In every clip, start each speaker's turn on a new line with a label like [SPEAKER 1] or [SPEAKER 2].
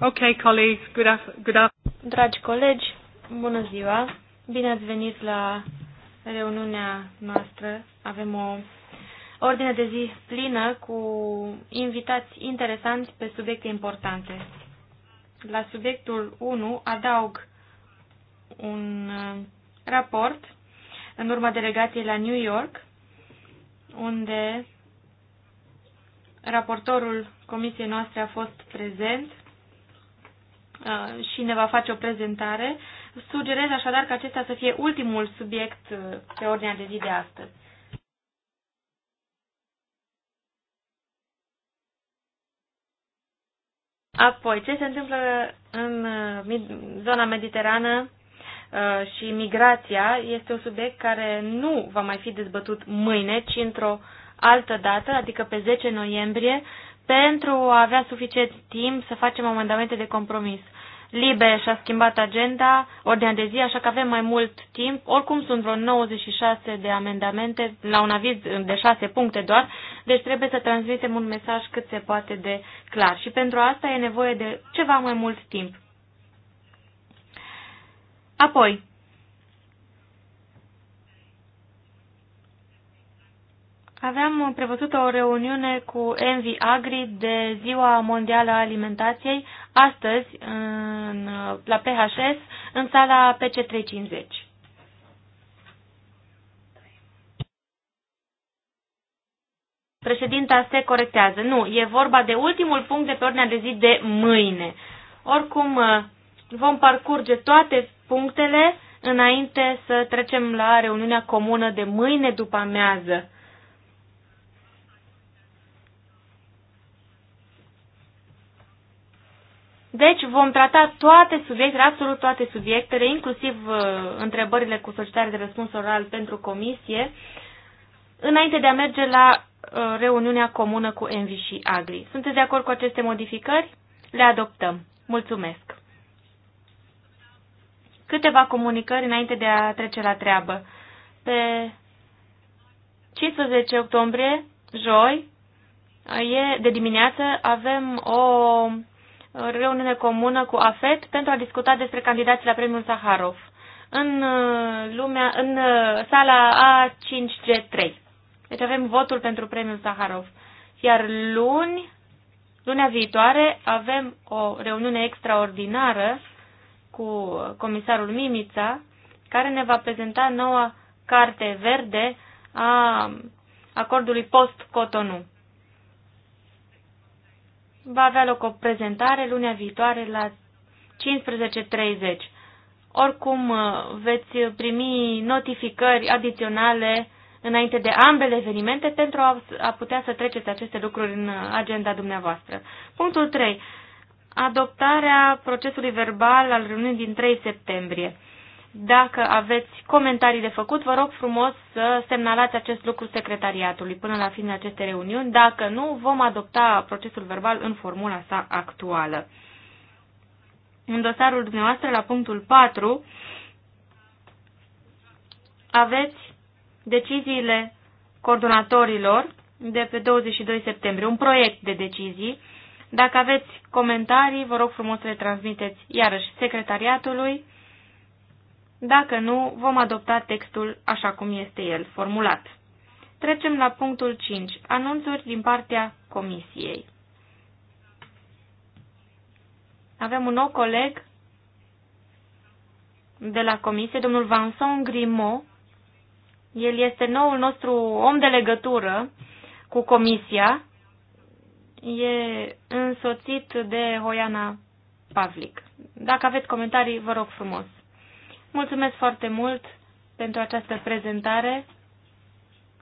[SPEAKER 1] Okay, colleagues, good, af- good afternoon. Dragi colegi, bună ziua. Bine ați venit la reuniunea noastră. Avem o ordine de zi plină cu invitați interesanți pe subiecte importante. La subiectul 1 adaug un uh, raport în urma delegației la New York, unde raportorul comisiei noastre a fost prezent Uh, și ne va face o prezentare. Sugerez așadar că acesta să fie ultimul subiect uh, pe ordinea de zi de astăzi. Apoi, ce se întâmplă în uh, zona mediterană și migrația este un subiect care nu va mai fi dezbătut mâine, ci într-o altă dată, adică pe 10 noiembrie, pentru a avea suficient timp să facem amendamente de compromis. Libe și-a schimbat agenda, ordinea de zi, așa că avem mai mult timp. Oricum sunt vreo 96 de amendamente, la un aviz de 6 puncte doar, deci trebuie să transmitem un mesaj cât se poate de clar. Și pentru asta e nevoie de ceva mai mult timp. Apoi, Aveam uh, prevăzut o reuniune cu Envi Agri de Ziua Mondială a Alimentației, astăzi, în, uh, la PHS, în sala PC350. Președinta se corectează. Nu, e vorba de ultimul punct de pe ordinea de zi de mâine. Oricum, uh, vom parcurge toate punctele înainte să trecem la reuniunea comună de mâine după amiază. Deci vom trata toate subiectele, absolut toate subiectele, inclusiv uh, întrebările cu solicitare de răspuns oral pentru comisie, înainte de a merge la uh, reuniunea comună cu Envi și Agri. Sunteți de acord cu aceste modificări? Le adoptăm. Mulțumesc! Câteva comunicări înainte de a trece la treabă. Pe 15 octombrie, joi, e de dimineață, avem o reuniune comună cu AFET pentru a discuta despre candidații la premiul Saharov în, uh, lumea, în uh, sala A5G3. Deci avem votul pentru premiul Saharov. Iar luni, lunea viitoare, avem o reuniune extraordinară cu comisarul Mimița, care ne va prezenta noua carte verde a acordului post-Cotonou va avea loc o prezentare lunea viitoare la 15.30. Oricum, uh, veți primi notificări adiționale înainte de ambele evenimente pentru a putea să treceți aceste lucruri în agenda dumneavoastră. Punctul 3. Adoptarea procesului verbal al reuniunii din 3 septembrie. Dacă aveți comentarii de făcut, vă rog frumos să semnalați acest lucru secretariatului până la finele acestei reuniuni. Dacă nu, vom adopta procesul verbal în formula sa actuală. În dosarul dumneavoastră, la punctul 4, aveți deciziile coordonatorilor de pe 22 septembrie, un proiect de decizii. Dacă aveți comentarii, vă rog frumos să le transmiteți iarăși secretariatului dacă nu, vom adopta textul așa cum este el formulat. Trecem la punctul 5. Anunțuri din partea Comisiei. Avem un nou coleg de la Comisie, domnul Vincent Grimaud. El este noul nostru om de legătură cu Comisia. E însoțit de Hoiana Pavlic. Dacă aveți comentarii, vă rog frumos. Mulțumesc foarte mult pentru această prezentare.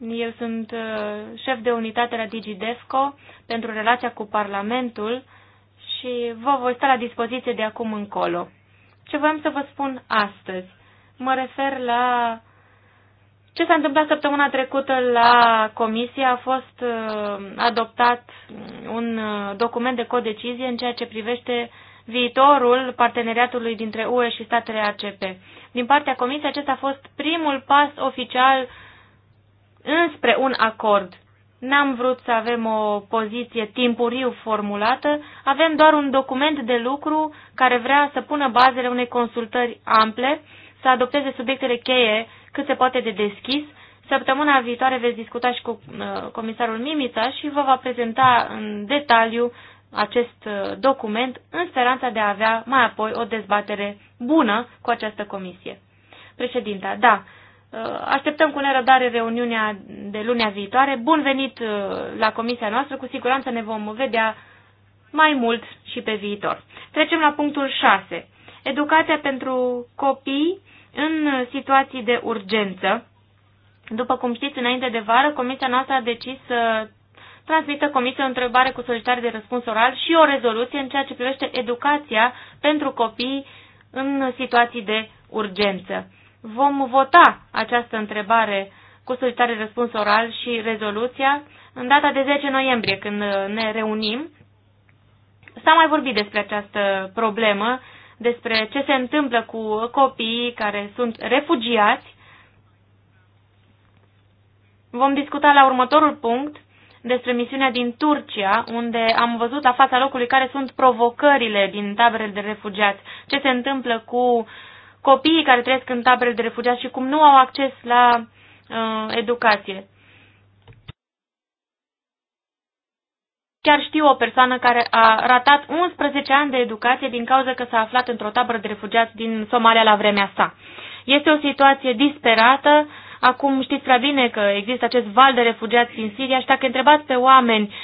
[SPEAKER 1] Eu sunt uh, șef de unitate la DIGIDESCO pentru relația cu Parlamentul și vă voi sta la dispoziție de acum încolo. Ce voiam să vă spun astăzi? Mă refer la ce s-a întâmplat săptămâna trecută la comisie a fost uh, adoptat un uh, document de codecizie în ceea ce privește viitorul parteneriatului dintre UE și statele ACP. Din partea Comisiei, acesta a fost primul pas oficial înspre un acord. N-am vrut să avem o poziție timpuriu formulată, avem doar un document de lucru care vrea să pună bazele unei consultări ample, să adopteze subiectele cheie cât se poate de deschis. Săptămâna viitoare veți discuta și cu uh, comisarul Mimita și vă va prezenta în detaliu acest uh, document în speranța de a avea mai apoi o dezbatere bună cu această comisie. Președinta, da, uh, așteptăm cu nerăbdare reuniunea de lunea viitoare. Bun venit uh, la comisia noastră, cu siguranță ne vom vedea mai mult și pe viitor. Trecem la punctul 6. Educația pentru copii în situații de urgență. După cum știți, înainte de vară, comisia noastră a decis să transmită Comisiei o întrebare cu solicitare de răspuns oral și o rezoluție în ceea ce privește educația pentru copii în situații de urgență. Vom vota această întrebare cu solicitare de răspuns oral și rezoluția în data de 10 noiembrie, când ne reunim. S-a mai vorbit despre această problemă, despre ce se întâmplă cu copiii care sunt refugiați. Vom discuta la următorul punct despre misiunea din Turcia, unde am văzut la fața locului care sunt provocările din taberele de refugiați, ce se întâmplă cu copiii care trăiesc în taberele de refugiați și cum nu au acces la uh, educație. Chiar știu o persoană care a ratat 11 ani de educație din cauza că s-a aflat într-o tabără de refugiați din Somalia la vremea sa. Este o situație disperată, uh, Acum știți prea bine că există acest val de refugiați din Siria și dacă întrebați pe oameni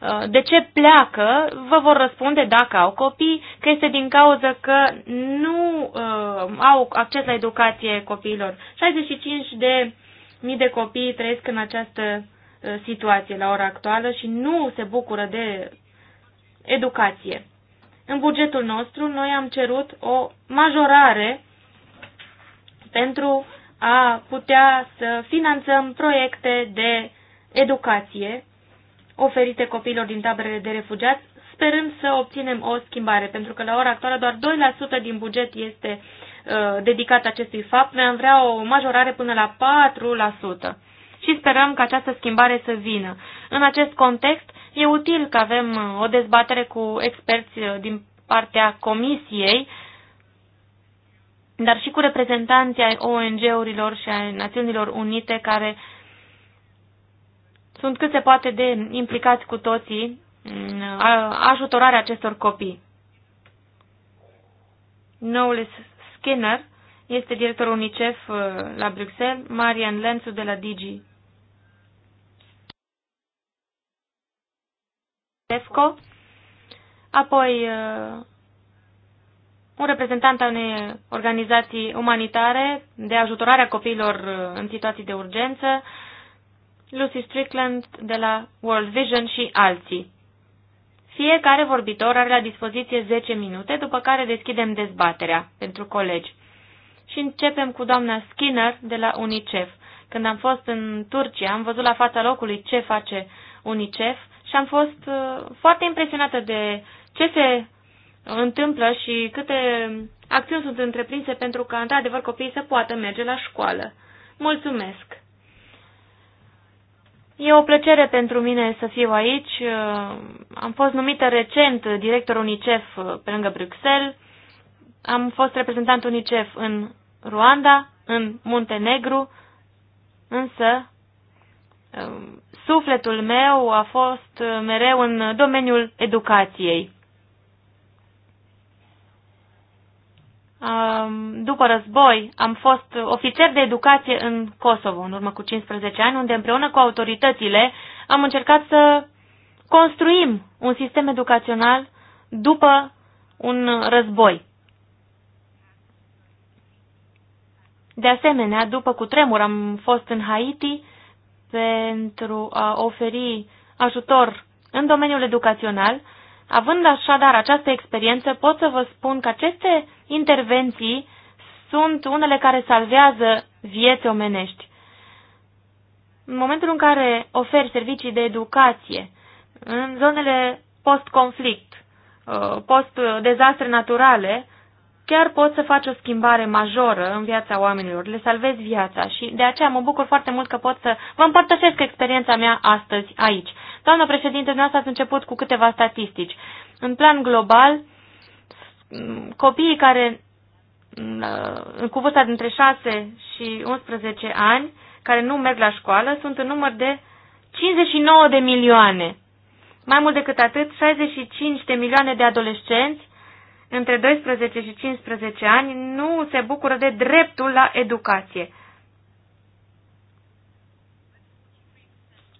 [SPEAKER 1] uh, de ce pleacă, vă vor răspunde dacă au copii, că este din cauza că nu uh, au acces la educație copiilor. 65 de mii de copii trăiesc în această uh, situație la ora actuală și nu se bucură de educație. În bugetul nostru noi am cerut o majorare pentru a putea să finanțăm proiecte de educație oferite copiilor din taberele de refugiați, sperând să obținem o schimbare, pentru că la ora actuală doar 2% din buget este uh, dedicat acestui fapt. Noi am vrea o majorare până la 4% și sperăm că această schimbare să vină. În acest context, e util că avem uh, o dezbatere cu experți uh, din partea Comisiei dar și cu reprezentanții ai ONG-urilor și ai Națiunilor Unite care sunt cât se poate de implicați cu toții în ajutorarea acestor copii. Knowles Skinner este directorul UNICEF uh, la Bruxelles, Marian Lenzu de la Digi. Apoi uh, un reprezentant al unei organizații umanitare de ajutorare a copiilor uh, în situații de urgență, Lucy Strickland de la World Vision și alții. Fiecare vorbitor are la dispoziție 10 minute, după care deschidem dezbaterea pentru colegi. Și începem cu doamna Skinner de la UNICEF. Când am fost în Turcia, am văzut la fața locului ce face UNICEF și am fost uh, foarte impresionată de ce se întâmplă și câte acțiuni sunt întreprinse pentru ca, într-adevăr, copiii să poată merge la școală. Mulțumesc! E o plăcere pentru mine să fiu aici. Uh, am fost numită recent director UNICEF uh, pe lângă Bruxelles. Am fost reprezentant UNICEF în Ruanda, în Muntenegru, însă uh, sufletul meu a fost mereu în domeniul educației. după război, am fost ofițer de educație în Kosovo în urmă cu 15 ani, unde împreună cu autoritățile am încercat să construim un sistem educațional după un război. De asemenea, după cutremur am fost în Haiti pentru a oferi ajutor în domeniul educațional Având așadar această experiență, pot să vă spun că aceste intervenții sunt unele care salvează vieți omenești. În momentul în care oferi servicii de educație în zonele post-conflict, uh, post-dezastre naturale, chiar poți să faci o schimbare majoră în viața oamenilor, le salvezi viața și de aceea mă bucur foarte mult că pot să vă împărtășesc experiența mea astăzi aici. Doamna președinte, dumneavoastră ați început cu câteva statistici. În plan global, copiii care uh, cu vârsta dintre 6 și 11 ani, care nu merg la școală, sunt în număr de 59 de milioane. Mai mult decât atât, 65 de milioane de adolescenți între 12 și 15 ani nu se bucură de dreptul la educație.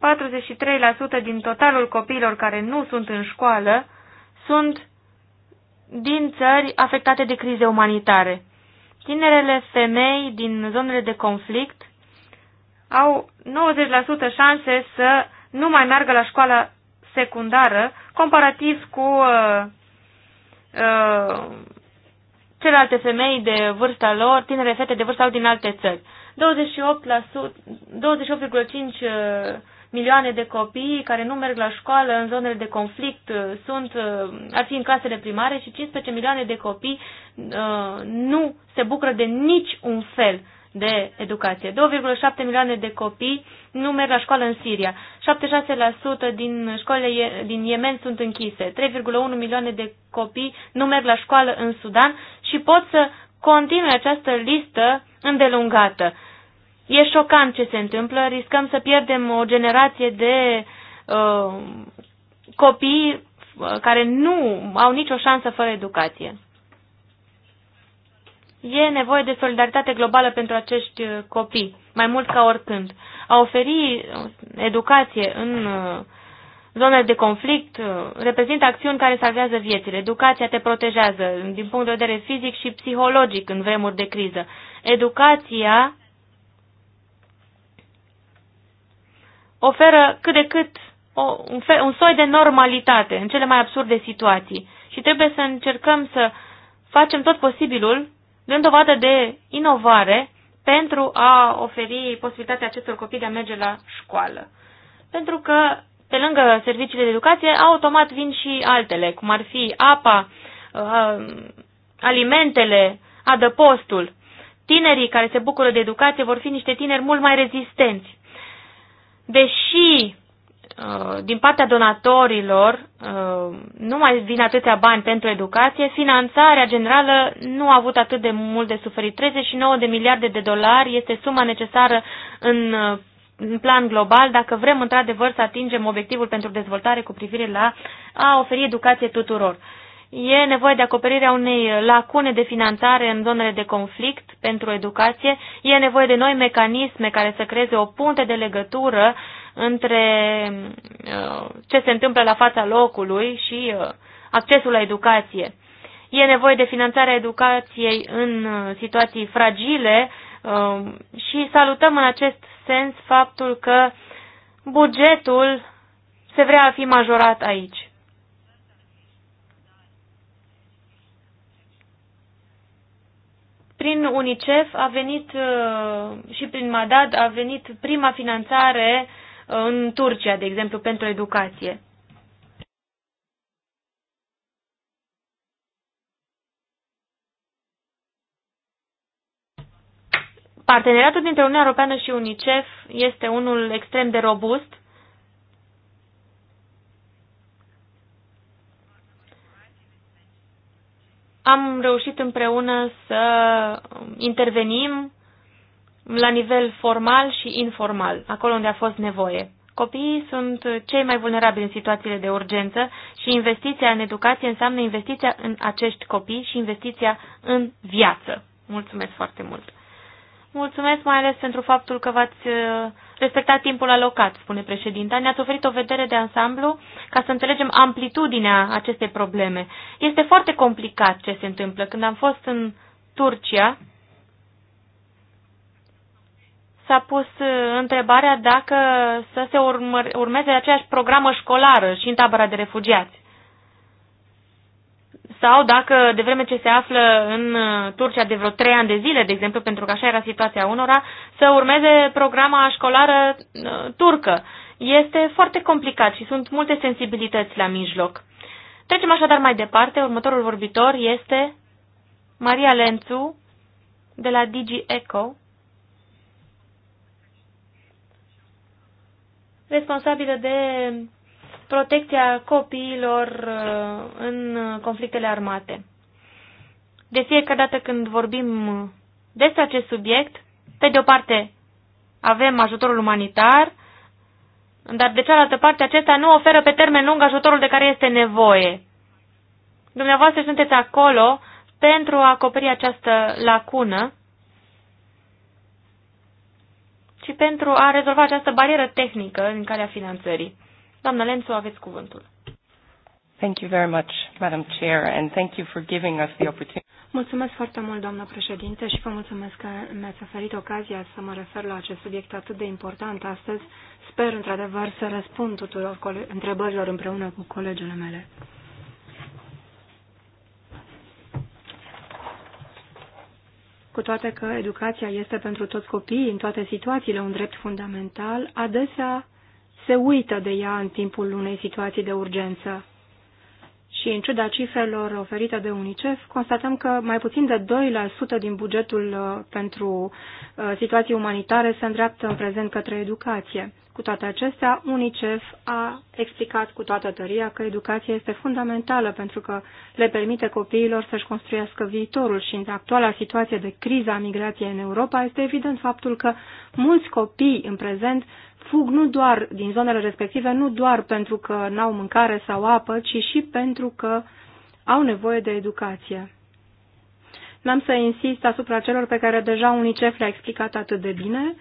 [SPEAKER 1] 43% din totalul copiilor care nu sunt în școală sunt din țări afectate de crize umanitare. Tinerele femei din zonele de conflict au 90% șanse să nu mai meargă la școala secundară, comparativ cu uh, uh, celelalte femei de vârsta lor, tinere fete de vârsta lor din alte țări. 28,5% 28 milioane de copii care nu merg la școală în zonele de conflict uh, sunt, uh, ar fi în casele primare și 15 milioane de copii uh, nu se bucură de nici un fel de educație. 2,7 milioane de copii nu merg la școală în Siria. 76% din școlile din Yemen sunt închise. 3,1 milioane de copii nu merg la școală în Sudan și pot să continue această listă îndelungată. E șocant ce se întâmplă, riscăm să pierdem o generație de uh, copii uh, care nu au nicio șansă fără educație. E nevoie de solidaritate globală pentru acești uh, copii, mai mult ca oricând. A oferi uh, educație în zone de conflict reprezintă acțiuni care salvează viețile. Educația te protejează din punct de vedere fizic și psihologic în vremuri de criză. Educația oferă cât de cât o, un, fel, un soi de normalitate în cele mai absurde situații și trebuie să încercăm să facem tot posibilul, dând dovadă de inovare, pentru a oferi posibilitatea acestor copii de a merge la școală. Pentru că, pe lângă serviciile de educație, automat vin și altele, cum ar fi apa, uh, alimentele, adăpostul. Tinerii care se bucură de educație vor fi niște tineri mult mai rezistenți deși uh, din partea donatorilor uh, nu mai vin atâția bani pentru educație, finanțarea generală nu a avut atât de mult de suferit. 39 de miliarde de dolari este suma necesară în, uh, în plan global dacă vrem într-adevăr să atingem obiectivul pentru dezvoltare cu privire la a oferi educație tuturor e nevoie de acoperirea unei lacune de finanțare în zonele de conflict pentru educație, e nevoie de noi mecanisme care să creeze o punte de legătură între uh, ce se întâmplă la fața locului și uh, accesul la educație. E nevoie de finanțarea educației în uh, situații fragile și salutăm în acest sens faptul că bugetul se vrea a fi majorat aici. Prin UNICEF a venit uh, și prin MADAD a venit prima finanțare uh, în Turcia, de exemplu, pentru educație. Parteneriatul dintre Uniunea Europeană și UNICEF este unul extrem de robust am reușit împreună să intervenim la nivel formal și informal, acolo unde a fost nevoie. Copiii sunt cei mai vulnerabili în situațiile de urgență și investiția în educație înseamnă investiția în acești copii și investiția în viață. Mulțumesc foarte mult! Mulțumesc mai ales pentru faptul că v-ați uh, respectat timpul alocat, spune președinta. Ne-ați oferit o vedere de ansamblu ca să înțelegem amplitudinea acestei probleme. Este foarte complicat ce se întâmplă. Când am fost în Turcia, s-a pus uh, întrebarea dacă să se urmeze aceeași programă școlară și în tabăra de refugiați sau dacă de vreme ce se află în uh, Turcia de vreo trei ani de zile, de exemplu, pentru că așa era situația unora, să urmeze programa școlară uh, turcă. Este foarte complicat și sunt multe sensibilități la mijloc. Trecem așadar mai departe. Următorul vorbitor este Maria Lențu de la Digi Eco, responsabilă de protecția copiilor uh, în conflictele armate. De fiecare dată când vorbim despre acest subiect, pe de o parte avem ajutorul umanitar, dar de cealaltă parte acesta nu oferă pe termen lung ajutorul de care este nevoie. Dumneavoastră sunteți acolo pentru a acoperi această lacună și pentru a rezolva această barieră tehnică în calea finanțării. Doamna Lențu, aveți cuvântul.
[SPEAKER 2] Thank you very much, Madam Chair, and thank you for giving us the opportunity.
[SPEAKER 1] Mulțumesc foarte mult,
[SPEAKER 2] doamnă președinte, și vă mulțumesc că mi-ați oferit ocazia să mă refer la acest subiect atât de important astăzi. Sper, într-adevăr, să răspund tuturor întrebărilor împreună cu colegele mele. Cu toate că educația este pentru toți copiii, în toate situațiile, un drept fundamental, adesea se uită de ea în timpul unei situații de urgență. Și în ciuda cifrelor oferite de UNICEF, constatăm că mai puțin de 2% din bugetul uh, pentru uh, situații umanitare se îndreaptă în prezent către educație. Cu toate acestea, UNICEF a explicat cu toată tăria că educația este fundamentală pentru că le permite copiilor să-și construiască viitorul și în actuala situație de criză a migrației în Europa este evident faptul că mulți copii în prezent fug nu doar din zonele respective, nu doar pentru că n-au mâncare sau apă, ci și pentru că au nevoie de educație. N-am să insist asupra celor pe care deja UNICEF le-a explicat atât de bine.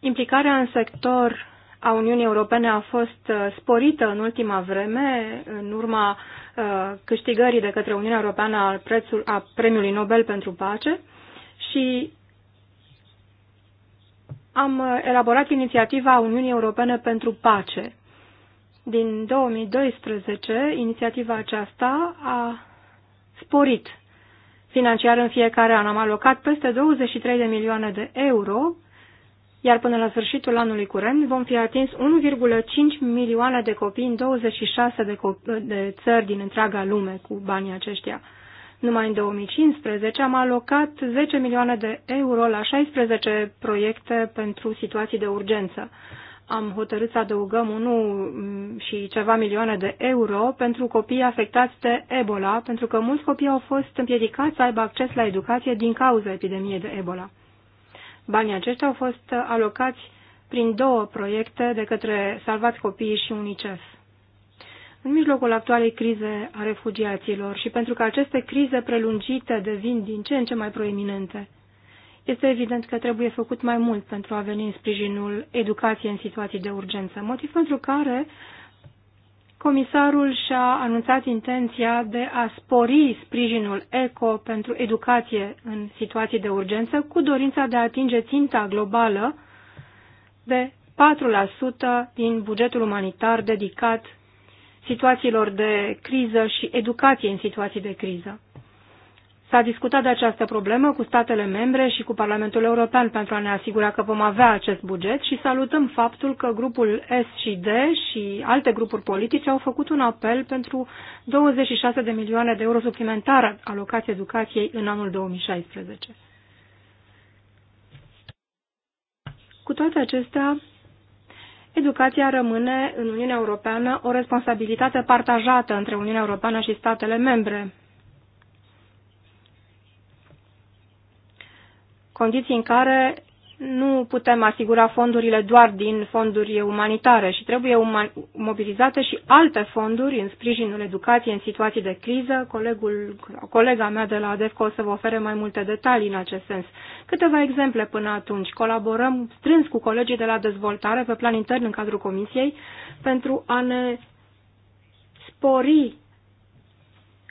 [SPEAKER 2] Implicarea în sector a Uniunii Europene a fost uh, sporită în ultima vreme, în urma uh, câștigării de către Uniunea Europeană a, prețul, a Premiului Nobel pentru Pace și am uh, elaborat inițiativa Uniunii Europene pentru Pace. Din 2012, inițiativa aceasta a sporit financiar în fiecare an. Am alocat peste 23 de milioane de euro, iar până la sfârșitul anului curent vom fi atins 1,5 milioane de copii în 26 de, co- de țări din întreaga lume cu banii aceștia. Numai în 2015 am alocat 10 milioane de euro la 16 proiecte pentru situații de urgență. Am hotărât să adăugăm 1 mm, și ceva milioane de euro pentru copii afectați de Ebola, pentru că mulți copii au fost împiedicați să aibă acces la educație din cauza epidemiei de Ebola. Banii aceștia au fost alocați prin două proiecte de către Salvați Copiii și UNICEF. În mijlocul actualei crize a refugiaților și pentru că aceste crize prelungite devin din ce în ce mai proeminente, este evident că trebuie făcut mai mult pentru a veni în sprijinul educației în situații de urgență, motiv pentru care comisarul și-a anunțat intenția de a spori sprijinul ECO pentru educație în situații de urgență cu dorința de a atinge ținta globală de 4% din bugetul umanitar dedicat situațiilor de criză și educație în situații de criză. S-a discutat de această problemă cu statele membre și cu Parlamentul European pentru a ne asigura că vom avea acest buget și salutăm faptul că grupul S și D și alte grupuri politice au făcut un apel pentru 26 de milioane de euro suplimentară alocați educației în anul 2016. Cu toate acestea, educația rămâne în Uniunea Europeană o responsabilitate partajată între Uniunea Europeană și statele membre. Condiții în care nu putem asigura fondurile doar din fonduri umanitare și trebuie uman mobilizate și alte fonduri în sprijinul educației în situații de criză. Colegul, colega mea de la ADEFCO o să vă ofere mai multe detalii în acest sens. Câteva exemple până atunci. Colaborăm strâns cu colegii de la dezvoltare pe plan intern în cadrul Comisiei pentru a ne spori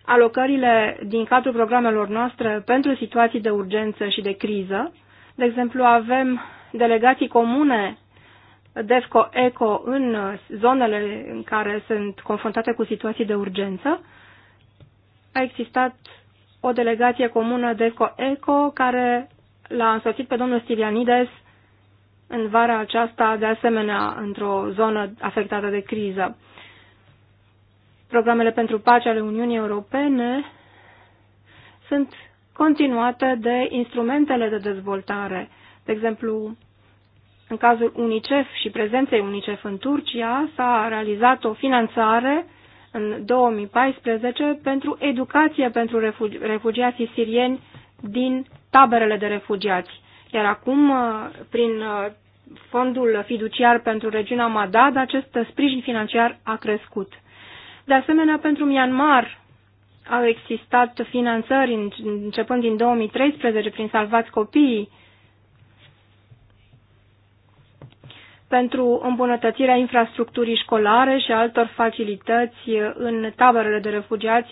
[SPEAKER 2] alocările din cadrul programelor noastre pentru situații de urgență și de criză, de exemplu, avem delegații comune DEFCO-ECO în zonele în care sunt confruntate cu situații de urgență. A existat o delegație comună DEFCO-ECO care l-a însoțit pe domnul Stilianides în vara aceasta, de asemenea, într-o zonă afectată de criză. Programele pentru pace ale Uniunii Europene sunt continuate de instrumentele de dezvoltare. De exemplu, în cazul UNICEF și prezenței UNICEF în Turcia s-a realizat o finanțare în 2014 pentru educație pentru refugi refugiații sirieni din taberele de refugiați. Iar acum, uh, prin uh, fondul fiduciar pentru regiunea Madad, acest sprijin financiar a crescut. De asemenea, pentru Myanmar au existat finanțări începând din 2013 prin Salvați Copiii pentru îmbunătățirea infrastructurii școlare și altor facilități în taberele de refugiați,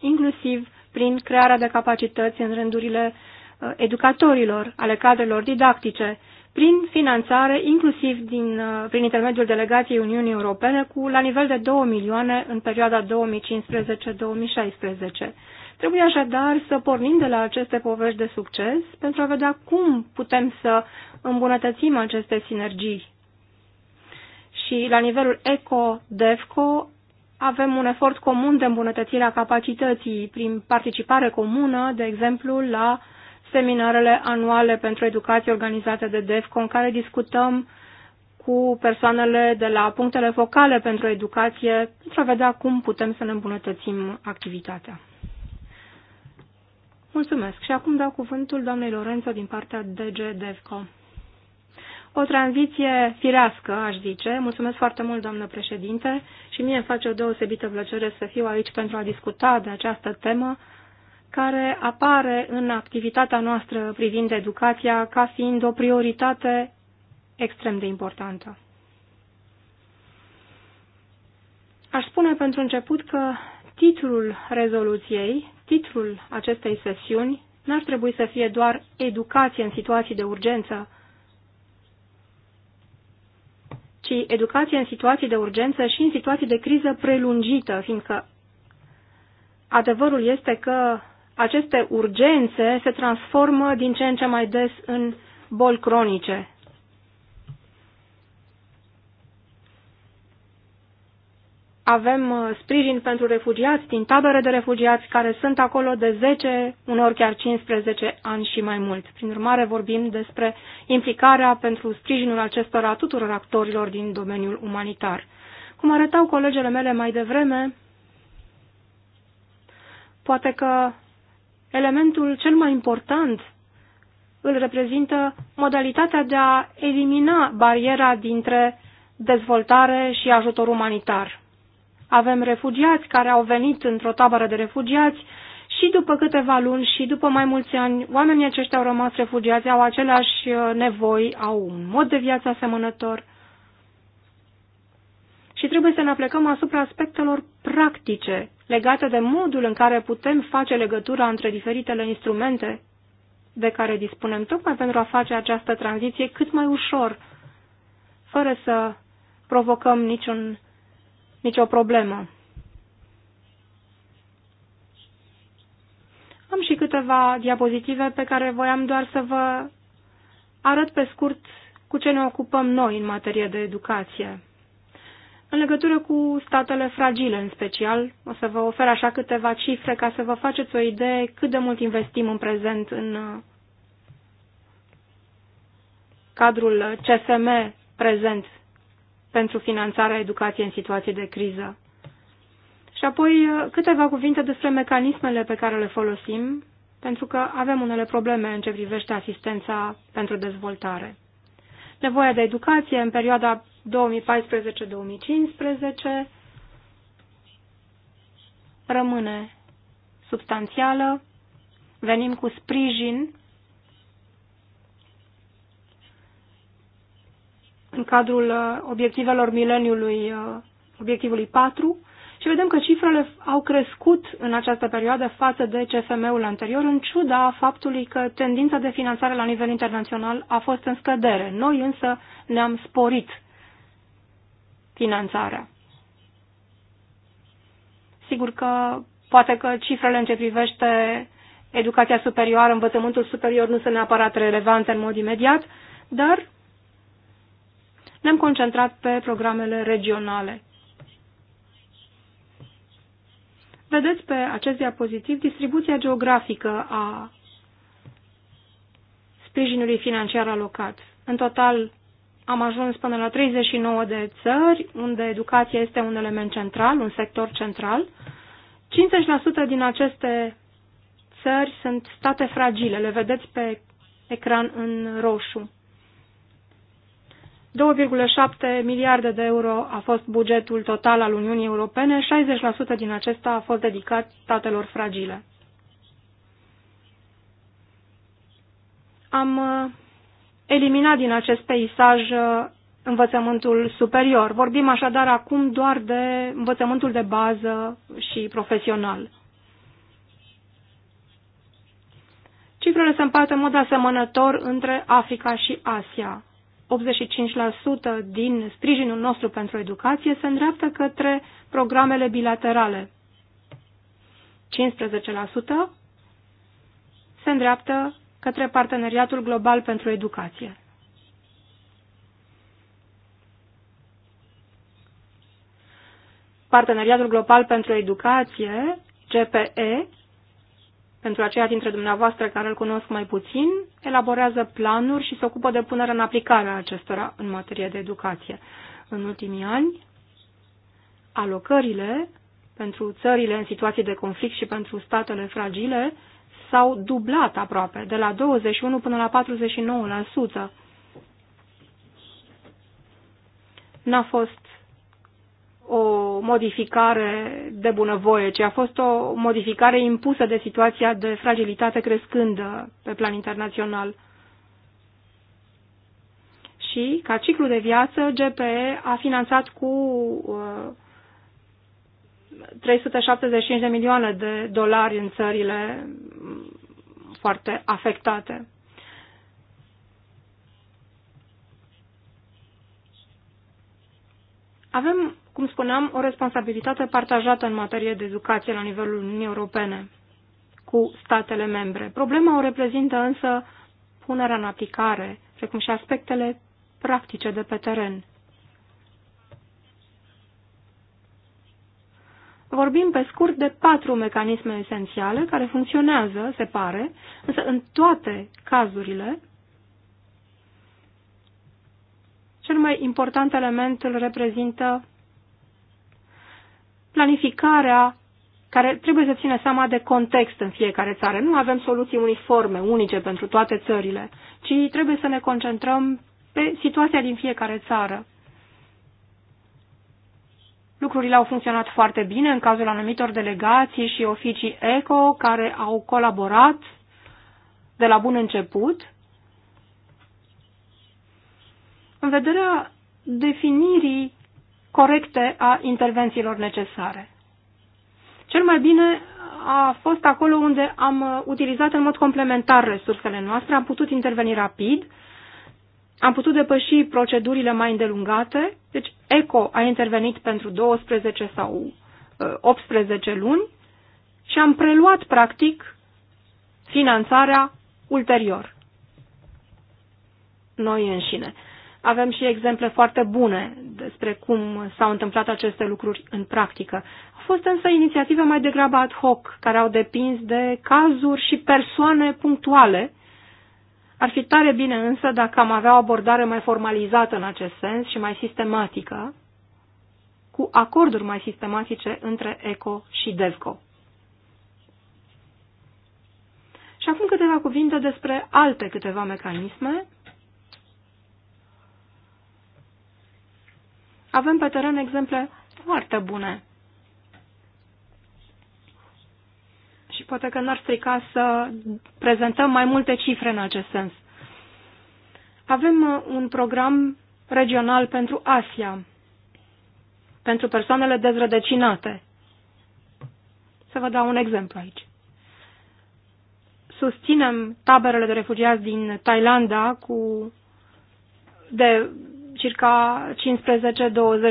[SPEAKER 2] inclusiv prin crearea de capacități în rândurile uh, educatorilor, ale cadrelor didactice prin finanțare, inclusiv din, uh, prin intermediul delegației Uniunii Europene, cu la nivel de 2 milioane în perioada 2015-2016. Trebuie așadar să pornim de la aceste povești de succes pentru a vedea cum putem să îmbunătățim aceste sinergii. Și la nivelul ECO-DEFCO avem un efort comun de îmbunătățire a capacității prin participare comună, de exemplu, la uh, seminarele anuale pentru educație organizate de DEFCO, în care discutăm cu persoanele de la punctele focale pentru educație pentru a vedea cum putem să ne îmbunătățim activitatea. Mulțumesc. Și acum dau cuvântul doamnei Lorenzo din partea DG DEFCO. O tranziție firească, aș zice. Mulțumesc foarte mult, doamnă președinte, și mie îmi face o deosebită plăcere să fiu aici pentru a discuta de această temă care apare în activitatea noastră privind educația ca fiind o prioritate extrem de importantă. Aș spune pentru început că titlul rezoluției, titlul acestei sesiuni, n-ar trebui să fie doar educație în situații de urgență, ci educație în situații de urgență și în situații de criză prelungită, fiindcă adevărul este că aceste urgențe se transformă din ce în ce mai des în boli cronice. Avem uh, sprijin pentru refugiați din tabere de refugiați care sunt acolo de 10, uneori chiar 15 ani și mai mult. Prin urmare vorbim despre implicarea pentru sprijinul acestora tuturor actorilor din domeniul umanitar. Cum arătau colegele mele mai devreme, poate că elementul cel mai important îl reprezintă modalitatea de a elimina bariera dintre dezvoltare și ajutor umanitar. Avem refugiați care au venit într-o tabără de refugiați și după câteva luni și după mai mulți ani, oamenii aceștia au rămas refugiați, au aceleași uh, nevoi, au un mod de viață asemănător – și trebuie să ne aplecăm asupra aspectelor practice legate de modul în care putem face legătura între diferitele instrumente de care dispunem, tocmai pentru a face această tranziție cât mai ușor, fără să provocăm niciun, nicio problemă. Am și câteva diapozitive pe care voiam doar să vă arăt pe scurt cu ce ne ocupăm noi în materie de educație în legătură cu statele fragile în special. O să vă ofer așa câteva cifre ca să vă faceți o idee cât de mult investim în prezent în uh, cadrul CSM prezent pentru finanțarea educației în situații de criză. Și apoi uh, câteva cuvinte despre mecanismele pe care le folosim, pentru că avem unele probleme în ce privește asistența pentru dezvoltare. Nevoia de educație în perioada 2014-2015 rămâne substanțială. Venim cu sprijin în cadrul uh, obiectivelor mileniului, uh, obiectivului 4 și vedem că cifrele au crescut în această perioadă față de CFM-ul anterior, în ciuda faptului că tendința de finanțare la nivel internațional a fost în scădere. Noi însă ne-am sporit finanțarea. Sigur că poate că cifrele în ce privește educația superioară, învățământul superior nu sunt neapărat relevante în mod imediat, dar ne-am concentrat pe programele regionale. Vedeți pe acest diapozitiv distribuția geografică a sprijinului financiar alocat. În total, am ajuns până la 39 de țări unde educația este un element central, un sector central. 50% din aceste țări sunt state fragile, le vedeți pe ecran în roșu. 2,7 miliarde de euro a fost bugetul total al Uniunii Europene, 60% din acesta a fost dedicat statelor fragile. Am uh, elimina din acest peisaj uh, învățământul superior. Vorbim așadar acum doar de învățământul de bază și profesional. Cifrele se împart în mod asemănător între Africa și Asia. 85% din sprijinul nostru pentru educație se îndreaptă către programele bilaterale. 15% se îndreaptă către Parteneriatul Global pentru Educație. Parteneriatul Global pentru Educație, GPE, pentru aceia dintre dumneavoastră care îl cunosc mai puțin, elaborează planuri și se ocupă de punerea în aplicare a acestora în materie de educație. În ultimii ani, alocările pentru țările în situații de conflict și pentru statele fragile s-au dublat aproape, de la 21 până la 49%. N-a fost o modificare de bunăvoie, ci a fost o modificare impusă de situația de fragilitate crescândă pe plan internațional. Și, ca ciclu de viață, GPE a finanțat cu uh, 375 de milioane de dolari în țările foarte afectate. Avem, cum spuneam, o responsabilitate partajată în materie de educație la nivelul Uniunii Europene cu statele membre. Problema o reprezintă însă punerea în aplicare, precum și aspectele practice de pe teren. vorbim pe scurt de patru mecanisme esențiale care funcționează, se pare, însă în toate cazurile, cel mai important element îl reprezintă planificarea care trebuie să țină seama de context în fiecare țară. Nu avem soluții uniforme, unice pentru toate țările, ci trebuie să ne concentrăm pe situația din fiecare țară. Lucrurile au funcționat foarte bine în cazul anumitor delegații și oficii ECO care au colaborat de la bun început în vederea definirii corecte a intervențiilor necesare. Cel mai bine a fost acolo unde am utilizat în mod complementar resursele noastre, am putut interveni rapid, am putut depăși procedurile mai îndelungate, deci ECO a intervenit pentru 12 sau 18 uh, luni și am preluat, practic, finanțarea ulterior. Noi înșine. Avem și exemple foarte bune despre cum s-au întâmplat aceste lucruri în practică. Au fost însă inițiative mai degrabă ad hoc, care au depins de cazuri și persoane punctuale, ar fi tare bine însă dacă am avea o abordare mai formalizată în acest sens și mai sistematică, cu acorduri mai sistematice între ECO și DEVCO. Și acum câteva cuvinte despre alte câteva mecanisme. Avem pe teren exemple foarte bune și poate că n-ar strica să prezentăm mai multe cifre în acest sens. Avem uh, un program regional pentru Asia, pentru persoanele dezrădăcinate. Să vă dau un exemplu aici. Susținem taberele de refugiați din Thailanda cu de circa 15-20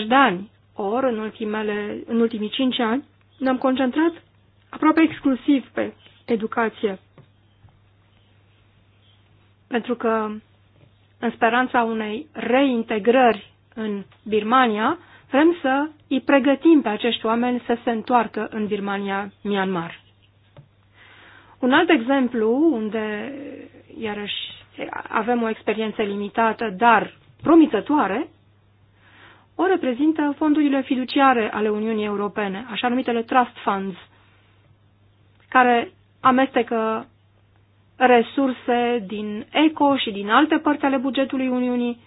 [SPEAKER 2] de ani. Ori, în, ultimele, în ultimii 5 ani, ne-am concentrat aproape exclusiv pe educație. Pentru că în speranța unei reintegrări în Birmania, vrem să îi pregătim pe acești oameni să se întoarcă în Birmania, Myanmar. Un alt exemplu unde, iarăși, avem o experiență limitată, dar promițătoare, o reprezintă fondurile fiduciare ale Uniunii Europene, așa numitele trust funds – care amestecă resurse din ECO și din alte părți ale bugetului Uniunii.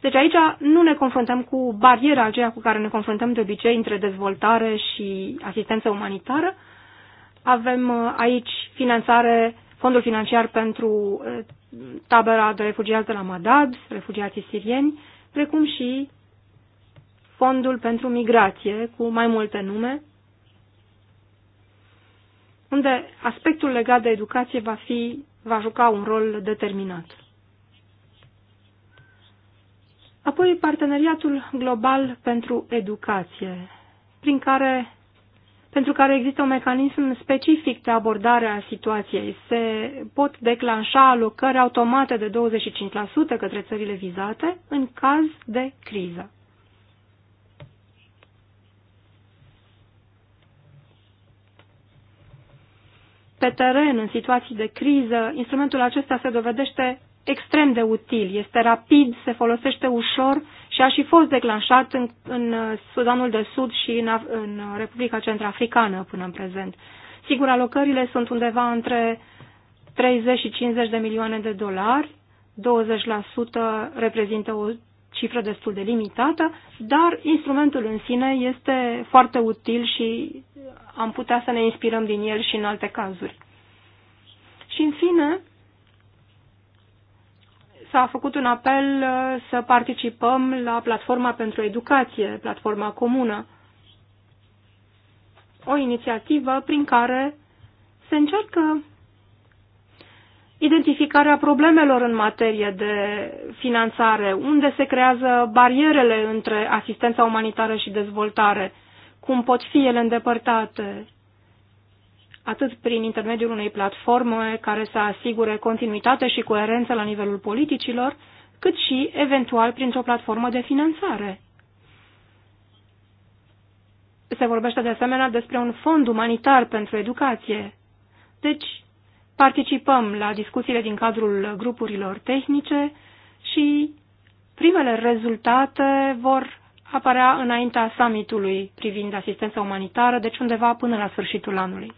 [SPEAKER 2] Deci aici nu ne confruntăm cu bariera aceea cu care ne confruntăm de obicei între dezvoltare și asistență umanitară. Avem uh, aici finanțare, fondul financiar pentru uh, tabera de refugiați de la Madabs, refugiații sirieni, precum și fondul pentru migrație, cu mai multe nume, unde aspectul legat de educație va, fi, va juca un rol determinat. Apoi parteneriatul global pentru educație, prin care, pentru care există un mecanism specific de abordare a situației. Se pot declanșa alocări automate de 25% către țările vizate în caz de criză. pe teren, în situații de criză, instrumentul acesta se dovedește extrem de util, este rapid, se folosește ușor și a și fost declanșat în, în uh, Sudanul de Sud și în, în uh, Republica Centrafricană până în prezent. Sigur, alocările sunt undeva între 30 și 50 de milioane de dolari, 20% reprezintă o cifră destul de limitată, dar instrumentul în sine este foarte util și am putea să ne inspirăm din el și în alte cazuri. Și în fine, s-a făcut un apel uh, să participăm la Platforma pentru Educație, Platforma Comună, o inițiativă prin care se încearcă identificarea problemelor în materie de finanțare, unde se creează barierele între asistența umanitară și dezvoltare, cum pot fi ele îndepărtate, atât prin intermediul unei platforme care să asigure continuitate și coerență la nivelul politicilor, cât și, eventual, printr-o platformă de finanțare. Se vorbește de asemenea despre un fond umanitar pentru educație. Deci, Participăm la discuțiile din cadrul grupurilor tehnice și primele rezultate vor apărea înaintea summitului privind asistența umanitară, deci undeva până la sfârșitul anului.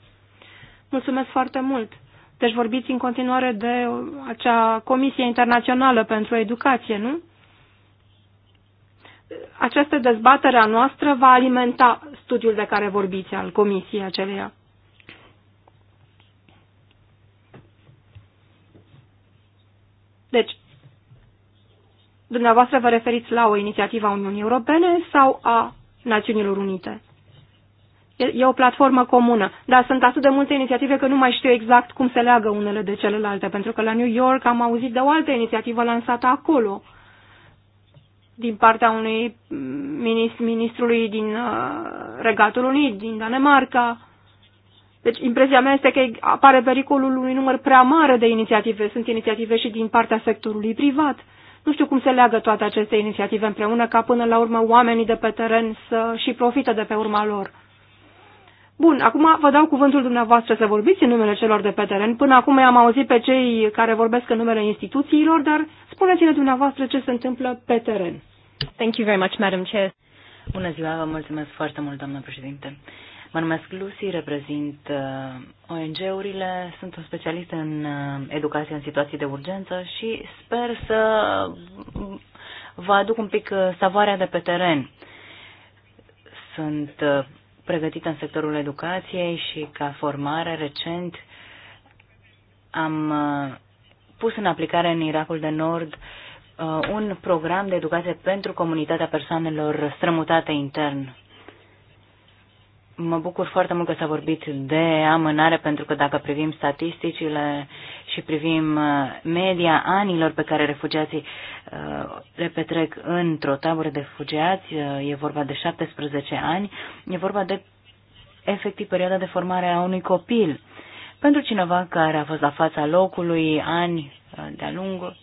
[SPEAKER 2] Mulțumesc foarte mult! Deci vorbiți în continuare de acea Comisie Internațională pentru Educație, nu? Această dezbatere a noastră va alimenta studiul de care vorbiți al Comisiei aceleia. Deci, dumneavoastră vă referiți la o inițiativă a Uniunii Europene sau a Națiunilor Unite? E o platformă comună, dar sunt atât de multe inițiative că nu mai știu exact cum se leagă unele de celelalte, pentru că la New York am auzit de o altă inițiativă lansată acolo, din partea unui minist- ministrului din uh, Regatul Unit, din Danemarca, deci impresia mea este că apare pericolul unui număr prea mare de inițiative. Sunt inițiative și din partea sectorului privat. Nu știu cum se leagă toate aceste inițiative împreună ca până la urmă oamenii de pe teren să și profită de pe urma lor. Bun, acum vă dau cuvântul dumneavoastră să vorbiți în numele celor de pe teren. Până acum am auzit pe cei care vorbesc în numele instituțiilor, dar spuneți-ne dumneavoastră ce se întâmplă pe teren.
[SPEAKER 3] Thank you very much, Madam Chair. Bună ziua, vă mulțumesc foarte mult, doamnă președinte. Uh, Mă numesc Lucy, reprezint uh, ONG-urile, sunt un specialist în uh, educație în situații de urgență și sper să uh, vă aduc un pic savoarea de pe teren. Sunt pregătită în sectorul educației și ca formare recent am pus în aplicare în Irakul de Nord un program de educație pentru comunitatea persoanelor strămutate intern Mă bucur foarte mult că s-a vorbit de amânare, pentru că dacă privim statisticile și privim uh, media anilor pe care refugiații uh, le petrec într-o tabără de refugiați, uh, e vorba de 17 ani, e vorba de efectiv perioada de formare a unui copil. Pentru cineva care a fost la fața locului ani de-a lungul,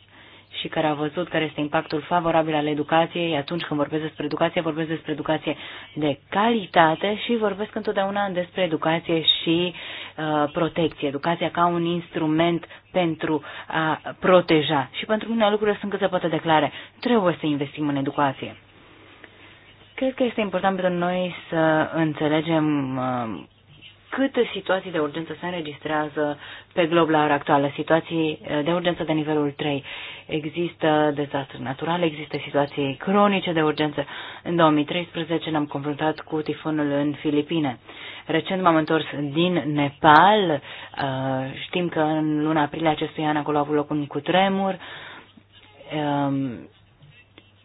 [SPEAKER 3] și care a văzut care este impactul favorabil al educației. Atunci când vorbesc despre educație, vorbesc despre educație de calitate și vorbesc întotdeauna despre educație și uh, protecție. Educația ca un instrument pentru a proteja. Și pentru mine lucrurile sunt cât se poate declare. Trebuie să investim în educație. Cred că este important pentru noi să înțelegem uh, câte situații de urgență se înregistrează pe glob la ora actuală, situații eh, de urgență de nivelul 3. Există dezastre naturale, există situații cronice de urgență. În 2013 ne-am confruntat cu tifonul în Filipine. Recent m-am întors din Nepal. Eh, știm că în luna aprilie acestui an acolo a avut loc un cutremur ehm,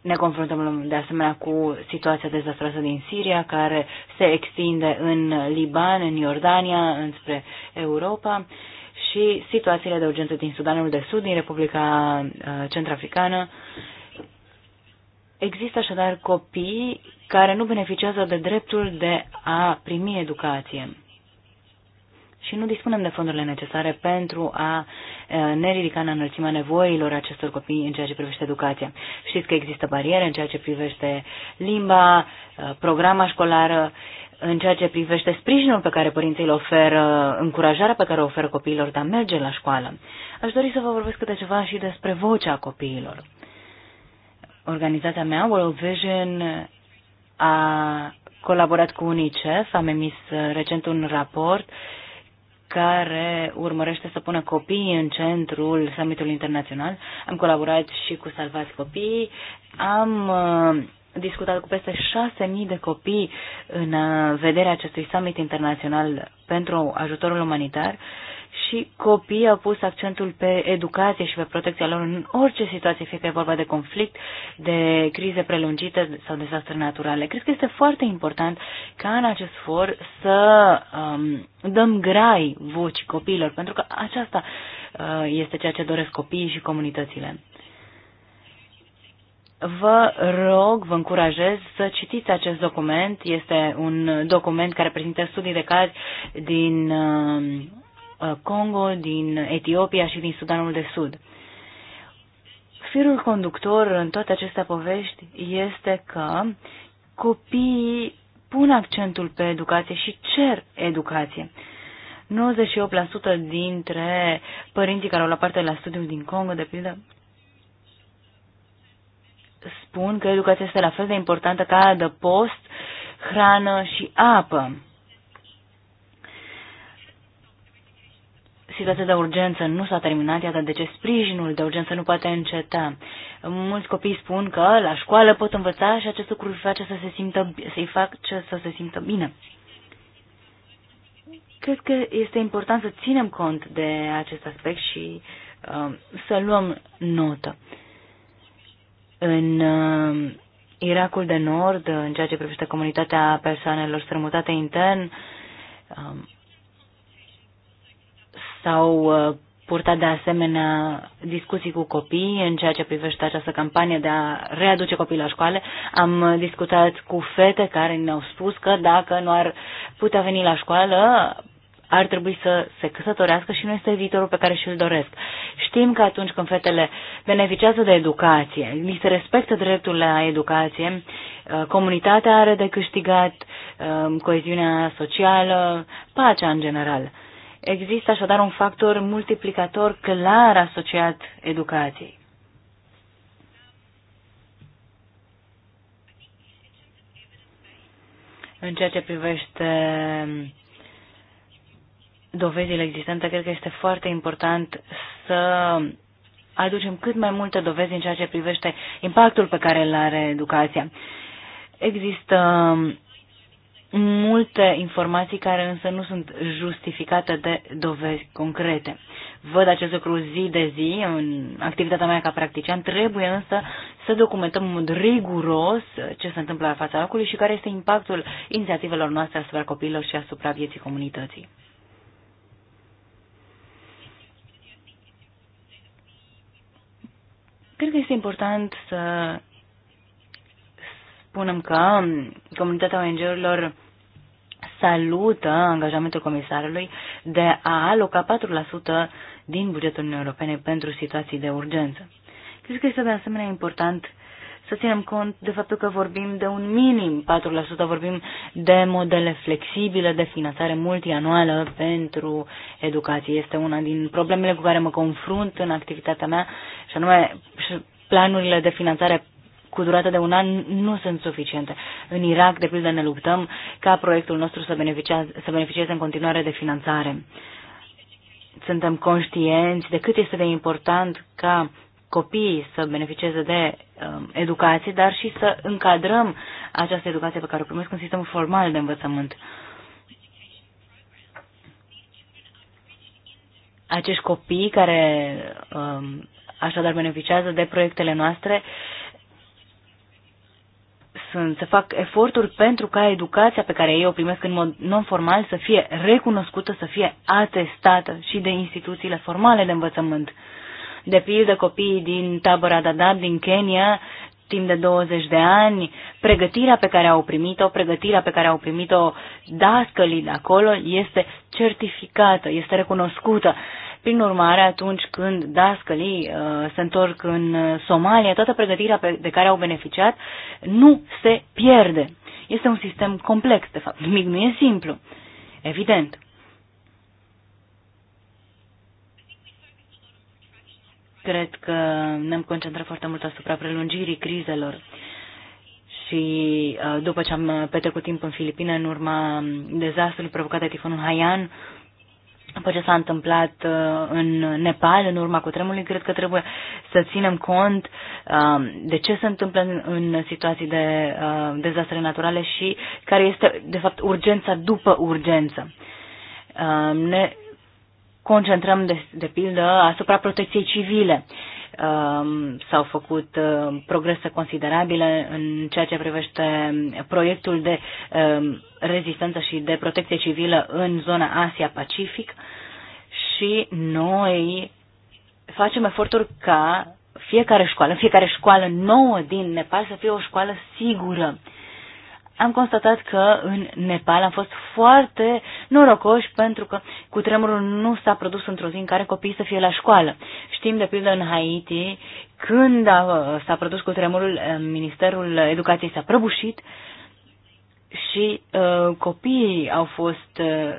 [SPEAKER 3] ne confruntăm de asemenea cu situația dezastroasă din Siria, care se extinde în Liban, în Iordania, înspre Europa și situațiile de urgență din Sudanul de Sud, din Republica uh, Centrafricană. Există așadar copii care nu beneficiază de dreptul de a primi educație și nu dispunem de fondurile necesare pentru a ne ridica în înălțimea nevoilor acestor copii în ceea ce privește educația. Știți că există bariere în ceea ce privește limba, programa școlară, în ceea ce privește sprijinul pe care părinții îl oferă, încurajarea pe care o oferă copiilor de a merge la școală. Aș dori să vă vorbesc câte ceva și despre vocea copiilor. Organizația mea, World Vision, a colaborat cu UNICEF, am emis recent un raport uh, care urmărește să pună copiii în centrul summitului internațional. Am colaborat și cu Salvați Copii, am uh, discutat cu peste 6.000 de copii în uh, vederea acestui summit internațional pentru ajutorul umanitar și copiii au pus accentul pe educație și pe protecția lor în orice situație, fie că e vorba de conflict, de crize prelungite sau dezastre naturale. Cred că este foarte important ca în acest for să um, dăm grai voci copiilor, pentru că aceasta uh, este ceea ce doresc copiii și comunitățile. Vă rog, vă încurajez să citiți acest document. Este un document care prezintă studii de caz din uh, Uh, Congo, din Etiopia și din Sudanul de Sud. Firul conductor în toate aceste povești este că copiii pun accentul pe educație și cer educație. 98% dintre părinții care au la parte la studiul din Congo, de pildă, spun că educația este la fel de importantă ca adăpost, hrană și apă. situația de urgență nu s-a terminat, iată de ce sprijinul de urgență nu poate înceta. Mulți copii spun că la școală pot învăța și acest lucru îi face să se simtă, să-i face să se simtă bine. Cred că este important să ținem cont de acest aspect și uh, să luăm notă. În uh, Irakul de Nord, în ceea ce privește comunitatea persoanelor strămutate intern, uh, sau au uh, purtat de asemenea discuții cu copii în ceea ce privește această campanie de a readuce copiii la școală. Am uh, discutat cu fete care ne-au spus că dacă nu ar putea veni la școală, ar trebui să se căsătorească și nu este viitorul pe care și-l doresc. Știm că atunci când fetele beneficiază de educație, li se respectă dreptul la educație, uh, comunitatea are de câștigat, coeziunea socială, pacea în general. Există așadar un factor multiplicator clar asociat educației. În ceea ce privește dovezile existente, cred că este foarte important să aducem cât mai multe dovezi în ceea ce privește impactul pe care îl are educația. Există multe informații care însă nu sunt justificate de dovezi concrete. Văd acest lucru zi de zi în activitatea mea ca practician, trebuie însă să documentăm în mod riguros ce se întâmplă la fața locului și care este impactul inițiativelor noastre asupra copiilor și asupra vieții comunității. Cred că este important să spunem că comunitatea ONG-urilor salută angajamentul comisarului de a aloca 4% din bugetul Uniunii Europene pentru situații de urgență. Cred că este de asemenea important să ținem cont de faptul că vorbim de un minim 4%, vorbim de modele flexibile de finanțare multianuală pentru educație. Este una din problemele cu care mă confrunt în activitatea mea, și anume planurile de finanțare cu durată de un an nu sunt suficiente. În Irak, de pildă, ne luptăm ca proiectul nostru să, să beneficieze în continuare de finanțare. Suntem conștienți de cât este de important ca copiii să beneficieze de um, educație, dar și să încadrăm această educație pe care o primesc în sistemul formal de învățământ. Acești copii care um, așadar beneficiază de proiectele noastre uh, sunt, să fac eforturi pentru ca educația pe care ei o primesc în mod non-formal să fie recunoscută, să fie atestată și de instituțiile formale de învățământ. De pildă, copiii din tabăra Dadaab din Kenya, timp de 20 de ani, pregătirea pe care au primit-o, pregătirea pe care au primit-o dascălii de acolo este certificată, este recunoscută. Prin urmare, atunci când dascălii uh, se întorc în uh, Somalia, toată pregătirea pe, de care au beneficiat nu se pierde. Este un sistem complex, de fapt. Nimic nu e simplu. Evident. Cred că ne-am concentrat foarte mult asupra prelungirii crizelor și uh, după ce am petrecut timp în Filipine în urma um, dezastrului provocat de tifonul Haiyan, după ce s-a întâmplat uh, în Nepal, în urma cutremurului, cred că trebuie să ținem cont um, de ce se întâmplă în situații de uh, dezastre naturale și care este, de fapt, urgența după urgență. Um, ne concentrăm, de, de pildă, asupra protecției civile. Uh, Um, s-au făcut um, progrese considerabile în ceea ce privește proiectul de um, rezistență și de protecție civilă în zona Asia-Pacific și noi facem eforturi ca fiecare școală, fiecare școală nouă din Nepal să fie o școală sigură am constatat că în Nepal am fost foarte norocoși pentru că cu tremurul nu s-a produs într-o zi în care copiii să fie la școală. Știm, de pildă, în Haiti, când s-a produs cu tremurul, eh, Ministerul Educației s-a prăbușit și uh, copiii au fost uh,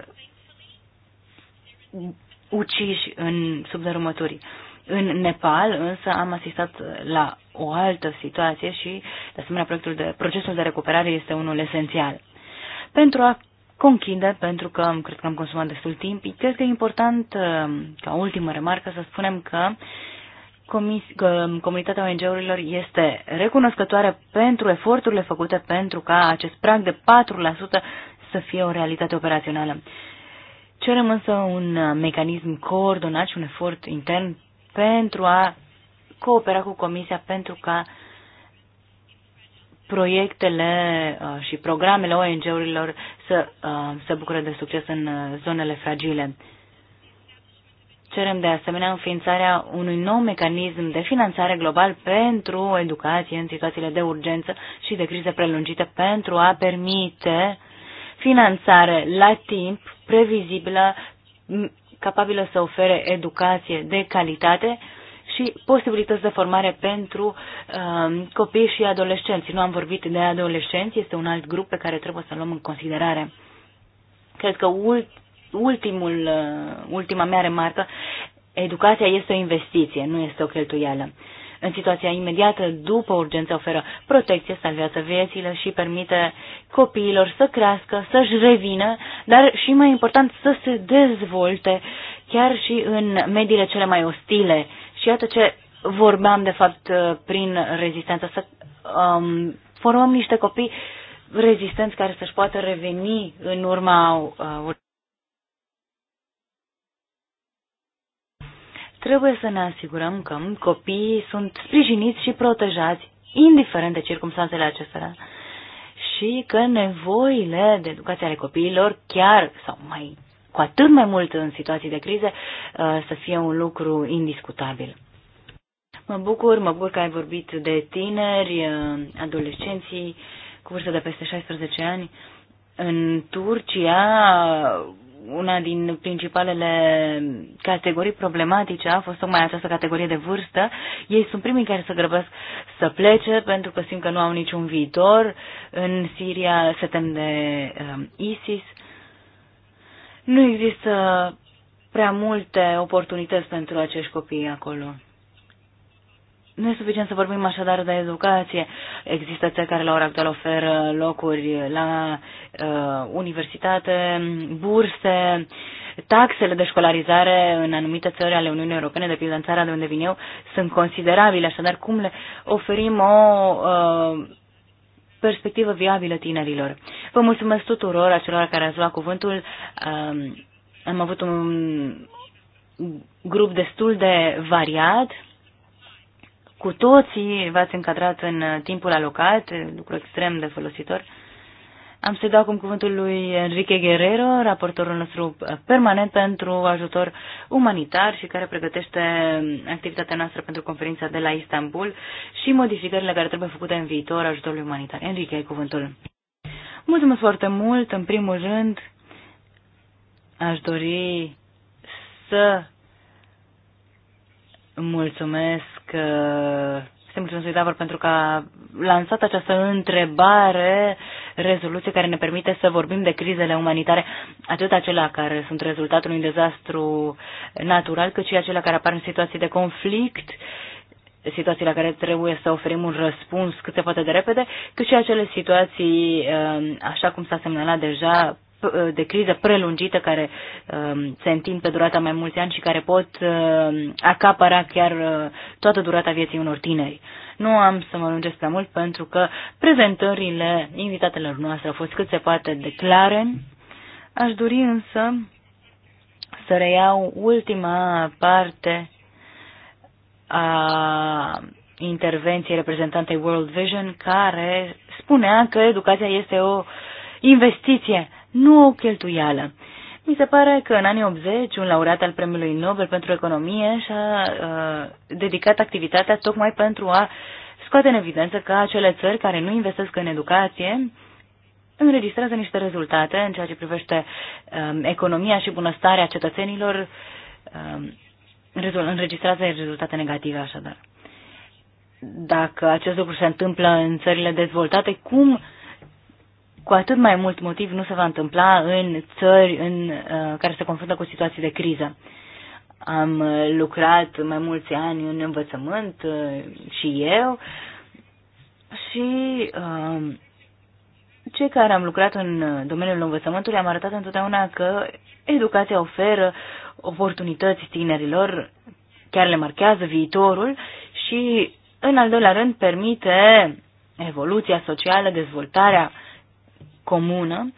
[SPEAKER 3] uciși în subdărâmături. În Nepal, însă, am asistat la o altă situație și, de asemenea, proiectul de, procesul de recuperare este unul esențial. Pentru a conchide, pentru că cred că am consumat destul timp, cred că e important, uh, ca ultimă remarcă, să spunem că comis, comunitatea ONG-urilor este recunoscătoare pentru eforturile făcute pentru ca acest prag de 4% să fie o realitate operațională. Cerem însă un mecanism coordonat și un efort intern pentru a coopera cu Comisia pentru ca proiectele uh, și programele ONG-urilor să uh, se bucure de succes în uh, zonele fragile. Cerem de asemenea înființarea unui nou mecanism de finanțare global pentru educație în situațiile de urgență și de crize prelungite pentru a permite finanțare la timp, previzibilă, capabilă să ofere educație de calitate și posibilități de formare pentru um, copii și adolescenți. Nu am vorbit de adolescenți, este un alt grup pe care trebuie să-l luăm în considerare. Cred că ultimul, uh, ultima mea remarcă, educația este o investiție, nu este o cheltuială. În situația imediată, după urgență, oferă protecție, salvează viețile și permite copiilor să crească, să-și revină, dar și mai important să se dezvolte chiar și în mediile cele mai ostile și iată ce vorbeam, de fapt, uh, prin rezistență, să um, formăm niște copii rezistenți care să-și poată reveni în urma uh, Trebuie să ne asigurăm că copiii sunt sprijiniți și protejați, indiferent de circumstanțele acestea, și că nevoile de educație ale copiilor chiar sau mai cu atât mai mult în situații de crize, uh, să fie un lucru indiscutabil. Mă bucur, mă bucur că ai vorbit de tineri, uh, adolescenții cu vârstă de peste 16 ani. În Turcia, una din principalele categorii problematice a fost tocmai această categorie de vârstă. Ei sunt primii care se grăbesc să plece pentru că simt că nu au niciun viitor. În Siria se tem de um, ISIS. Nu există prea multe oportunități pentru acești copii acolo. Nu e suficient să vorbim așadar de educație. Există țări care la ora actuală oferă locuri la uh, universitate, burse, taxele de școlarizare în anumite țări ale Uniunii Europene, de pildă în țara de unde vin eu, sunt considerabile. Așadar, cum le oferim o uh, perspectivă viabilă tinerilor. Vă mulțumesc tuturor acelor care ați luat cuvântul. Um, am avut un grup destul de variat. Cu toții v-ați încadrat în timpul alocat, lucru extrem de folositor. Am să-i dau acum cuvântul lui Enrique Guerrero, raportorul nostru uh, permanent pentru ajutor umanitar și care pregătește um, activitatea noastră pentru conferința de la Istanbul și modificările care trebuie făcute în viitor ajutorului umanitar. Enrique, ai cuvântul. Mulțumesc foarte mult. În primul rând, aș dori să mulțumesc uh, Simulțumesc, Davor, pentru că a lansat această întrebare, rezoluție care ne permite să vorbim de crizele umanitare, atât acelea care sunt rezultatul unui dezastru natural, cât și acelea care apar în situații de conflict, situații la care trebuie să oferim un răspuns cât se poate de repede, cât și acele situații, uh, așa cum s-a semnalat deja, de criză prelungită care um, se întind pe durata mai mulți ani și care pot um, acapara chiar uh, toată durata vieții unor tineri. Nu am să mă lungesc prea mult pentru că prezentările invitatelor noastre au fost cât se poate de clare. Aș dori însă să reiau ultima parte a intervenției reprezentantei World Vision, care spunea că educația este o investiție nu o cheltuială. Mi se pare că în anii 80 un laureat al Premiului Nobel pentru Economie și-a uh, dedicat activitatea tocmai pentru a scoate în evidență că acele țări care nu investesc în educație înregistrează niște rezultate în ceea ce privește um, economia și bunăstarea cetățenilor, um, înregistrează rezultate negative așadar. Dacă acest lucru se întâmplă în țările dezvoltate, cum cu atât mai mult motiv nu se va întâmpla în țări în, uh, care se confruntă cu situații de criză. Am uh, lucrat mai mulți ani în învățământ uh, și eu și uh, cei care am lucrat în domeniul învățământului am arătat întotdeauna că educația oferă oportunități tinerilor, chiar le marchează viitorul și, în al doilea rând, permite evoluția socială, dezvoltarea comună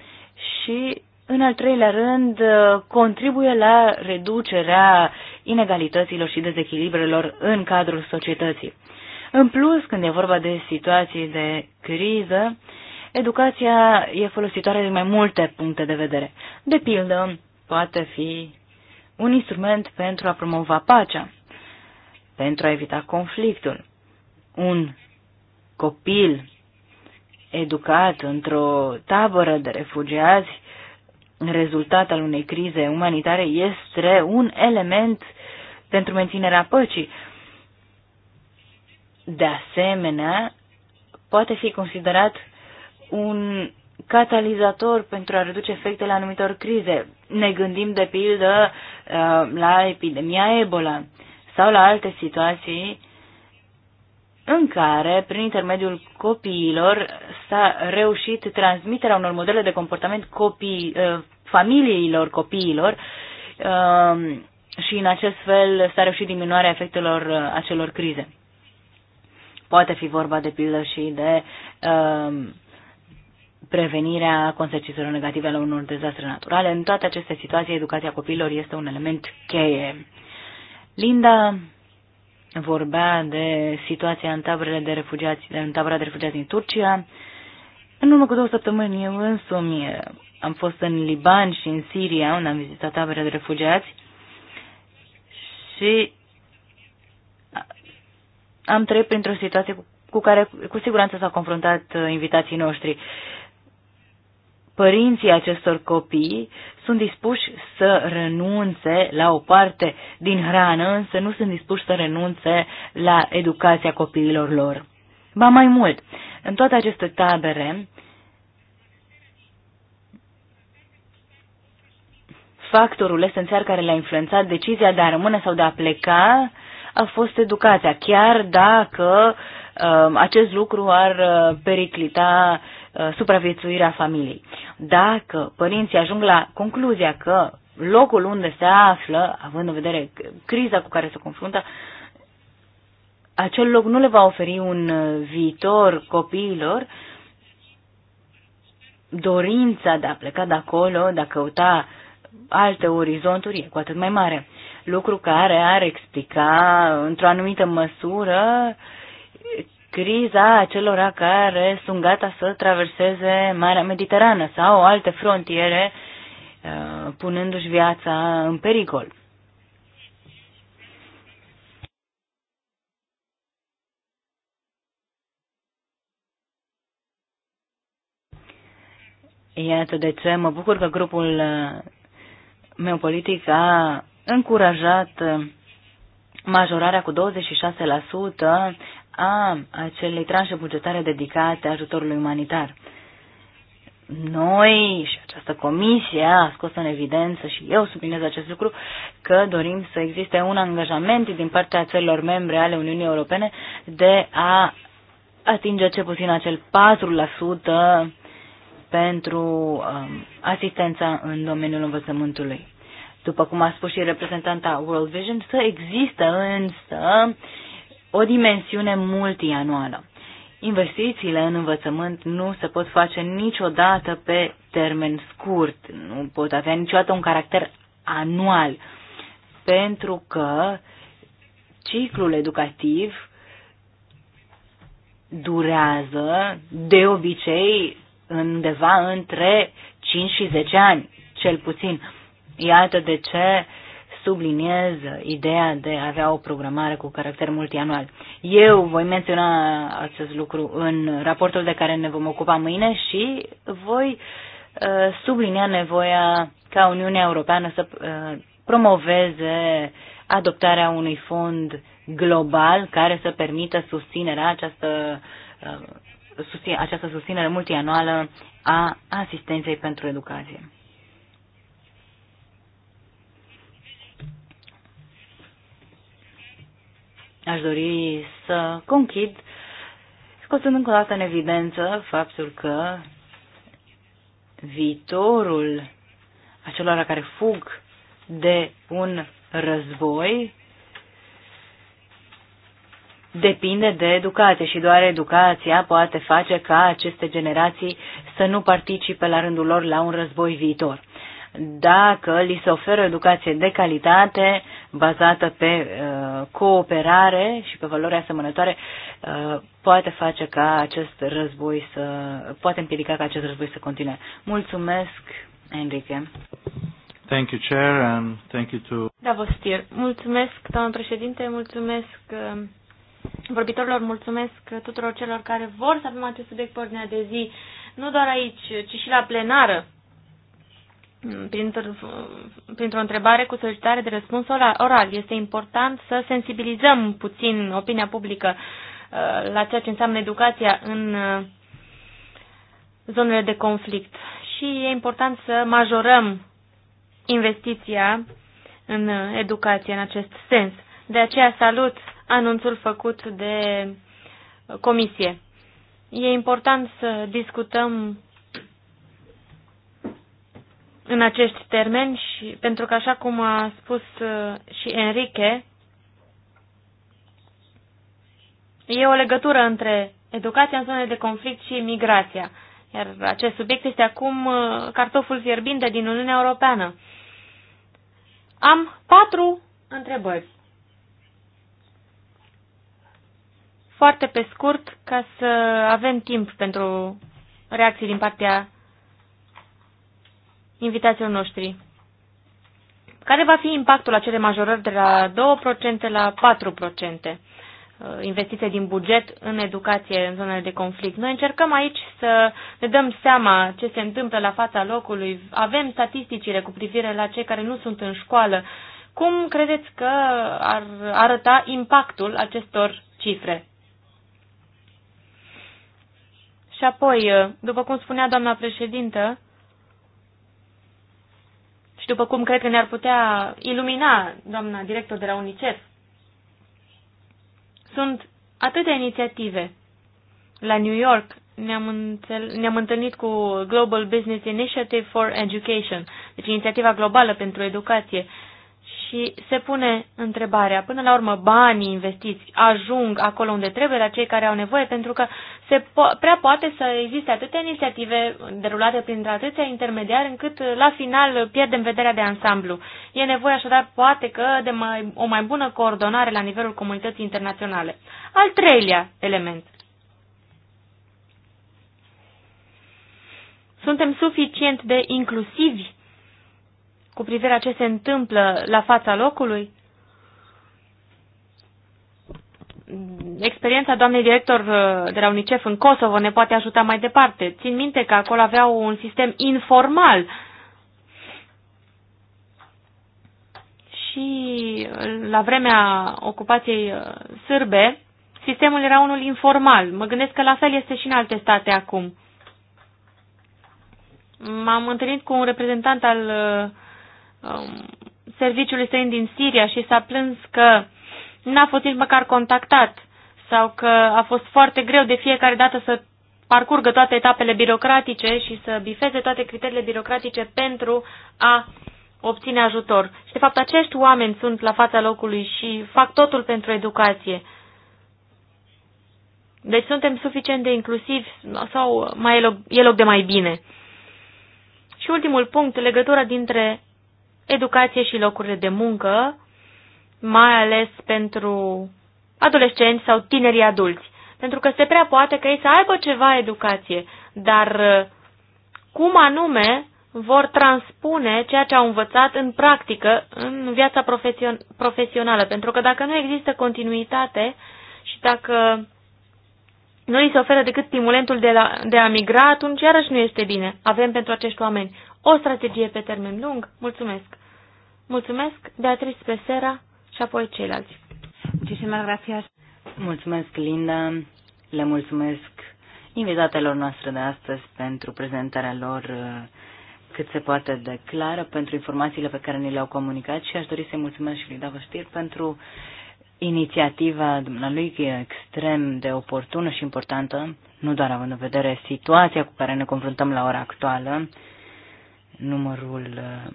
[SPEAKER 3] și, în al treilea rând, contribuie la reducerea inegalităților și dezechilibrelor în cadrul societății. În plus, când e vorba de situații de criză, educația e folositoare din mai multe puncte de vedere. De pildă, poate fi un instrument pentru a promova pacea, pentru a evita conflictul. Un copil educat într-o tabără de refugiați, rezultat al unei crize umanitare, este un element pentru menținerea păcii. De asemenea, poate fi considerat un catalizator pentru a reduce efectele anumitor crize. Ne gândim, de pildă, uh, la epidemia Ebola sau la alte situații în care, prin intermediul copiilor, s-a reușit transmiterea unor modele de comportament copii, uh, familiilor copiilor um, și, în acest fel, s-a reușit diminuarea efectelor uh, acelor crize. Poate fi vorba, de pildă, și de um, prevenirea consecințelor negative ale unor dezastre naturale. În toate aceste situații, educația copiilor este un element cheie. Linda vorbea de situația în, taberele de refugiați, în tabăra de refugiați din Turcia. În urmă cu două săptămâni eu însumi am fost în Liban și în Siria, unde am vizitat tabere de refugiați și am trăit printr-o situație cu care cu siguranță s-au confruntat uh, invitații noștri părinții acestor copii sunt dispuși să renunțe la o parte din hrană, însă nu sunt dispuși să renunțe la educația copiilor lor. Ba mai mult, în toate aceste tabere factorul esențial care le-a influențat decizia de a rămâne sau de a pleca a fost educația, chiar dacă uh, acest lucru ar uh, periclita Uh, supraviețuirea familiei. Dacă părinții ajung la concluzia că locul unde se află, având în vedere criza cu care se confruntă, acel loc nu le va oferi un uh, viitor copiilor, dorința de a pleca de acolo, de a căuta alte orizonturi, e cu atât mai mare. Lucru care ar explica, într-o anumită măsură, uh, criza acelora care sunt gata să traverseze Marea Mediterană sau alte frontiere, uh, punându-și viața în pericol. Iată de ce mă bucur că grupul uh, meu politic a încurajat uh, majorarea cu 26% a acelei tranșe bugetare dedicate ajutorului umanitar. Noi și această comisie a scos în evidență și eu subliniez acest lucru că dorim să existe un angajament din partea țărilor membre ale Uniunii Europene de a atinge ce puțin acel 4% pentru um, asistența în domeniul învățământului. După cum a spus și reprezentanta World Vision, să există însă o dimensiune multianuală. Investițiile în învățământ nu se pot face niciodată pe termen scurt, nu pot avea niciodată un caracter anual, pentru că ciclul educativ durează de obicei undeva între 5 și 10 ani, cel puțin. Iată de ce subliniez ideea de a avea o programare cu caracter multianual. Eu voi menționa acest lucru în raportul de care ne vom ocupa mâine și voi uh, sublinia nevoia ca Uniunea Europeană să uh, promoveze adoptarea unui fond global care să permită susținerea această, uh, această susținere multianuală a asistenței pentru educație. Aș dori să conchid scoțând încă o dată în evidență faptul că viitorul acelora care fug de un război depinde de educație și doar educația poate face ca aceste generații să nu participe la rândul lor la un război viitor dacă li se oferă educație de calitate bazată pe uh, cooperare și pe valori asemănătoare, uh, poate face ca acest război să poate împiedica ca acest război să continue. Mulțumesc, Enrique.
[SPEAKER 2] Thank you, Chair, and thank you to...
[SPEAKER 3] Da, vă stir. Mulțumesc, doamnă președinte, mulțumesc
[SPEAKER 1] uh, vorbitorilor, mulțumesc tuturor celor care vor să avem acest subiect pe ordinea de zi, nu doar aici, ci și la plenară printr-o întrebare cu solicitare de răspuns oral. Este important să sensibilizăm puțin opinia publică uh, la ceea ce înseamnă educația în uh, zonele de conflict. Și e important să majorăm investiția în uh, educație în acest sens. De aceea salut anunțul făcut de comisie. E important să discutăm în acești termeni și pentru că așa cum a spus uh, și Enrique, e o legătură între educația în zone de conflict și migrația. Iar acest subiect este acum uh, cartoful fierbinte din Uniunea Europeană. Am patru întrebări. Foarte pe scurt, ca să avem timp pentru reacții din partea invitațiilor noștri. Care va fi impactul acelei majorări de la 2% la 4% uh, investiție din buget în educație în zonele de conflict? Noi încercăm aici să ne dăm seama ce se întâmplă la fața locului. Avem statisticile cu privire la cei care nu sunt în școală. Cum credeți că ar arăta impactul acestor cifre? Și apoi, uh, după cum spunea doamna președintă, și după cum cred că ne-ar putea ilumina doamna director de la UNICEF. Sunt atâtea inițiative. La New York ne-am, ne-am întâlnit cu Global Business Initiative for Education, deci inițiativa globală pentru educație. Și se pune întrebarea, până la urmă, banii investiți ajung acolo unde trebuie, la cei care au nevoie, pentru că se po- prea poate să existe atâtea inițiative derulate prin atâția intermediari, încât la final pierdem vederea de ansamblu. E nevoie așadar, poate că, de mai, o mai bună coordonare la nivelul comunității internaționale. Al treilea element. Suntem suficient de inclusivi cu privire la ce se întâmplă la fața locului? Experiența doamnei director uh, de la UNICEF în Kosovo ne poate ajuta mai departe. Țin minte că acolo aveau un sistem informal și uh, la vremea ocupației uh, sârbe, sistemul era unul informal. Mă gândesc că la fel este și în alte state acum. M-am întâlnit cu un reprezentant al um, serviciului străin din Siria și s-a plâns că n-a fost nici măcar contactat sau că a fost foarte greu de fiecare dată să parcurgă toate etapele birocratice și să bifeze toate criteriile birocratice pentru a obține ajutor. Și de fapt acești oameni sunt la fața locului și fac totul pentru educație. Deci suntem suficient de inclusivi sau mai e loc, e loc de mai bine. Și ultimul punct, legătura dintre educație și locurile de muncă, mai ales pentru adolescenți sau tinerii adulți. Pentru că se prea poate că ei să aibă ceva educație, dar uh, cum anume vor transpune ceea ce au învățat în practică, în viața profesion profesională. Pentru că dacă nu există continuitate și dacă nu îi se oferă decât stimulentul de, la, de a migra, atunci iarăși nu este bine. Avem pentru acești oameni o strategie pe termen lung. Mulțumesc! Mulțumesc, Beatrice Pesera și apoi ceilalți.
[SPEAKER 3] Muchísimas gracias. Mulțumesc, Linda. Le mulțumesc invitatelor noastre de astăzi pentru prezentarea lor uh, cât se poate de clară, pentru informațiile pe care ni le-au comunicat și aș dori să-i mulțumesc și lui Dava Știr pentru inițiativa dumnealui extrem de oportună și importantă, nu doar având în vedere situația cu care ne confruntăm la ora actuală, numărul uh,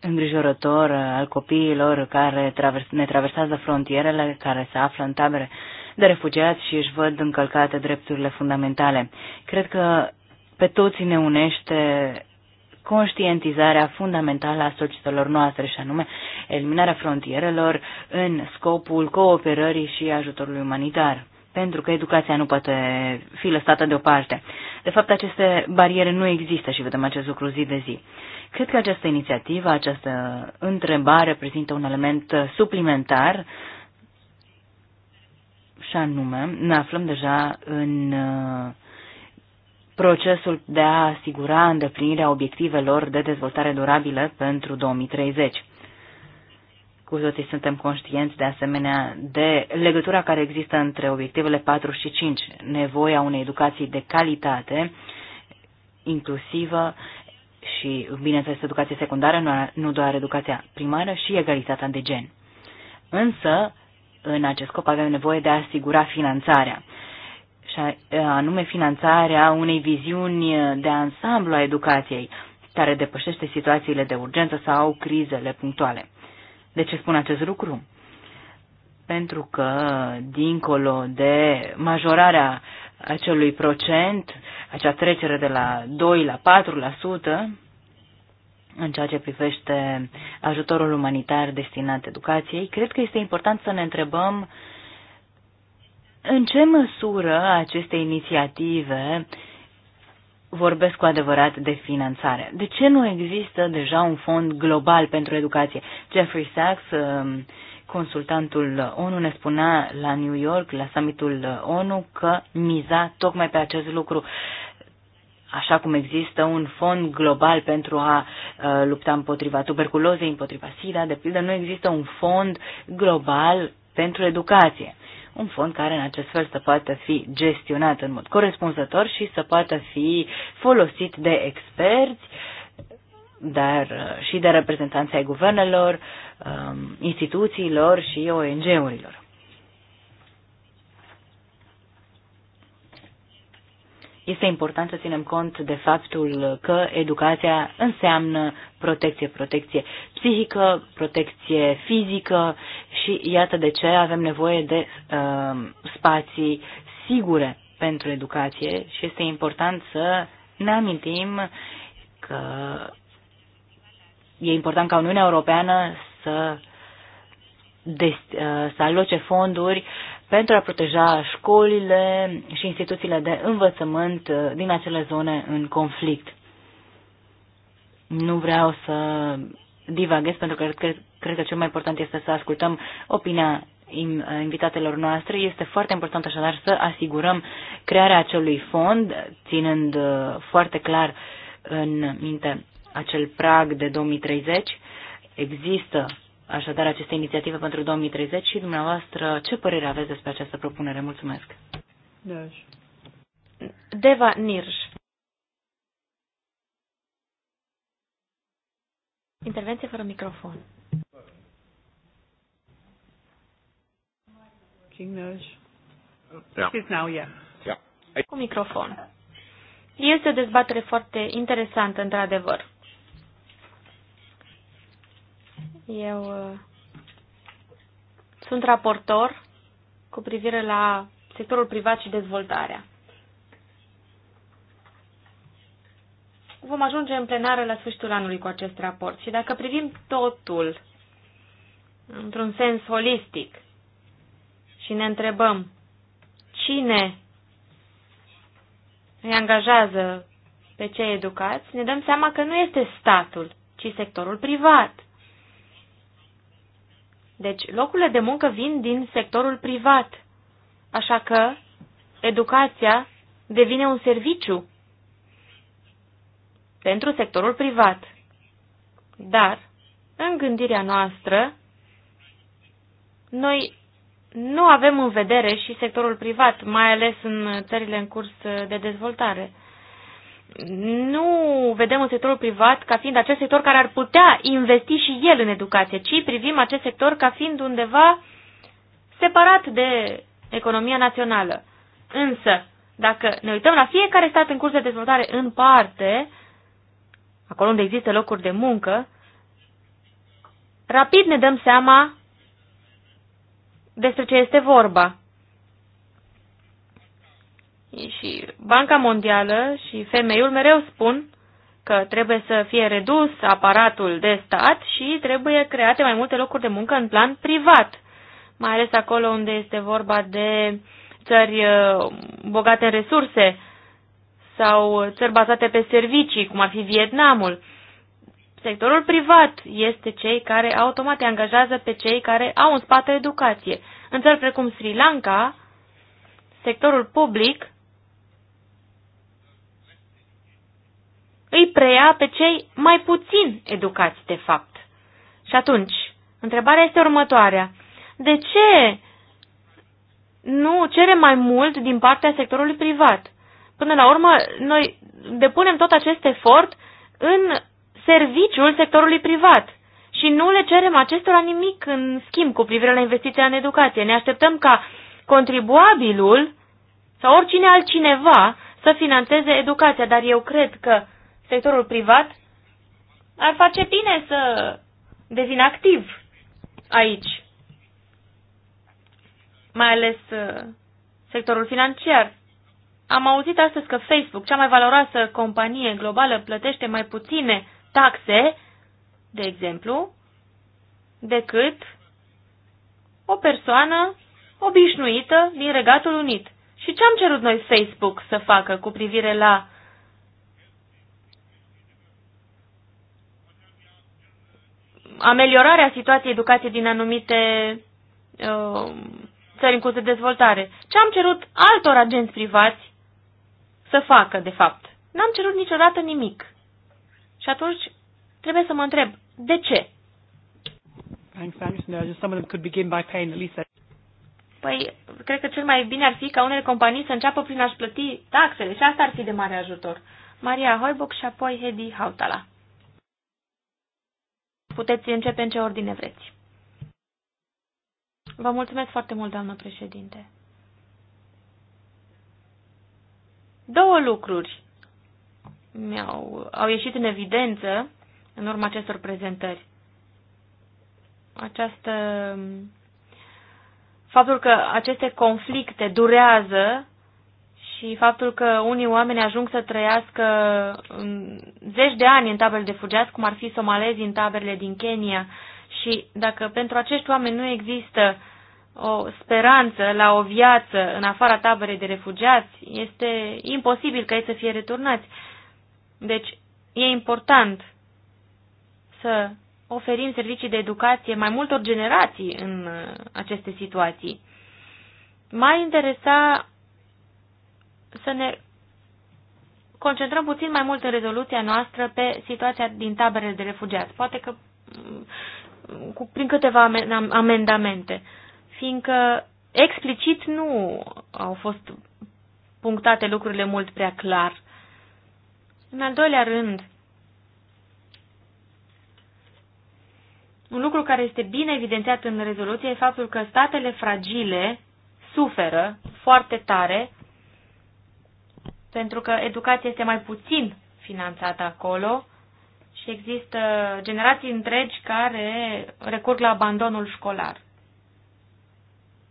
[SPEAKER 3] îngrijorător uh, al copiilor care ne traversează frontierele, care se află în tabere de refugiați și își văd încălcate drepturile fundamentale. Cred că pe toți ne unește conștientizarea fundamentală a societăților noastre, și anume eliminarea frontierelor în scopul cooperării și ajutorului umanitar pentru că educația nu poate fi lăsată deoparte. De fapt, aceste bariere nu există și vedem acest lucru zi de zi. Cred că această inițiativă, această întrebare prezintă un element suplimentar și anume ne aflăm deja în uh, procesul de a asigura îndeplinirea obiectivelor de dezvoltare durabilă pentru 2030. Cu toții suntem conștienți de asemenea de legătura care există între obiectivele 4 și 5, nevoia unei educații de calitate, inclusivă și, bineînțeles, educație secundară, nu doar educația primară și egalitatea de gen. Însă, în acest scop avem nevoie de a asigura finanțarea și anume finanțarea unei viziuni de ansamblu a educației, care depășește situațiile de urgență sau crizele punctuale. De ce spun acest lucru? Pentru că, dincolo de majorarea acelui procent, acea trecere de la 2 la 4%, în ceea ce privește ajutorul umanitar destinat educației, cred că este important să ne întrebăm în ce măsură aceste inițiative vorbesc cu adevărat de finanțare. De ce nu există deja un fond global pentru educație? Jeffrey Sachs, um, consultantul ONU, ne spunea la New York, la summitul ONU, că miza tocmai pe acest lucru. Așa cum există un fond global pentru a uh, lupta împotriva tuberculozei, împotriva SIDA, de pildă, nu există un fond global pentru educație un fond care în acest fel să poată fi gestionat în mod corespunzător și să poată fi folosit de experți, dar uh, și de reprezentanții ai guvernelor, um, instituțiilor și ONG-urilor. Este important să ținem cont de faptul că educația înseamnă protecție, protecție psihică, protecție fizică și iată de ce avem nevoie de uh, spații sigure pentru educație și este important să ne amintim că e important ca Uniunea Europeană să, de, uh, să aloce fonduri pentru a proteja școlile și instituțiile de învățământ uh, din acele zone în conflict. Nu vreau să divaghez, pentru că cred, cred că cel mai important este să ascultăm opinia uh, invitatelor noastre. Este foarte important așadar să asigurăm crearea acelui fond, ținând uh, foarte clar în minte acel prag de 2030. Există așadar aceste inițiative pentru 2030 și dumneavoastră ce părere aveți despre această propunere? Mulțumesc!
[SPEAKER 1] Deva Nirș. Intervenție fără microfon. Da. Da. Cu microfon. Este o dezbatere foarte interesantă, într-adevăr. Eu uh, sunt raportor cu privire la sectorul privat și dezvoltarea. Vom ajunge în plenară la sfârșitul anului cu acest raport și dacă privim totul într-un sens holistic și ne întrebăm cine îi angajează pe cei educați, ne dăm seama că nu este statul, ci sectorul privat. Deci locurile de muncă vin din sectorul privat, așa că educația devine un serviciu pentru sectorul privat. Dar, în gândirea noastră, noi nu avem în vedere și sectorul privat, mai ales în țările în curs de dezvoltare nu vedem un sectorul privat ca fiind acest sector care ar putea investi și el în educație, ci privim acest sector ca fiind undeva separat de economia națională. Însă, dacă ne uităm la fiecare stat în curs de dezvoltare în parte, acolo unde există locuri de muncă, rapid ne dăm seama despre ce este vorba. Și Banca Mondială și femeiul mereu spun că trebuie să fie redus aparatul de stat și trebuie create mai multe locuri de muncă în plan privat, mai ales acolo unde este vorba de țări uh, bogate în resurse sau țări bazate pe servicii, cum ar fi Vietnamul. Sectorul privat este cei care automat angajează pe cei care au în spate educație. În țări precum Sri Lanka, sectorul public îi preia pe cei mai puțin educați, de fapt. Și atunci, întrebarea este următoarea. De ce nu cere mai mult din partea sectorului privat? Până la urmă, noi depunem tot acest efort în serviciul sectorului privat și nu le cerem acestora nimic în schimb cu privire la investiția în educație. Ne așteptăm ca contribuabilul sau oricine altcineva să financeze educația, dar eu cred că sectorul privat ar face bine să devină activ aici, mai ales uh, sectorul financiar. Am auzit astăzi că Facebook, cea mai valoroasă companie globală, plătește mai puține taxe, de exemplu, decât o persoană obișnuită din Regatul Unit. Și ce am cerut noi Facebook să facă cu privire la ameliorarea situației educației din anumite uh, țări în curs de dezvoltare. Ce am cerut altor agenți privați să facă, de fapt? N-am cerut niciodată nimic. Și atunci trebuie să mă întreb, de ce? Păi, cred că cel mai bine ar fi ca unele companii să înceapă prin a-și plăti taxele și asta ar fi de mare ajutor. Maria Hoiboc și apoi Hedi Hautala puteți începe în ce ordine vreți. Vă mulțumesc foarte mult, doamnă președinte. Două lucruri mi-au au ieșit în evidență în urma acestor prezentări. Această faptul că aceste conflicte durează și faptul că unii oameni ajung să trăiască um, zeci de ani în tabere de fugiați, cum ar fi somalezii în taberele din Kenya, și dacă pentru acești oameni nu există o speranță la o viață în afara taberei de refugiați, este imposibil ca ei să fie returnați. Deci e important să oferim servicii de educație mai multor generații în uh, aceste situații. M-a interesa să ne concentrăm puțin mai mult în rezoluția noastră pe situația din taberele de refugiați, poate că mm, cu, prin câteva amendamente, fiindcă explicit nu au fost punctate lucrurile mult prea clar. În al doilea rând, un lucru care este bine evidențiat în rezoluție e faptul că statele fragile suferă foarte tare pentru că educația este mai puțin finanțată acolo și există generații întregi care recurg la abandonul școlar.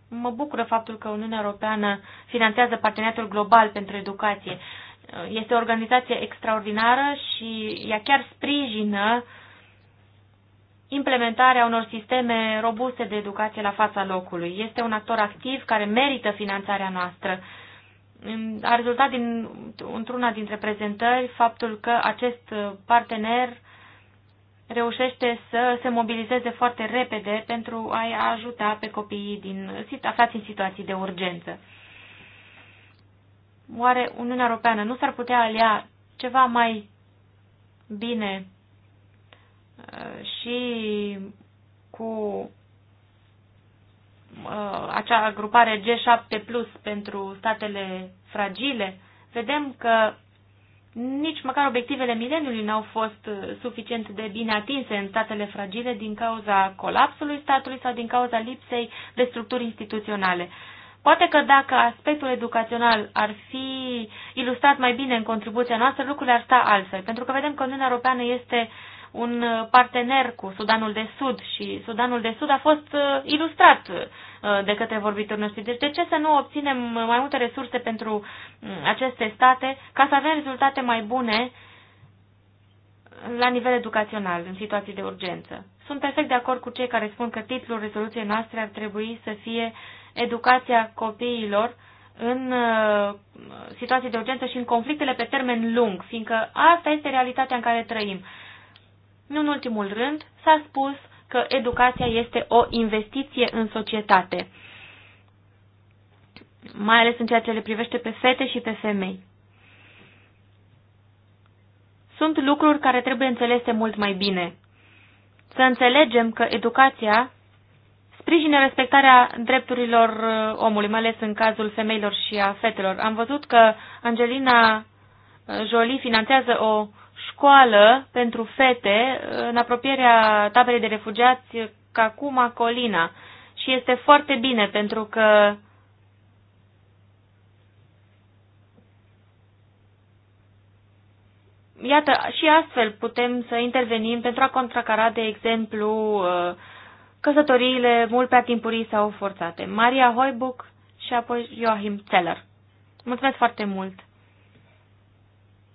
[SPEAKER 1] Mă bucură faptul că Uniunea Europeană finanțează Parteneriatul Global pentru Educație. Este o organizație extraordinară și ea chiar sprijină implementarea unor sisteme robuste de educație la fața locului. Este un actor activ care merită finanțarea noastră a rezultat din, într-una dintre prezentări faptul că acest partener reușește să se mobilizeze foarte repede pentru a-i ajuta pe copiii din, aflați în situații de urgență. Oare Uniunea Europeană nu s-ar putea alia ceva mai bine uh, și cu Uh, acea grupare G7 plus pentru statele fragile, vedem că nici măcar obiectivele mileniului n-au fost uh, suficient de bine atinse în statele fragile din cauza colapsului statului sau din cauza lipsei de structuri instituționale. Poate că dacă aspectul educațional ar fi ilustrat mai bine în contribuția noastră, lucrurile ar sta altfel, pentru că vedem că Uniunea Europeană este un partener cu Sudanul de Sud și Sudanul de Sud a fost uh, ilustrat Uh, de către vorbitorii noștri. Deci de ce să nu obținem mai multe resurse pentru mm, aceste state ca să avem rezultate mai bune la nivel educațional, în situații de urgență? Sunt perfect de acord cu cei care spun că titlul rezoluției noastre ar trebui să fie educația copiilor în uh, situații de urgență și în conflictele pe termen lung, fiindcă asta este realitatea în care trăim. Nu în ultimul rând, s-a spus că educația este o investiție în societate, mai ales în ceea ce le privește pe fete și pe femei. Sunt lucruri care trebuie înțelese mult mai bine. Să înțelegem că educația sprijină respectarea drepturilor uh, omului, mai ales în cazul femeilor și a fetelor. Am văzut că Angelina uh, Jolie finanțează o școală pentru fete în apropierea taberei de refugiați Cacuma Colina. Și este foarte bine pentru că iată, și astfel putem să intervenim pentru a contracara, de exemplu, uh, căsătoriile mult prea timpurii sau forțate. Maria Hoibuc și apoi Joachim Zeller. Mulțumesc foarte mult!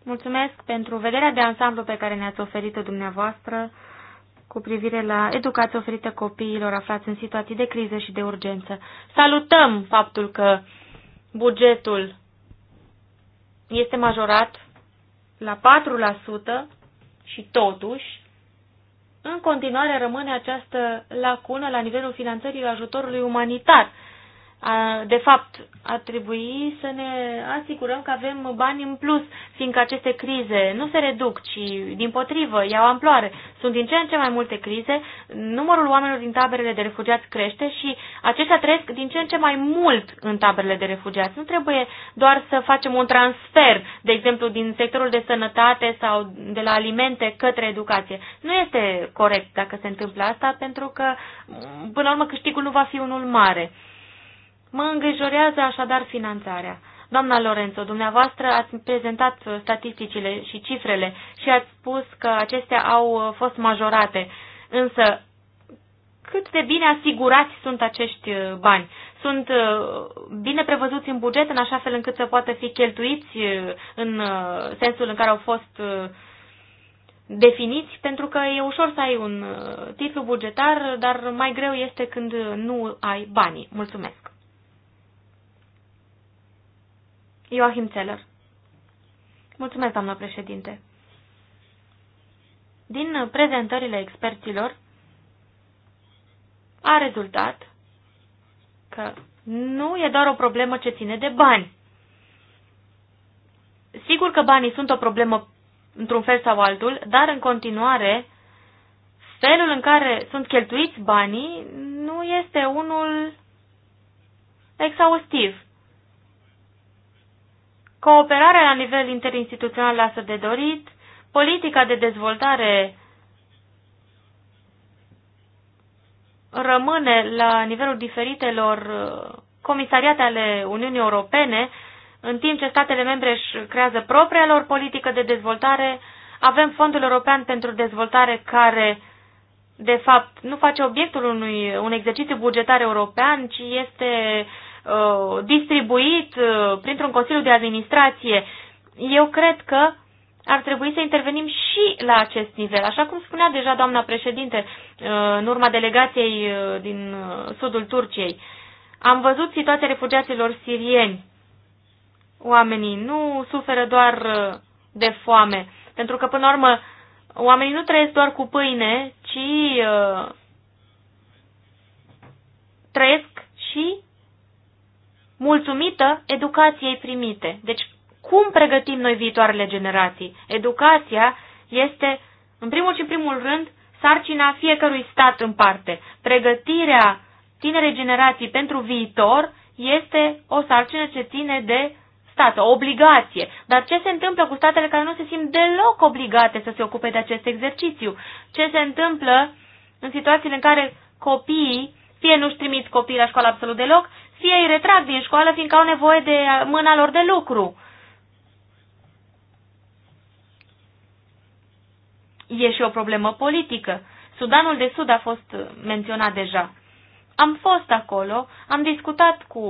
[SPEAKER 1] Mulțumesc pentru vederea de ansamblu pe care ne-ați oferit-o dumneavoastră cu privire la educația oferită copiilor aflați în situații de criză și de urgență. Salutăm faptul că bugetul este majorat la 4% și totuși în continuare rămâne această lacună la nivelul finanțării ajutorului umanitar de fapt, ar trebui să ne asigurăm că avem bani în plus, fiindcă aceste crize nu se reduc, ci din potrivă, iau amploare. Sunt din ce în ce mai multe crize, numărul oamenilor din taberele de refugiați crește și aceștia trăiesc din ce în ce mai mult în taberele de refugiați. Nu trebuie doar să facem un transfer, de exemplu, din sectorul de sănătate sau de la alimente către educație. Nu este corect dacă se întâmplă asta, pentru că, până la urmă, câștigul nu va fi unul mare. Mă îngrijorează așadar finanțarea. Doamna Lorenzo, dumneavoastră ați prezentat statisticile și cifrele și ați spus că acestea au uh, fost majorate. Însă, cât de bine asigurați sunt acești uh, bani? Sunt uh, bine prevăzuți în buget în așa fel încât să poată fi cheltuiți în sensul în care au fost definiți? Pentru că e ușor să ai un titlu bugetar, dar mai greu este când nu ai banii. Mulțumesc! Joachim Zeller. Mulțumesc, doamnă președinte. Din prezentările experților a rezultat că nu e doar o problemă ce ține de bani. Sigur că banii sunt o problemă într-un fel sau altul, dar în continuare felul în care sunt cheltuiți banii nu este unul exhaustiv. Cooperarea la nivel interinstituțional lasă de dorit, politica de dezvoltare rămâne la nivelul diferitelor uh, comisariate ale Uniunii Europene, în timp ce statele membre își creează propria lor politică de dezvoltare, avem Fondul European pentru Dezvoltare care, de fapt, nu face obiectul unui un exercițiu bugetar european, ci este Uh, distribuit uh, printr-un Consiliu de Administrație. Eu cred că ar trebui să intervenim și la acest nivel. Așa cum spunea deja doamna președinte uh, în urma delegației din sudul Turciei, am văzut situația refugiaților sirieni. Oamenii nu suferă doar de foame, pentru că, până la urmă, oamenii nu trăiesc doar cu pâine, ci uh, trăiesc și mulțumită educației primite. Deci, cum pregătim noi viitoarele generații? Educația este, în primul și primul rând, sarcina fiecărui stat în parte. Pregătirea tinerei generații pentru viitor este o sarcină ce ține de stat, o obligație. Dar ce se întâmplă cu statele care nu se simt deloc obligate să se ocupe de acest exercițiu? Ce se întâmplă în situațiile în care copiii fie nu-și trimit copiii la școală absolut deloc, fie îi retrag din școală fiindcă au nevoie de mâna lor de lucru. E și o problemă politică. Sudanul de Sud a fost menționat deja. Am fost acolo, am discutat cu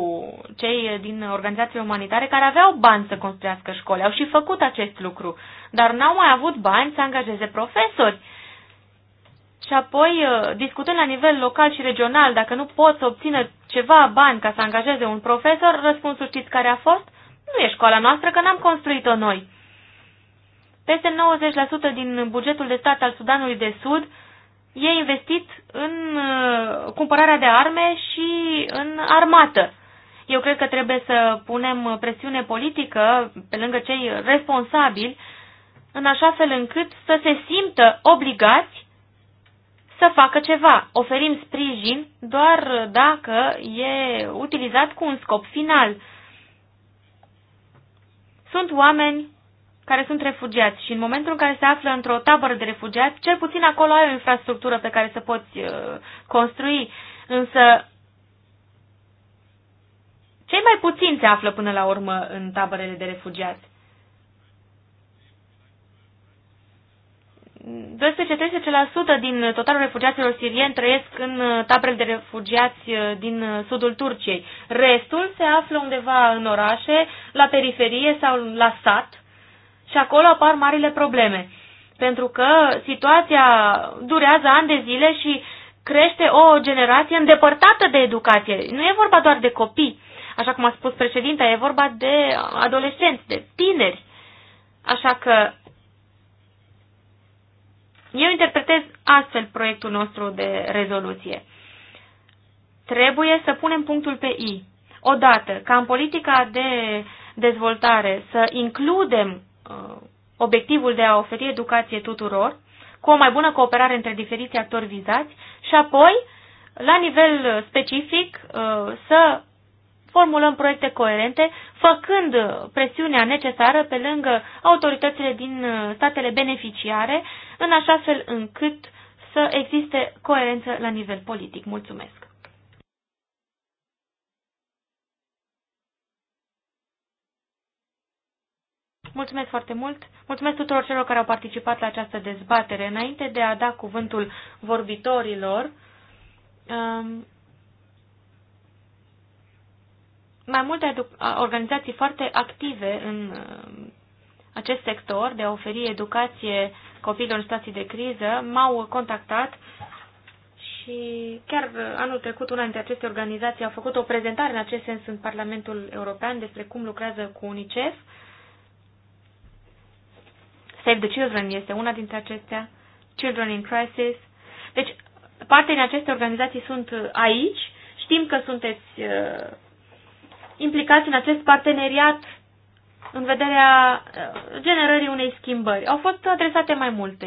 [SPEAKER 1] cei din organizații umanitare care aveau bani să construiască școli, au și făcut acest lucru, dar n-au mai avut bani să angajeze profesori și apoi uh, discutând la nivel local și regional dacă nu pot să obțină ceva bani ca să angajeze un profesor, răspunsul știți care a fost? Nu e școala noastră că n-am construit-o noi. Peste 90% din bugetul de stat al Sudanului de Sud e investit în uh, cumpărarea de arme și în armată. Eu cred că trebuie să punem presiune politică pe lângă cei responsabili în așa fel încât să se simtă obligați să facă ceva. Oferim sprijin doar dacă e utilizat cu un scop final. Sunt oameni care sunt refugiați și în momentul în care se află într-o tabără de refugiați, cel puțin acolo ai o infrastructură pe care să poți uh, construi, însă cei mai puțini se află până la urmă în taberele de refugiați. 12-13% din totalul refugiaților sirieni trăiesc în uh, taberele de refugiați uh, din uh, sudul Turciei. Restul se află undeva în orașe, la periferie sau la sat și acolo apar marile probleme. Pentru că situația durează ani de zile și crește o generație îndepărtată de educație. Nu e vorba doar de copii, așa cum a spus președinta, e vorba de adolescenți, de tineri. Așa că eu interpretez astfel proiectul nostru de rezoluție. Trebuie să punem punctul pe I. Odată, ca în politica de dezvoltare să includem uh, obiectivul de a oferi educație tuturor, cu o mai bună cooperare între diferiți actori vizați și apoi, la nivel specific, uh, să formulăm proiecte coerente, făcând presiunea necesară pe lângă autoritățile din uh, statele beneficiare, în așa fel încât să existe coerență la nivel politic. Mulțumesc! Mulțumesc foarte mult! Mulțumesc tuturor celor care au participat la această dezbatere. Înainte de a da cuvântul vorbitorilor, um, mai multe organizații foarte active în uh, acest sector de a oferi educație copiilor în situații de criză m-au contactat și chiar uh, anul trecut una dintre aceste organizații a făcut o prezentare în acest sens în Parlamentul European despre cum lucrează cu UNICEF. Save the Children este una dintre acestea, Children in Crisis. Deci, parte din aceste organizații sunt uh, aici, știm că sunteți implicați în acest parteneriat în vederea uh, generării unei schimbări. Au fost adresate mai multe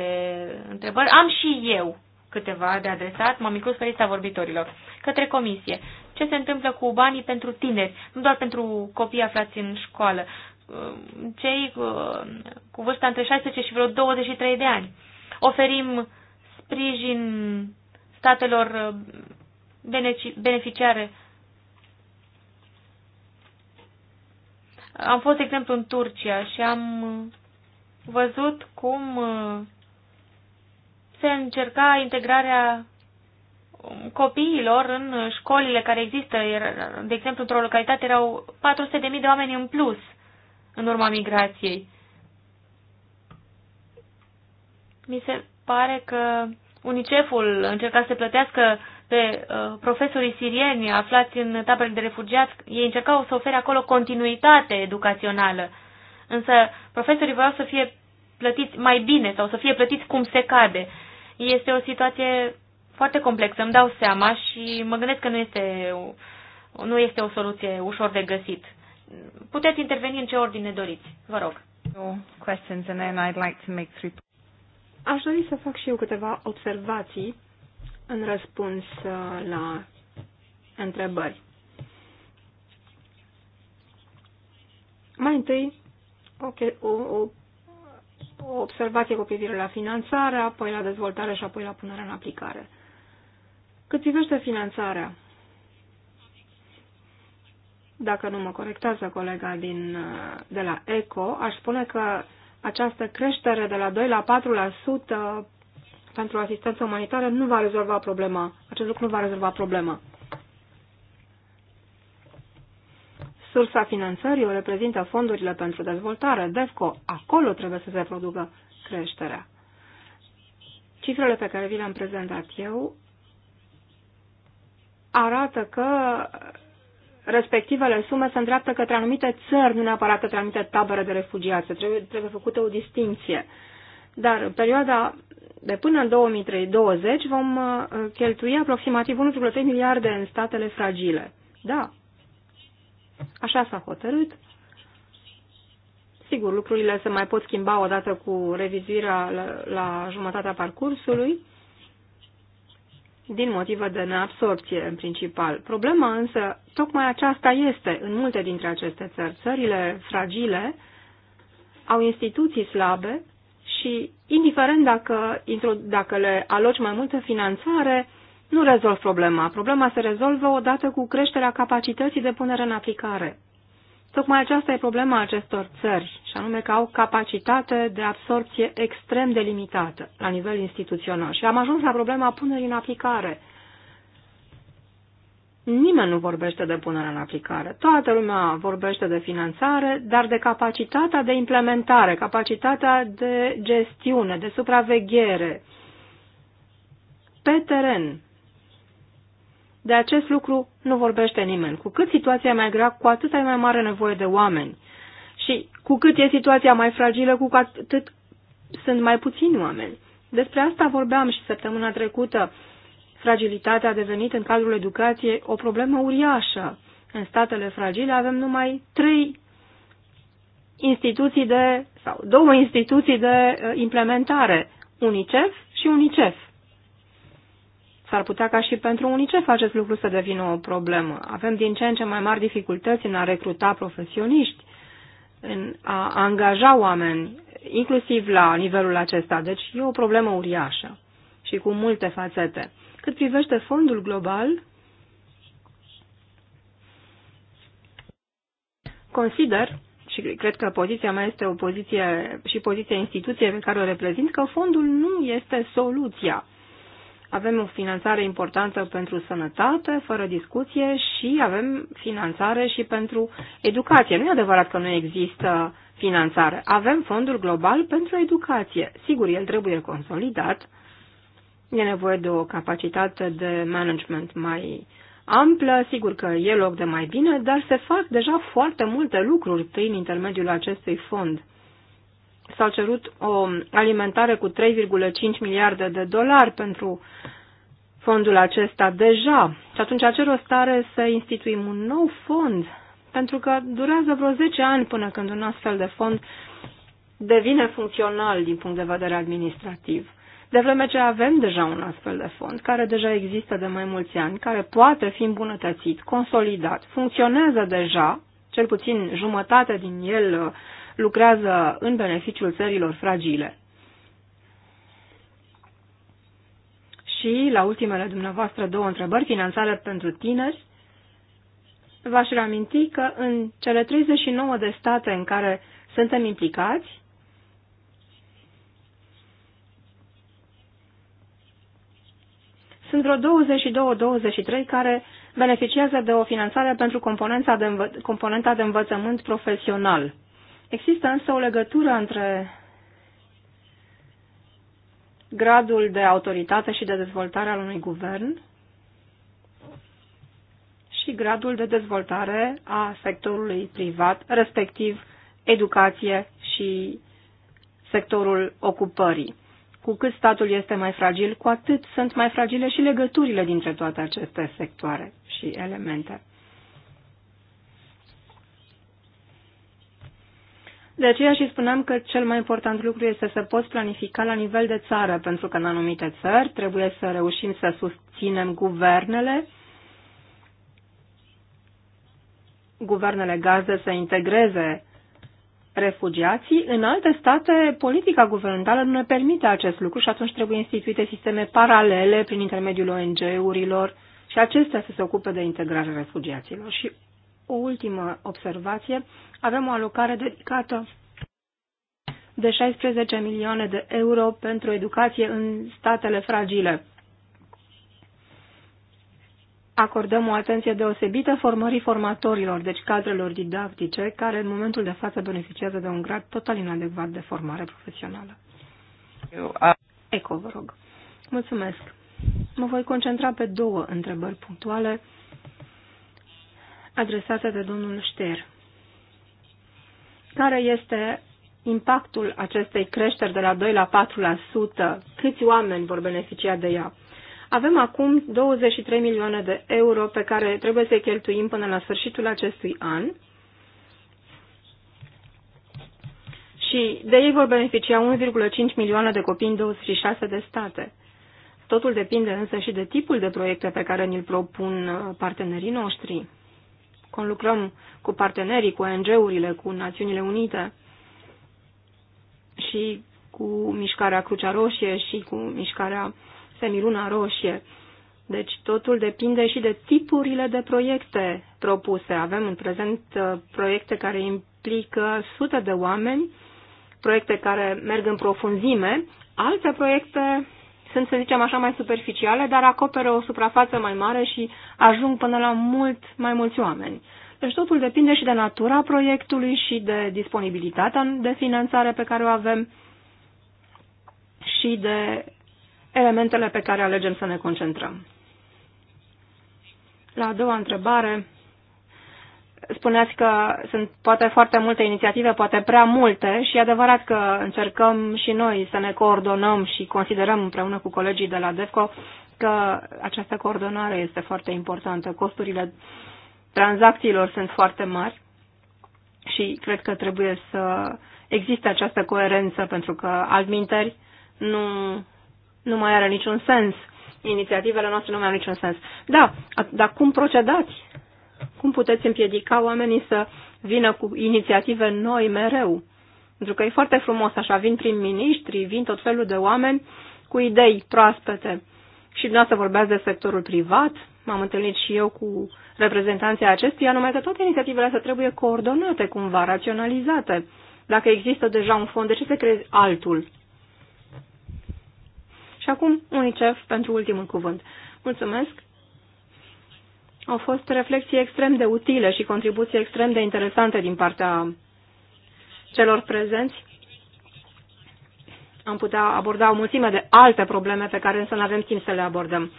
[SPEAKER 1] întrebări. Am și eu câteva de adresat, m-am inclus pe lista vorbitorilor, către comisie. Ce se întâmplă cu banii pentru tineri, nu doar pentru copii aflați în școală, uh, cei uh, cu vârsta între 16 și vreo 23 de ani. Oferim sprijin statelor beneficiare Am fost, de exemplu, în Turcia și am uh, văzut cum uh, se încerca integrarea um, copiilor în uh, școlile care există. De exemplu, într-o localitate erau 400.000 de oameni în plus în urma migrației. Mi se pare că UNICEF-ul încerca să plătească pe uh, profesorii sirieni aflați în taberele de refugiați, ei încercau să ofere acolo continuitate educațională. Însă profesorii voiau să fie plătiți mai bine sau să fie plătiți cum se cade. Este o situație foarte complexă, îmi dau seama și mă gândesc că nu este, nu este o soluție ușor de găsit. Puteți interveni în ce ordine doriți, vă rog.
[SPEAKER 2] Aș dori să fac și eu câteva
[SPEAKER 1] observații
[SPEAKER 2] în răspuns uh, la întrebări. Mai întâi, o, o, o observație cu privire la finanțare, apoi la dezvoltare și apoi la punerea în aplicare. Cât privește finanțarea, dacă nu mă corectează colega din, uh, de la ECO, aș spune că această creștere de la 2 la 4% pentru asistență umanitară nu va rezolva problema. Acest lucru nu va rezolva problema. Sursa finanțării o reprezintă fondurile pentru dezvoltare, DEFCO. Acolo trebuie să se producă creșterea. Cifrele pe care vi le-am prezentat eu arată că respectivele sume se îndreaptă către anumite țări, nu neapărat către anumite tabere de refugiați. Trebuie, trebuie făcută o distinție. Dar în perioada de până în 2020 vom uh, cheltui aproximativ 1,3 miliarde în statele fragile. Da, așa s-a hotărât. Sigur, lucrurile se mai pot schimba odată cu revizuirea la, la jumătatea parcursului, din motivă de neabsorpție în principal. Problema însă, tocmai aceasta este în multe dintre aceste țări. Țările fragile au instituții slabe și indiferent dacă, dacă le aloci mai multă finanțare, nu rezolv problema. Problema se rezolvă odată cu creșterea capacității de punere în aplicare. Tocmai aceasta e problema acestor țări, și anume că au capacitate de absorpție extrem de limitată la nivel instituțional. Și am ajuns la problema punerii în aplicare – Nimeni nu vorbește de punere în aplicare. Toată lumea vorbește de finanțare, dar de capacitatea de implementare, capacitatea de gestiune, de supraveghere pe teren. De acest lucru nu vorbește nimeni. Cu cât situația e mai grea, cu atât ai mai mare nevoie de oameni. Și cu cât e situația mai fragilă, cu atât sunt mai puțini oameni. Despre asta vorbeam și săptămâna trecută Fragilitatea a devenit în cadrul educației o problemă uriașă. În statele fragile avem numai trei instituții de, sau două instituții de uh, implementare, UNICEF și UNICEF. S-ar putea ca și pentru UNICEF acest lucru să devină o problemă. Avem din ce în ce mai mari dificultăți în a recruta profesioniști, în a angaja oameni, inclusiv la nivelul acesta. Deci e o problemă uriașă și cu multe fațete. Cât privește fondul global, consider, și cred că poziția mea este o poziție și poziția instituției pe care o reprezint, că fondul nu este soluția. Avem o finanțare importantă pentru sănătate, fără discuție, și avem finanțare și pentru educație. Nu e adevărat că nu există finanțare. Avem fondul global pentru educație. Sigur, el trebuie consolidat, E nevoie de o capacitate de management mai amplă, sigur că e loc de mai bine, dar se fac deja foarte multe lucruri prin intermediul acestui fond. S-a cerut o alimentare cu 3,5 miliarde de dolari pentru fondul acesta deja. Și atunci ce o stare să instituim un nou fond? Pentru că durează vreo 10 ani până când un astfel de fond devine funcțional din punct de vedere administrativ de vreme ce avem deja un astfel de fond, care deja există de mai mulți ani, care poate fi îmbunătățit, consolidat, funcționează deja, cel puțin jumătate din el uh, lucrează în beneficiul țărilor fragile. Și la ultimele dumneavoastră două întrebări, finanțare pentru tineri, v-aș reaminti că în cele 39 de state în care suntem implicați, Sunt vreo 22-23 care beneficiază de o finanțare pentru componența de învă- componenta de învățământ profesional. Există însă o legătură între gradul de autoritate și de dezvoltare al unui guvern și gradul de dezvoltare a sectorului privat, respectiv educație și sectorul ocupării. Cu cât statul este mai fragil, cu atât sunt mai fragile și legăturile dintre toate aceste sectoare și elemente. De aceea și spuneam că cel mai important lucru este să poți planifica la nivel de țară, pentru că în anumite țări trebuie să reușim să susținem guvernele, guvernele gazdă să integreze refugiații, în alte state politica guvernamentală nu ne permite acest lucru și atunci trebuie instituite sisteme paralele prin intermediul ONG-urilor și acestea să se ocupe de integrarea refugiaților. Și o ultimă observație, avem o alocare dedicată de 16 milioane de euro pentru educație în statele fragile acordăm o atenție deosebită formării formatorilor, deci cadrelor didactice, care în momentul de față beneficiază de un grad total inadecvat de formare profesională. Eco, vă rog. Mulțumesc. Mă voi concentra pe două întrebări punctuale adresate de domnul Șter. Care este impactul acestei creșteri de la 2 la 4%? Câți oameni vor beneficia de ea? Avem acum 23 milioane de euro pe care trebuie să-i cheltuim până la sfârșitul acestui an și de ei vor beneficia 1,5 milioane de copii în 26 de state. Totul depinde însă și de tipul de proiecte pe care ni-l propun uh, partenerii noștri. lucrăm cu partenerii, cu ONG-urile, cu Națiunile Unite și cu mișcarea Crucea Roșie și cu mișcarea semiluna roșie. Deci totul depinde și de tipurile de proiecte propuse. Avem în prezent uh, proiecte care implică sute de oameni, proiecte care merg în profunzime, alte proiecte sunt, să zicem așa, mai superficiale, dar acoperă o suprafață mai mare și ajung până la mult mai mulți oameni. Deci totul depinde și de natura proiectului și de disponibilitatea de finanțare pe care o avem și de elementele pe care alegem să ne concentrăm. La a doua întrebare, spuneați că sunt poate foarte multe inițiative, poate prea multe și e adevărat că încercăm și noi să ne coordonăm și considerăm împreună cu colegii de la DEFCO că această coordonare este foarte importantă. Costurile tranzacțiilor sunt foarte mari și cred că trebuie să existe această coerență pentru că altminteri nu nu mai are niciun sens. Inițiativele noastre nu mai au niciun sens. Da, dar cum procedați? Cum puteți împiedica oamenii să vină cu inițiative noi mereu? Pentru că e foarte frumos, așa vin prin miniștri, vin tot felul de oameni cu idei proaspete. Și dumneavoastră vorbeați de sectorul privat, m-am întâlnit și eu cu reprezentanții acestuia, numai că toate inițiativele astea trebuie coordonate cumva, raționalizate. Dacă există deja un fond, de ce să creezi altul? Și acum UNICEF pentru ultimul cuvânt. Mulțumesc! Au fost reflexii extrem de utile și contribuții extrem de interesante din partea celor prezenți. Am putea aborda o mulțime de alte probleme pe care însă nu avem timp să le abordăm.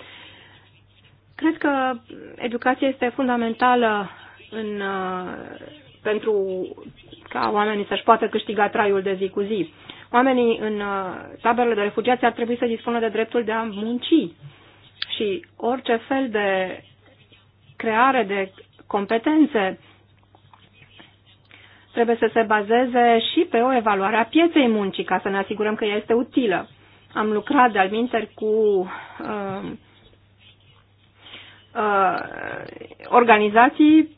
[SPEAKER 2] Cred că educația este fundamentală în, uh, pentru ca oamenii să-și poată câștiga traiul de zi cu zi. Oamenii în uh, taberele de refugiați ar trebui să dispună de dreptul de a munci și orice fel de creare de competențe trebuie să se bazeze și pe o evaluare a pieței muncii ca să ne asigurăm că ea este utilă. Am lucrat de-al cu uh, uh, organizații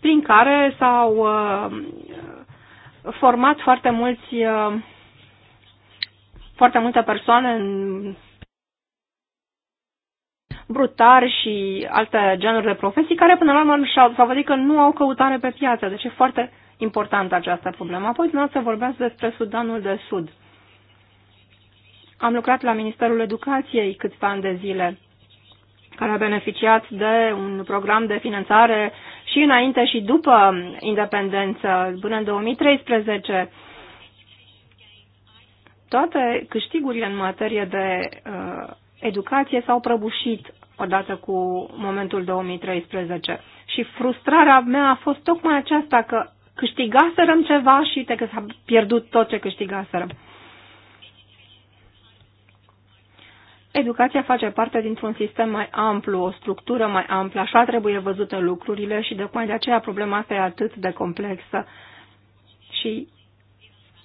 [SPEAKER 2] prin care s-au uh, format foarte mulți uh, foarte multe persoane în brutari și alte genuri de profesii care până la urmă s-au văzut că nu au căutare pe piață. Deci e foarte importantă această problemă. Apoi să vorbesc despre Sudanul de Sud. Am lucrat la Ministerul Educației câțiva ani de zile, care a beneficiat de un program de finanțare și înainte și după independență, până în 2013. Toate câștigurile în materie de uh, educație s-au prăbușit odată cu momentul 2013. Și frustrarea mea a fost tocmai aceasta că câștigaserăm ceva și uite că s-a pierdut tot ce câștigaserăm. Educația face parte dintr-un sistem mai amplu, o structură mai amplă, așa trebuie văzute lucrurile și de, de aceea problema asta e atât de complexă. Și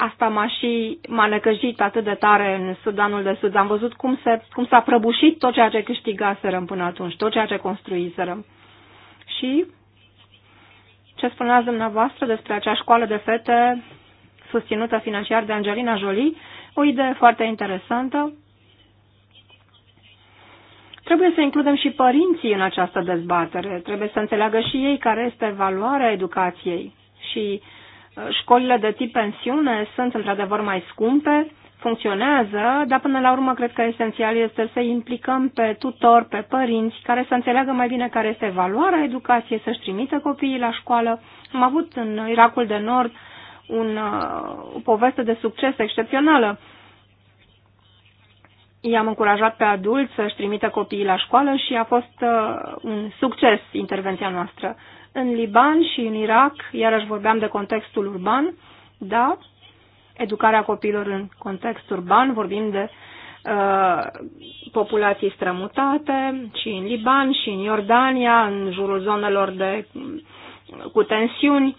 [SPEAKER 2] Asta m-a și m-a necăjit atât de tare în Sudanul de Sud. Am văzut cum, se, cum s-a prăbușit tot ceea ce câștigaserăm până atunci, tot ceea ce construiserăm. Și ce spuneați dumneavoastră despre acea școală de fete susținută financiar de Angelina Jolie, o idee foarte interesantă. Trebuie să includem și părinții în această dezbatere. Trebuie să înțeleagă și ei care este valoarea educației și uh, Școlile de tip pensiune sunt într-adevăr mai scumpe, funcționează, dar până la urmă cred că esențial este să implicăm pe tutor, pe părinți, care să înțeleagă mai bine care este valoarea educației, să-și trimită copiii la școală. Am avut în Irakul de Nord un, uh, o poveste de succes excepțională. I-am încurajat pe adulți să-și trimită copiii la școală și a fost uh, un succes intervenția noastră în Liban și în Irak, iarăși vorbeam de contextul urban, da, educarea copiilor în context urban, vorbim de uh, populații strămutate și în Liban și în Iordania, în jurul zonelor de, cu tensiuni,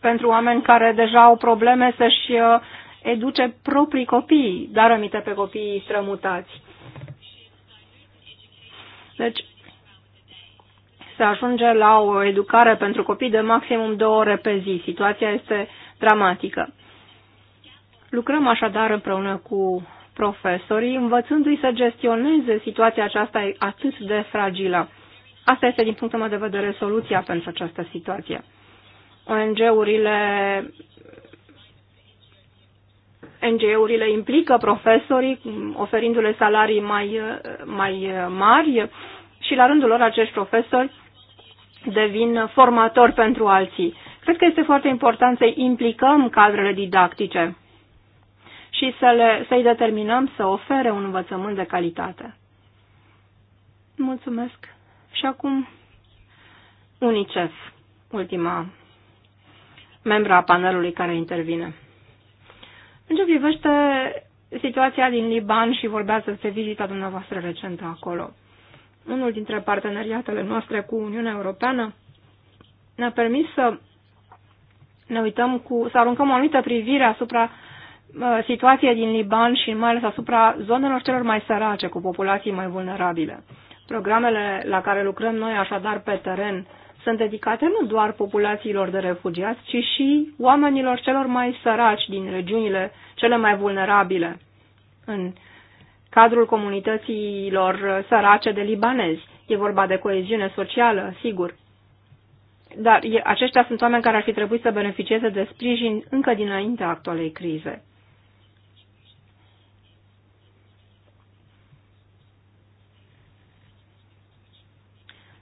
[SPEAKER 2] pentru oameni care deja au probleme să-și uh, educe proprii copii, dar amite pe copiii strămutați. Deci, se ajunge la o educare pentru copii de maximum două ore pe zi. Situația este dramatică. Lucrăm așadar împreună cu profesorii, învățându-i să gestioneze situația aceasta atât de fragilă. Asta este, din punctul meu de vedere, soluția pentru această situație. ONG-urile NGO-urile implică profesorii, oferindu-le salarii mai, mai mari și la rândul lor acești profesori devin formatori pentru alții. Cred că este foarte important să implicăm cadrele didactice și să le, să-i determinăm să ofere un învățământ de calitate. Mulțumesc. Și acum UNICEF, ultima membra a panelului care intervine. În ce privește situația din Liban și vorbeați despre vizita dumneavoastră recentă acolo unul dintre parteneriatele noastre cu Uniunea Europeană ne-a permis să ne uităm cu, să aruncăm o anumită privire asupra uh, situației din Liban și mai ales asupra zonelor celor mai sărace, cu populații mai vulnerabile. Programele la care lucrăm noi așadar pe teren sunt dedicate nu doar populațiilor de refugiați, ci și oamenilor celor mai săraci din regiunile cele mai vulnerabile în cadrul comunităților sărace de libanezi. E vorba de coeziune socială, sigur. Dar aceștia sunt oameni care ar fi trebuit să beneficieze de sprijin încă dinaintea actualei crize.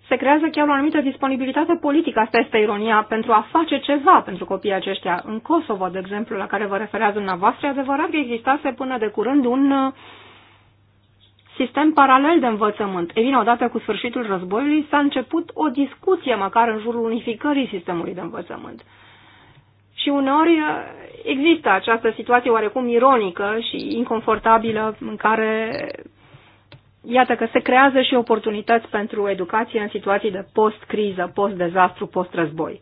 [SPEAKER 2] se creează chiar o anumită disponibilitate politică, asta este ironia, pentru a face ceva pentru copiii aceștia. În Kosovo, de exemplu, la care vă referează dumneavoastră, e adevărat că existase până de curând un sistem paralel de învățământ. E bine, odată cu sfârșitul războiului s-a început o discuție măcar în jurul unificării sistemului de învățământ. Și uneori uh, există această situație oarecum ironică și inconfortabilă în care, iată că se creează și oportunități pentru educație în situații de post-criză, post-dezastru, post-război.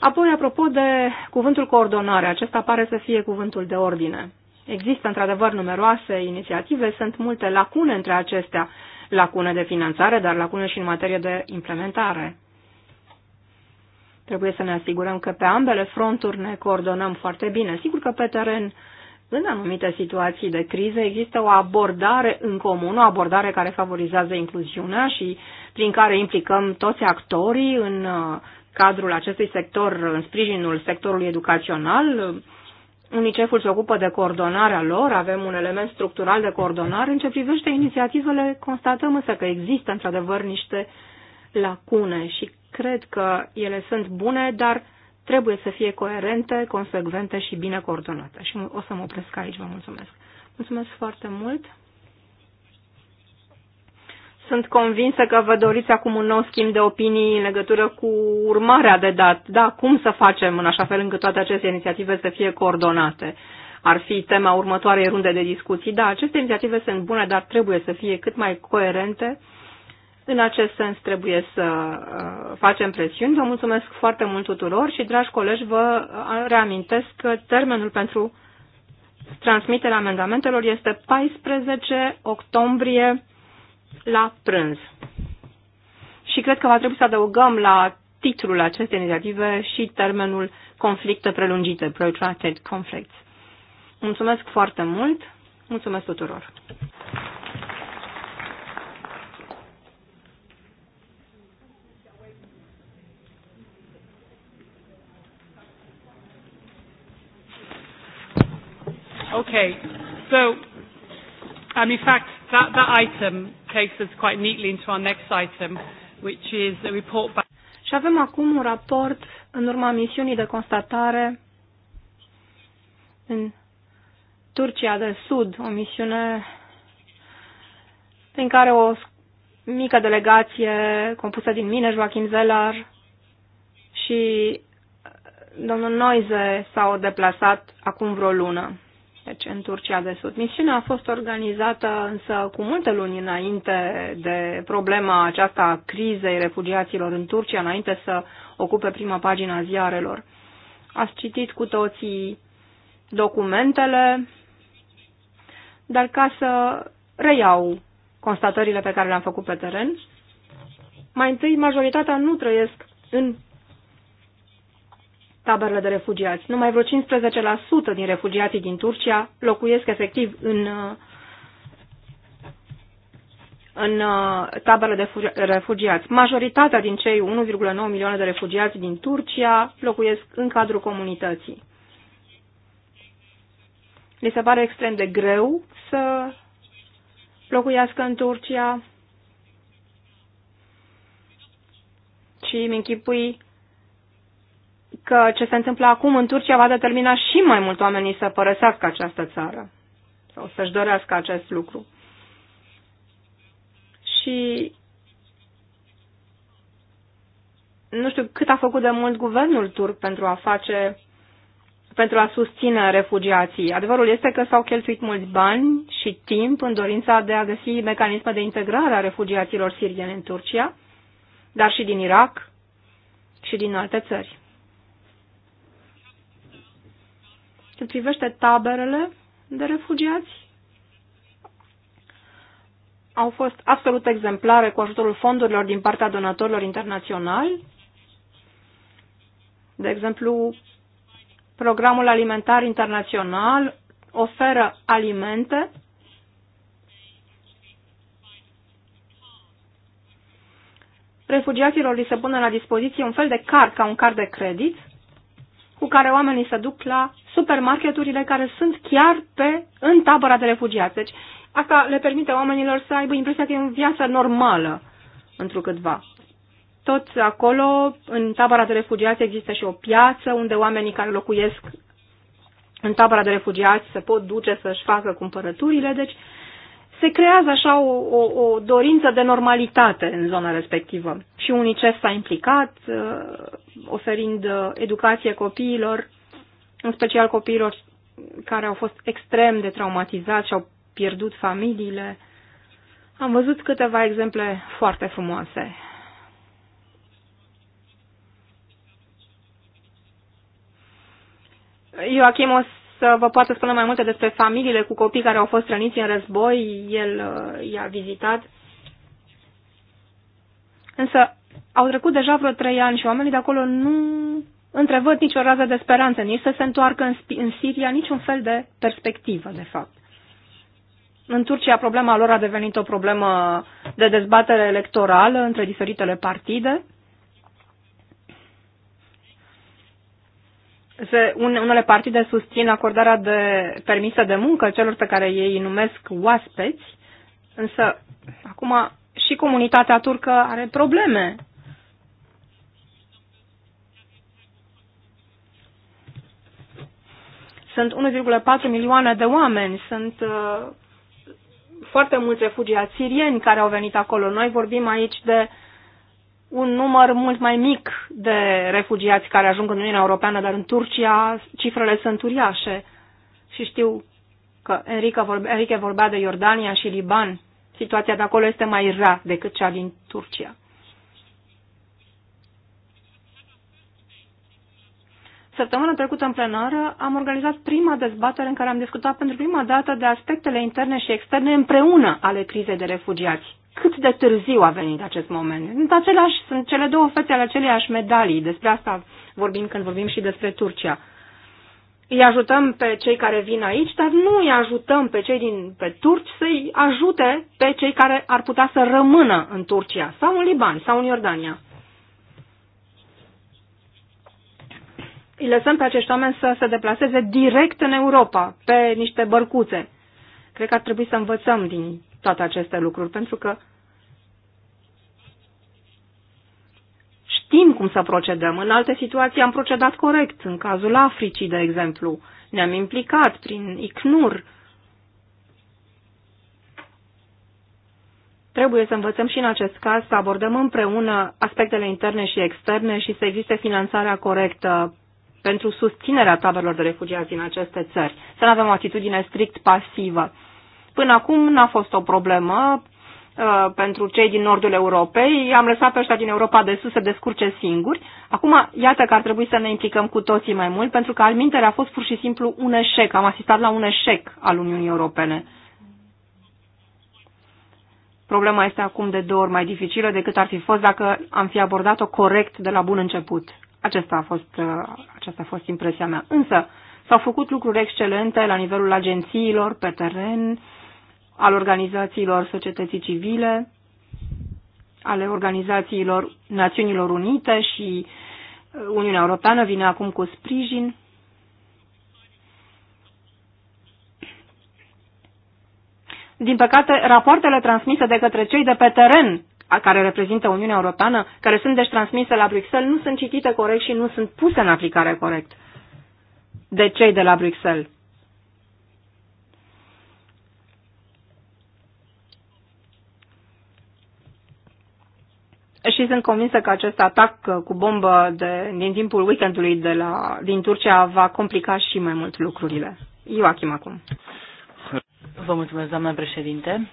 [SPEAKER 2] Apoi, apropo de cuvântul coordonare, acesta pare să fie cuvântul de ordine. Există într-adevăr numeroase inițiative, sunt multe lacune între acestea, lacune de finanțare, dar lacune și în materie de implementare. Trebuie să ne asigurăm că pe ambele fronturi ne coordonăm foarte bine. Sigur că pe teren, în anumite situații de criză, există o abordare în comun, o abordare care favorizează incluziunea și prin care implicăm toți actorii în uh, cadrul acestui sector, în sprijinul sectorului educațional, UNICEF-ul se ocupă de coordonarea lor, avem un element structural de coordonare. În ce privește inițiativele, constatăm însă că există într-adevăr niște lacune și cred că ele sunt bune, dar trebuie să fie coerente, consecvente și bine coordonate. Și o să mă opresc aici, vă mulțumesc. Mulțumesc foarte mult! Sunt convinsă că vă doriți acum un nou schimb de opinii în legătură cu urmarea de dat. Da, cum să facem în așa fel încât toate aceste inițiative să fie coordonate? Ar fi tema următoarei runde de discuții. Da, aceste inițiative sunt bune, dar trebuie să fie cât mai coerente. În acest sens trebuie să uh, facem presiuni. Vă mulțumesc foarte mult tuturor și, dragi colegi, vă uh, reamintesc că termenul pentru transmiterea amendamentelor este 14 octombrie la prânz. Și cred că va trebui să adăugăm la titlul acestei inițiative și termenul conflicte prelungite, protracted conflicts. Mulțumesc foarte mult, mulțumesc tuturor! Okay, so, um, in fact, that, that item takes us quite neatly into our next item, which is a report back. Și avem acum un raport în urma misiunii de constatare în Turcia de Sud, o misiune prin care o mică delegație compusă din mine, Joachim Zeller și domnul Noize s-au deplasat acum vreo lună deci în Turcia de Sud. Misiunea a fost organizată însă cu multe luni înainte de problema aceasta a crizei refugiaților în Turcia, înainte să ocupe prima pagina ziarelor. Ați citit cu toții documentele, dar ca să reiau constatările pe care le-am făcut pe teren, mai întâi majoritatea nu trăiesc în taberele de refugiați. Numai vreo 15% din refugiații din Turcia locuiesc efectiv în, uh, în uh, taberele de refugiați. Majoritatea din cei 1,9 milioane de refugiați din Turcia locuiesc în cadrul comunității. Li se pare extrem de greu să locuiască în Turcia și îmi închipui că ce se întâmplă acum în Turcia va determina și mai mult oamenii să părăsească această țară sau să-și dorească acest lucru. Și nu știu cât a făcut de mult guvernul turc pentru a face pentru a susține refugiații. Adevărul este că s-au cheltuit mulți bani și timp în dorința de a găsi mecanisme de integrare a refugiaților sirieni în Turcia, dar și din Irak și din alte țări. Ce privește taberele de refugiați, au fost absolut exemplare cu ajutorul fondurilor din partea donatorilor internaționali. De exemplu, Programul Alimentar Internațional oferă alimente refugiaților li se pune la dispoziție un fel de card, ca un card de credit, cu care oamenii se duc la supermarketurile care sunt chiar pe, în tabăra de refugiați. Deci asta le permite oamenilor să aibă impresia că e o viață normală, câtva. Tot acolo, în tabăra de refugiați, există și o piață unde oamenii care locuiesc în tabăra de refugiați se pot duce să-și facă cumpărăturile, deci se creează așa o, o, o dorință de normalitate în zona respectivă. Și UNICEF s-a implicat, uh, oferind uh, educație copiilor în special copiilor care au fost extrem de traumatizați și au pierdut familiile. Am văzut câteva exemple foarte frumoase. Joachim o să vă poată spune mai multe despre familiile cu copii care au fost răniți în război. El uh, i-a vizitat. Însă au trecut deja vreo trei ani și oamenii de acolo nu întrevăd nicio rază de speranță, nici să se întoarcă în, în Siria, niciun fel de perspectivă, de fapt. În Turcia problema lor a devenit o problemă de dezbatere electorală între diferitele partide. Se, un, unele partide susțin acordarea de permise de muncă celor pe care ei îi numesc oaspeți, însă acum și comunitatea turcă are probleme Sunt 1,4 milioane de oameni, sunt uh, foarte mulți refugiați sirieni care au venit acolo. Noi vorbim aici de un număr mult mai mic de refugiați care ajung în Uniunea Europeană, dar în Turcia cifrele sunt uriașe. Și știu că Enrique, vorbe, Enrique vorbea de Iordania și Liban. Situația de acolo este mai rea decât cea din Turcia. Săptămâna trecută în plenară am organizat prima dezbatere în care am discutat pentru prima dată de aspectele interne și externe împreună ale crizei de refugiați. Cât de târziu a venit acest moment. Sunt, aceleași, sunt cele două fețe ale aceleiași medalii. Despre asta vorbim când vorbim și despre Turcia. Îi ajutăm pe cei care vin aici, dar nu îi ajutăm pe cei din pe turci să-i ajute pe cei care ar putea să rămână în Turcia sau în Liban sau în Iordania. îi lăsăm pe acești oameni să se deplaseze direct în Europa, pe niște bărcuțe. Cred că ar trebui să învățăm din toate aceste lucruri, pentru că știm cum să procedăm. În alte situații am procedat corect. În cazul Africii, de exemplu, ne-am implicat prin ICNUR. Trebuie să învățăm și în acest caz să abordăm împreună aspectele interne și externe și să existe finanțarea corectă pentru susținerea taberelor de refugiați din aceste țări, să nu avem o atitudine strict pasivă. Până acum n-a fost o problemă uh, pentru cei din nordul Europei, am lăsat pe ăștia din Europa de sus să descurce singuri. Acum, iată că ar trebui să ne implicăm cu toții mai mult, pentru că almintere a fost pur și simplu un eșec, am asistat la un eșec al Uniunii Europene. Problema este acum de două ori mai dificilă decât ar fi fost dacă am fi abordat-o corect de la bun început. Acesta a fost, uh, aceasta a fost impresia mea. Însă, s-au făcut lucruri excelente la nivelul agențiilor pe teren, al organizațiilor societății civile, ale organizațiilor Națiunilor Unite și uh, Uniunea Europeană vine acum cu sprijin. Din păcate, rapoartele transmise de către cei de pe teren care reprezintă Uniunea Europeană, care sunt deci transmise la Bruxelles, nu sunt citite corect și nu sunt puse în aplicare corect de cei de la Bruxelles. Și sunt convinsă că acest atac cu bombă de, din timpul weekendului de la, din Turcia va complica și mai
[SPEAKER 3] mult lucrurile. Ioachim acum. Vă mulțumesc, doamnă președinte.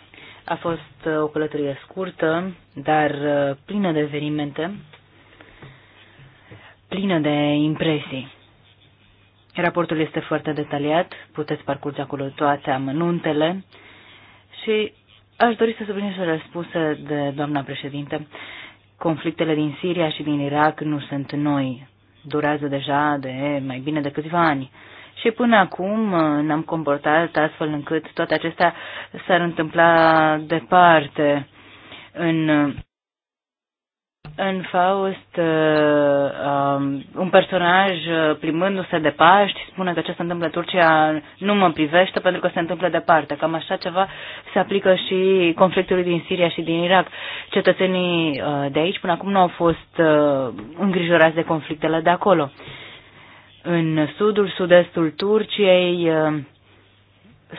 [SPEAKER 3] A fost uh, o călătorie scurtă, dar uh, plină de evenimente, plină de impresii. Raportul este foarte detaliat, puteți parcurge acolo toate amănuntele și aș dori să subliniez o răspunsă de doamna președinte. Conflictele din Siria și din Irak nu sunt noi. Durează deja de mai bine de câțiva ani și până acum uh, ne-am comportat astfel încât toate acestea s-ar întâmpla departe. În, în Faust, uh, um, un personaj uh, plimbându-se de Paști spune că ce se întâmplă în Turcia nu mă privește pentru că se întâmplă departe. Cam așa ceva se aplică și conflictului din Siria și din Irak. Cetățenii de aici până acum nu au fost îngrijorați de conflictele de acolo. În sudul, sud-estul Turciei uh,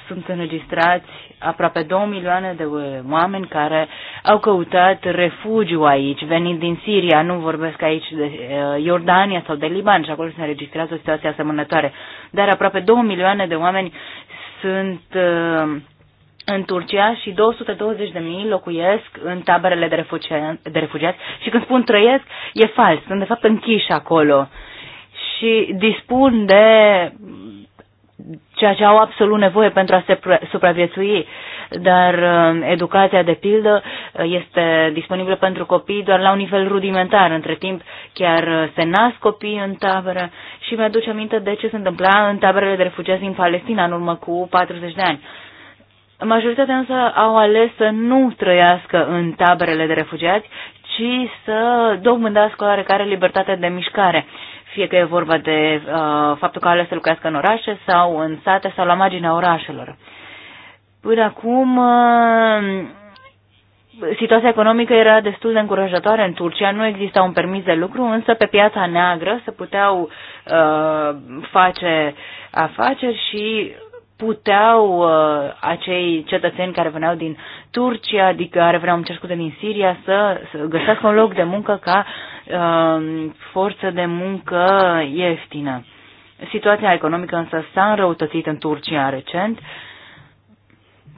[SPEAKER 3] sunt înregistrați aproape 2 milioane de oameni care au căutat refugiu aici, venind din Siria, nu vorbesc aici de uh, Iordania sau de Liban și acolo se înregistrează o situație asemănătoare, dar aproape 2 milioane de oameni sunt uh, în Turcia și 220 de mii locuiesc în taberele de, de refugiați și când spun trăiesc, e fals, sunt de fapt închiși acolo și dispun de ceea ce au absolut nevoie pentru a se supraviețui. Dar uh, educația, de pildă, uh, este disponibilă pentru copii doar la un nivel rudimentar. Între timp, chiar uh, se nasc copii în tabără și mi-aduce aminte de ce se întâmpla în taberele de refugiați din Palestina în urmă cu 40 de ani. Majoritatea însă au ales să nu trăiască în taberele de refugiați, ci să dobândească oarecare libertate de mișcare fie că e vorba de uh, faptul că au ales să lucrească în orașe sau în sate sau la marginea orașelor. Până acum, uh, situația economică era destul de încurajatoare în Turcia, nu exista un permis de lucru, însă pe piața neagră se puteau uh, face afaceri și puteau uh, acei cetățeni care veneau din Turcia, adică care veneau, îmi din Siria, să, să găsească un loc de muncă ca Um, forță de muncă ieftină. Situația economică însă s-a înrăutățit în Turcia recent.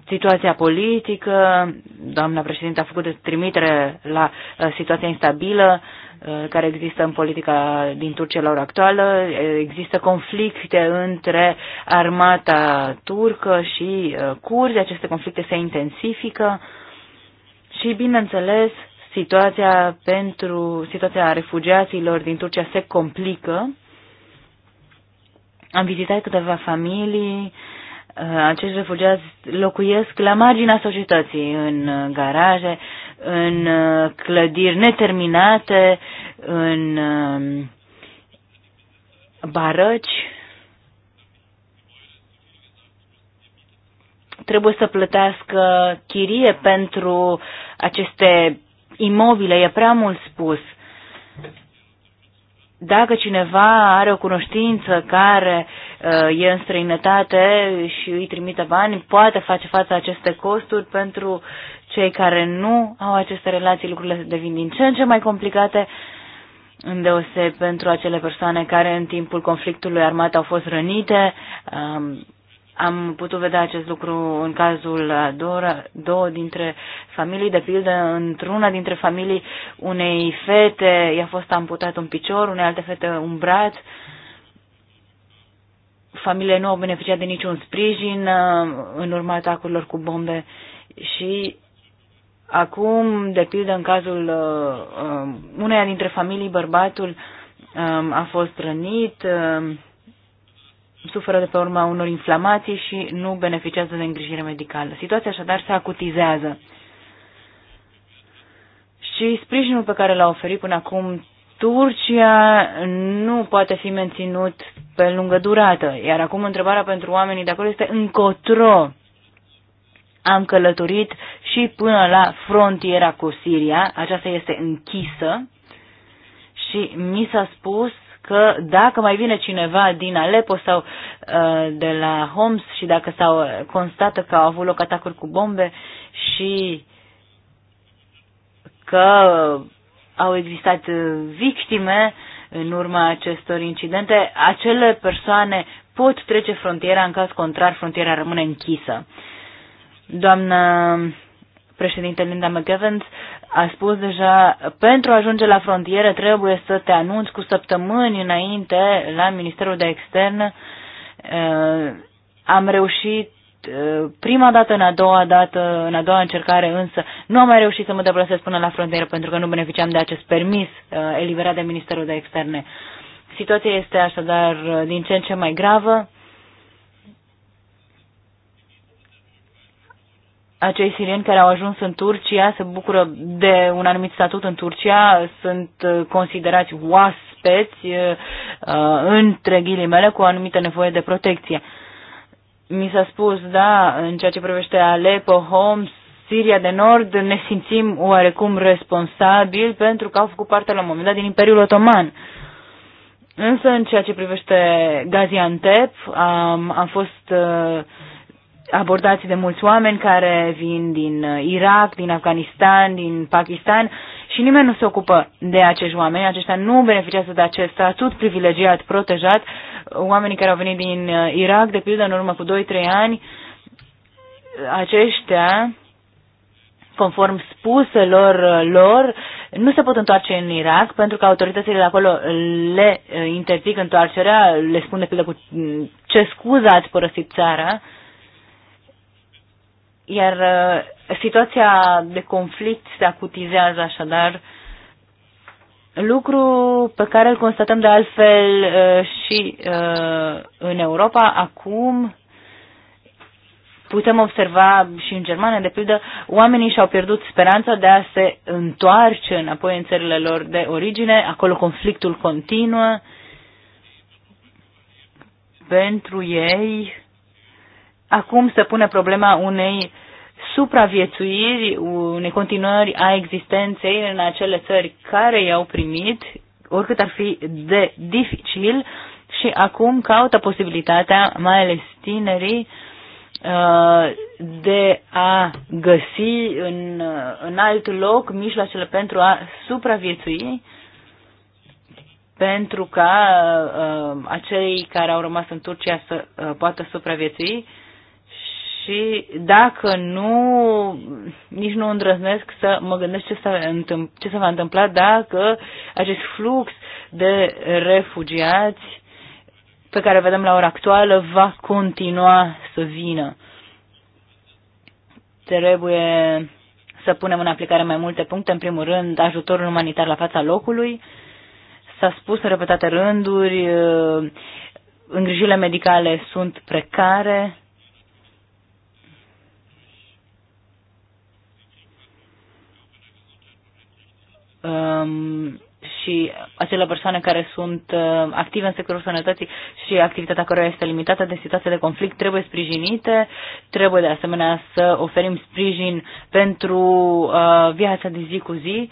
[SPEAKER 3] Situația politică, doamna președinte a făcut trimitere la uh, situația instabilă uh, care există în politica din Turcia la ora actuală. Uh, există conflicte între armata turcă și uh, curzi. Aceste conflicte se intensifică și, bineînțeles, uh, situația, pentru, situația refugiaților din Turcia se complică. Am vizitat câteva familii, uh, acești refugiați locuiesc la marginea societății, în uh, garaje, în uh, clădiri neterminate, în barăci. Trebuie să plătească chirie pentru aceste imobile, e prea mult spus. Dacă cineva are o cunoștință care uh, e în străinătate și îi trimite bani, poate face față aceste costuri pentru cei care nu au aceste relații, lucrurile devin din ce în ce mai complicate, îndeoseb pentru acele persoane care în timpul conflictului armat au fost rănite, uh, am putut vedea acest lucru în cazul a două, două dintre familii, de pildă într-una dintre familii unei fete i-a fost amputat un picior, unei alte fete un braț. Familiile nu au beneficiat de niciun sprijin uh, în urma atacurilor cu bombe și acum, de pildă în cazul uh, uh, uneia dintre familii, bărbatul a fost rănit, suferă de pe urma unor inflamații și nu beneficiază de îngrijire medicală. Situația așadar se acutizează. Și sprijinul pe care l-a oferit până acum Turcia nu poate fi menținut pe lungă durată. Iar acum întrebarea pentru oamenii de acolo este încotro. Am călătorit și până la frontiera cu Siria, aceasta este închisă și mi s-a spus că dacă mai vine cineva din Aleppo sau uh, de la Homs și dacă s-au constată că au avut loc atacuri cu bombe și că au existat victime în urma acestor incidente, acele persoane pot trece frontiera, în caz contrar frontiera rămâne închisă. Doamna președinte Linda McGovern a spus deja, pentru a ajunge la frontieră trebuie să te anunți cu săptămâni înainte la Ministerul de Externe. Uh, am reușit uh, prima dată, în a doua dată, în a doua încercare, însă nu am mai reușit să mă deplasez până la frontieră pentru că nu beneficiam de acest permis uh, eliberat de Ministerul de Externe. Situația este așadar din ce în ce mai gravă. acei sirieni care au ajuns în Turcia se bucură de un anumit statut în Turcia, sunt uh, considerați oaspeți, uh, uh, între ghilimele, cu o anumită nevoie de protecție. Mi s-a spus, da, în ceea ce privește Aleppo, Homs, Siria de Nord, ne simțim oarecum responsabili pentru că au făcut parte la un moment dat din Imperiul Otoman. Însă, în ceea ce privește Gaziantep, am, am fost uh, abordați de mulți oameni care vin din uh, Irak, din Afganistan, din Pakistan și nimeni nu se ocupă de acești oameni. Aceștia nu beneficiază de acest statut privilegiat, protejat. Oamenii care au venit din uh, Irak, de pildă, în urmă cu 2-3 ani, aceștia, conform spuselor uh, lor, nu se pot întoarce în Irak pentru că autoritățile de acolo le interzic întoarcerea, le spun de pildă cu mm, ce scuză ați părăsit țara iar uh, situația de conflict se acutizează așadar, lucru pe care îl constatăm de altfel uh, și uh, în Europa acum. Putem observa și în Germania, de pildă, oamenii și-au pierdut speranța de a se întoarce înapoi în țările lor de origine, acolo conflictul continuă. Pentru ei, acum se pune problema unei supraviețuiri, unei continuări a existenței în acele țări care i-au primit, oricât ar fi de dificil, și acum caută posibilitatea, mai ales tinerii, uh, de a găsi în, în alt loc mijloacele pentru a supraviețui, pentru ca uh, acei care au rămas în Turcia să uh, poată supraviețui și dacă nu, nici nu îndrăznesc să mă gândesc ce, ce se va întâmpla dacă acest flux de refugiați pe care vedem la ora actuală va continua să vină. Trebuie să punem în aplicare mai multe puncte. În primul rând, ajutorul umanitar la fața locului. S-a spus în repetate rânduri, îngrijirile medicale sunt precare, um, și acele persoane care sunt uh, active în sectorul sănătății și activitatea care este limitată de situații de conflict trebuie sprijinite, trebuie de asemenea să oferim sprijin pentru uh, viața de zi cu zi,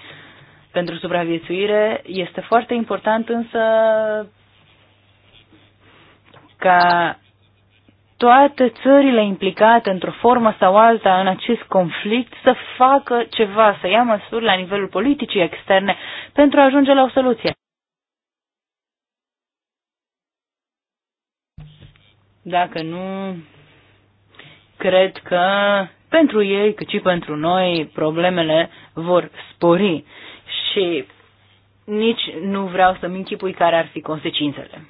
[SPEAKER 3] pentru supraviețuire. Este foarte important însă ca toate țările implicate într-o formă sau alta în acest conflict să facă ceva, să ia măsuri la nivelul politicii externe pentru a ajunge la o soluție. Dacă nu, cred că pentru ei, cât și pentru noi, problemele vor spori și nici nu vreau să-mi închipui care ar fi consecințele.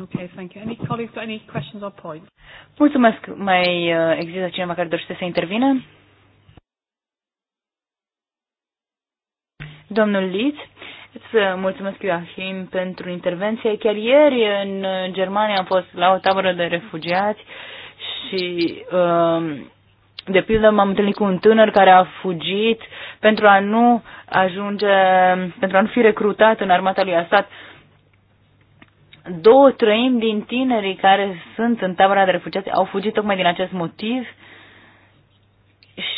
[SPEAKER 2] Okay, thank you. Any colleagues got any questions or points?
[SPEAKER 3] Mulțumesc. Mai uh, există cineva care dorește să intervină? Domnul Litz, îți uh, mulțumesc, Joachim, pentru intervenție. Chiar ieri în Germania am fost la o tabără de refugiați și, um, de pildă, m-am întâlnit cu un tânăr care a fugit pentru a nu ajunge, pentru a nu fi recrutat în armata lui Assad Două treimi din tinerii care sunt în tabăra de refugiați au fugit tocmai din acest motiv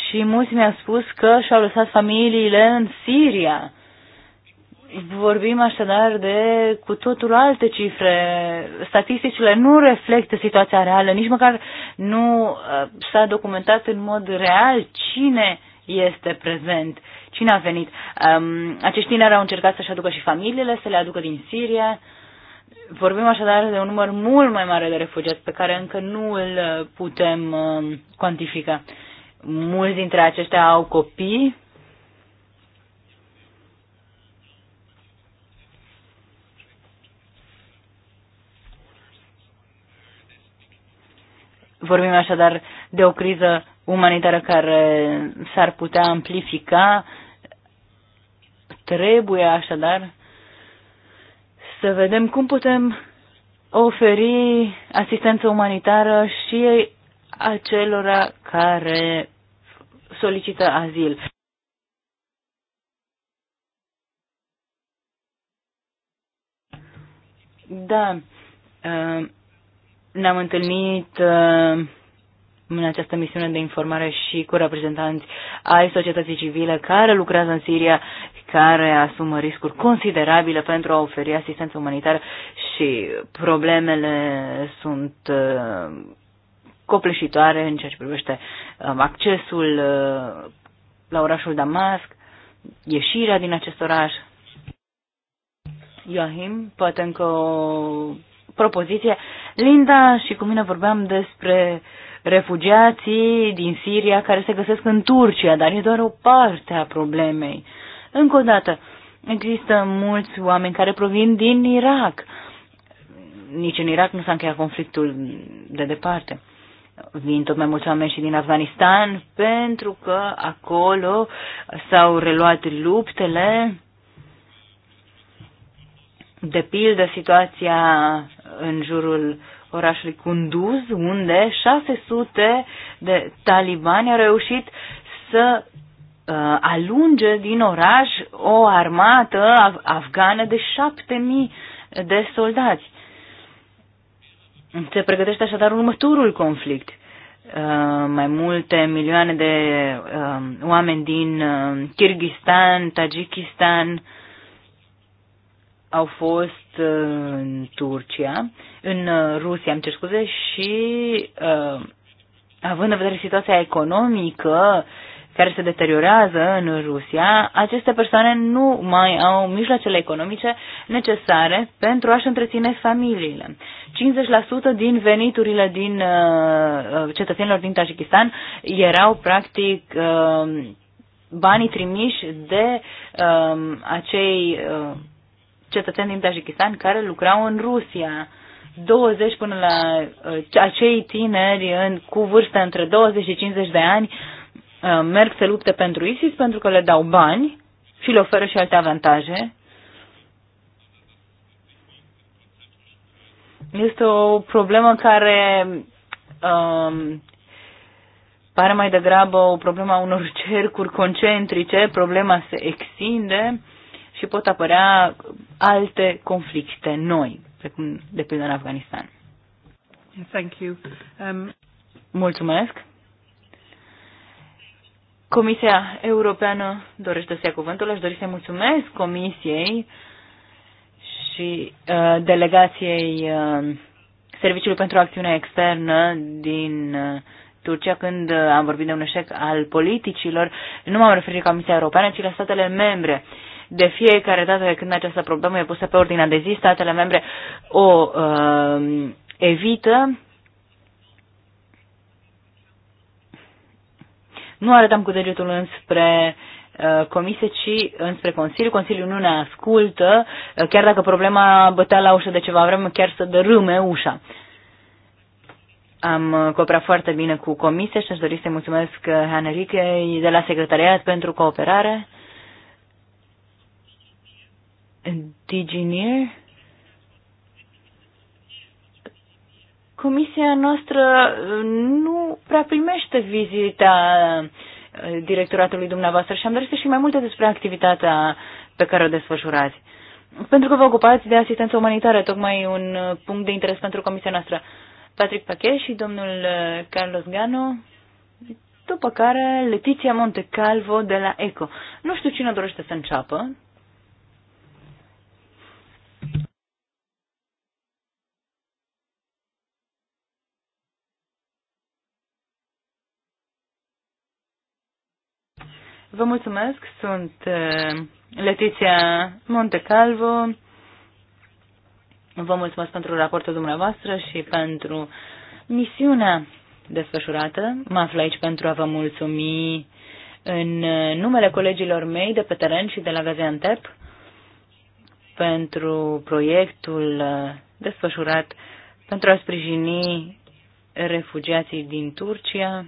[SPEAKER 3] și mulți mi-au spus că și-au lăsat familiile în Siria. Vorbim așadar de cu totul alte cifre. Statisticile nu reflectă situația reală, nici măcar nu uh, s-a documentat în mod real cine este prezent, cine a venit. Um, acești tineri au încercat să-și aducă și familiile, să le aducă din Siria. Uh, Vorbim așadar de un număr mult mai mare de refugiați pe care încă nu îl uh, putem uh, cuantifica. Mulți dintre aceștia au copii. Vorbim așadar de o criză umanitară care s-ar putea amplifica. Trebuie așadar să vedem cum putem oferi asistență umanitară și acelora care solicită azil. Da, uh, ne-am întâlnit uh, în această misiune de informare și cu reprezentanți ai societății civile care lucrează în Siria, care asumă riscuri considerabile pentru a oferi asistență umanitară și problemele sunt uh, copleșitoare în ceea ce privește um, accesul uh, la orașul Damasc, ieșirea din acest oraș. Joachim, poate încă o propoziție. Linda și cu mine vorbeam despre uh, refugiații din Siria care se găsesc în Turcia, dar e doar o parte a problemei. Încă o dată, există mulți oameni care provin din Irak. Nici în Irak nu s-a încheiat conflictul de departe. Vin tot mai mulți oameni și din Afganistan pentru că acolo s-au reluat luptele. De pildă, situația în jurul orașului Kunduz, unde 600 de talibani au reușit să uh, alunge din oraș o armată af- afgană de 7000 de soldați. Se pregătește așadar următorul conflict. Uh, mai multe milioane de uh, oameni din uh, Kirghistan, Tajikistan au fost Uh, în Turcia, în uh, Rusia, am cer scuze, și uh, având în vedere situația economică care se deteriorează în Rusia, aceste persoane nu mai au mijloacele economice necesare pentru a-și întreține familiile. 50% din veniturile din uh, cetățenilor din Tajikistan erau practic uh, banii trimiși de uh, acei uh, cetățeni din Tajikistan care lucrau în Rusia. 20 până la uh, acei tineri în, cu vârstă între 20 și 50 de ani uh, merg să lupte pentru ISIS pentru că le dau bani și le oferă și alte avantaje. Este o problemă care um, pare mai degrabă o problemă a unor cercuri concentrice, problema se extinde și pot apărea alte conflicte noi, precum de pildă în Afganistan. Thank you. Um... Mulțumesc. Comisia Europeană dorește să ia cuvântul. Aș dori să mulțumesc Comisiei și uh, delegației uh, Serviciului pentru Acțiune Externă din uh, Turcia când uh, am vorbit de un eșec al politicilor. Nu m-am referit la Comisia Europeană, ci la statele membre. Uh, de fiecare dată când această problemă e pusă pe ordinea de zi, statele membre o uh, evită. Nu arătăm cu degetul înspre uh, comise, ci înspre Consiliu. Consiliul nu ne ascultă, uh, chiar dacă problema bătea la ușă de ceva vreme, chiar să dărâme ușa. Am uh, cooperat foarte bine cu comise și aș dori să-i mulțumesc Hanerichei de la Secretariat pentru cooperare. Digineer. Comisia noastră uh, nu prea primește vizita uh, directoratului dumneavoastră și am dorit să știu mai multe despre activitatea pe care o desfășurați. Pentru că vă ocupați de asistență umanitară, tocmai un uh, punct de interes pentru comisia noastră. Patrick Pachet și domnul Carlos Gano, după care Letizia Montecalvo de la ECO. Nu știu cine dorește să înceapă. Vă mulțumesc, sunt Letiția Montecalvo. Vă mulțumesc pentru raportul dumneavoastră și pentru misiunea desfășurată. Mă aflu aici pentru a vă mulțumi în numele colegilor mei de pe teren și de la Gaziantep pentru proiectul desfășurat pentru a sprijini refugiații din Turcia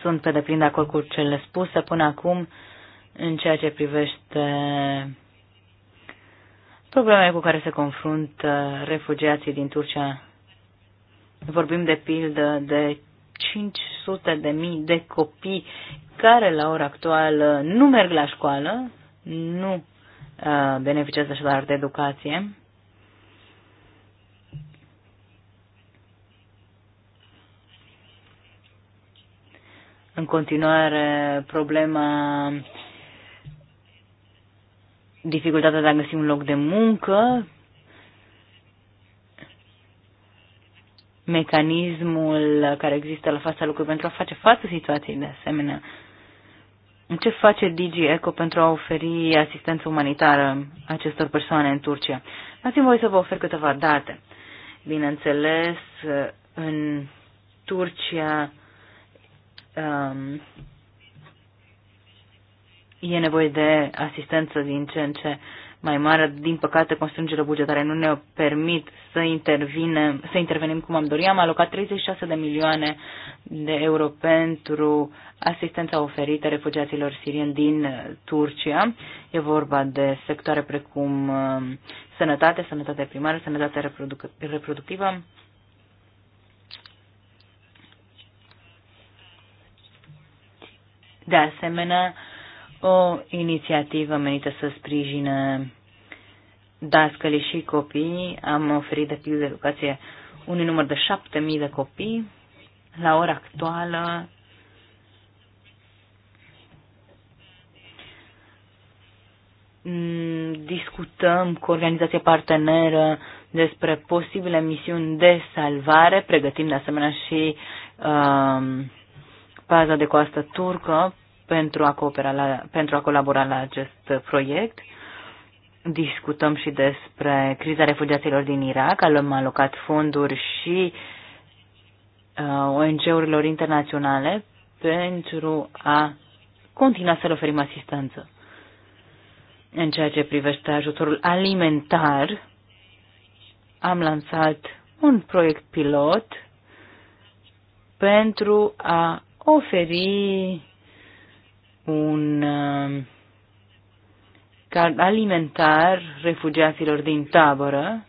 [SPEAKER 3] sunt pe deplin de acord cu cele spuse până acum în ceea ce privește problemele cu care se confruntă refugiații din Turcia. Vorbim de pildă de 500 de mii de copii care la ora actuală nu merg la școală, nu uh, beneficiază așadar de educație. În continuare, problema dificultatea de a găsi un loc de muncă, mecanismul care există la fața lucrurilor pentru a face față situației de asemenea. Ce face Digi Eco pentru a oferi asistență umanitară acestor persoane în Turcia? Dați-mi voi să vă ofer câteva date. Bineînțeles, în Turcia um, e nevoie de asistență din ce în ce mai mare. Din păcate, constrângerile bugetare nu ne permit să, să intervenim cum am dori. Am alocat 36 de milioane de euro pentru asistența oferită refugiaților sirieni din Turcia. E vorba de sectoare precum um, sănătate, sănătate primară, sănătate reproductivă, De asemenea, o inițiativă menită să sprijine dascăli și copii. Am oferit de pildă educație unui număr de 7.000 de copii. La ora actuală mm, discutăm cu organizația parteneră despre posibile misiuni de salvare, pregătim de asemenea și uh, paza de coastă turcă pentru a, coopera la, pentru a colabora la acest proiect. Discutăm și despre criza refugiaților din Irak. Am alocat fonduri și uh, ONG-urilor internaționale pentru a continua să le oferim asistență. În ceea ce privește ajutorul alimentar, am lansat un proiect pilot pentru a oferi un uh, card alimentar refugiaților din tabără,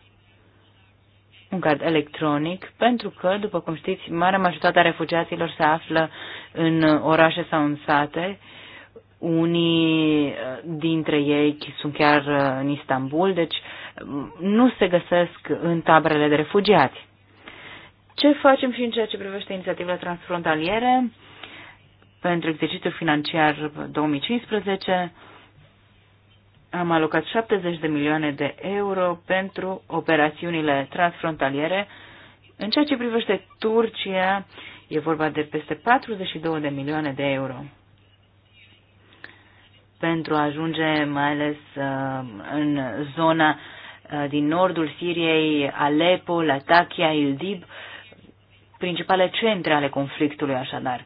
[SPEAKER 3] un card electronic, pentru că, după cum știți, marea majoritate a refugiaților se află în orașe sau în sate. Unii uh, dintre ei sunt chiar uh, în Istanbul, deci mm, nu se găsesc în tabrele de refugiați. Ce facem și în ceea ce privește inițiativele transfrontaliere? Pentru exercițiul financiar 2015 am alocat 70 de milioane de euro pentru operațiunile transfrontaliere. În ceea ce privește Turcia, e vorba de peste 42 de milioane de euro pentru a ajunge mai ales uh, în zona uh, din nordul Siriei, Aleppo, Latakia, Idlib, principale centre ale conflictului așadar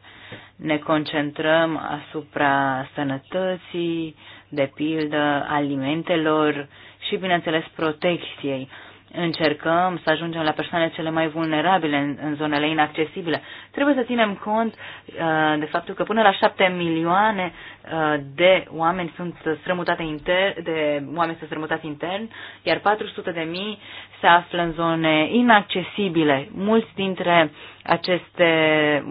[SPEAKER 3] ne concentrăm asupra sănătății, de pildă, alimentelor și, bineînțeles, protecției încercăm să ajungem la persoanele cele mai vulnerabile în, în zonele inaccesibile. Trebuie să ținem cont uh, de faptul că până la șapte milioane uh, de oameni sunt strămutate inter, de oameni sunt strămutați intern, iar 400 de mii se află în zone inaccesibile. Mulți dintre aceste,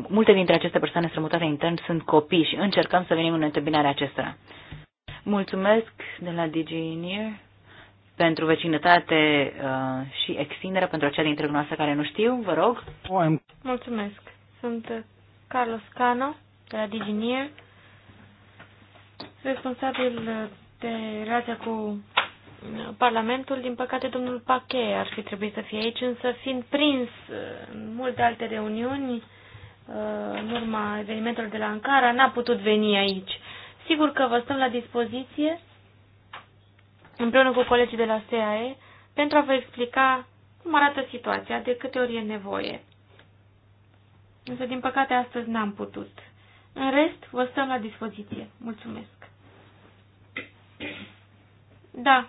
[SPEAKER 3] multe dintre aceste persoane strămutate intern sunt copii și încercăm să venim în întâmpinarea acestora. Mulțumesc de la DigiNear pentru vecinătate uh, și extindere, pentru aceia dintre noastre care nu știu, vă rog.
[SPEAKER 1] Mulțumesc. Sunt Carlos Cano, de la Diginier, responsabil de relația cu uh, Parlamentul. Din păcate, domnul Pache ar fi trebuit să fie aici, însă fiind prins uh, în multe alte reuniuni, uh, în urma evenimentelor de la Ankara, n-a putut veni aici. Sigur că vă stăm la dispoziție împreună cu colegii de la SEAE pentru a vă explica cum arată situația, de câte ori e nevoie. Însă, din păcate, astăzi n-am putut. În rest, vă stăm la dispoziție. Mulțumesc. Da.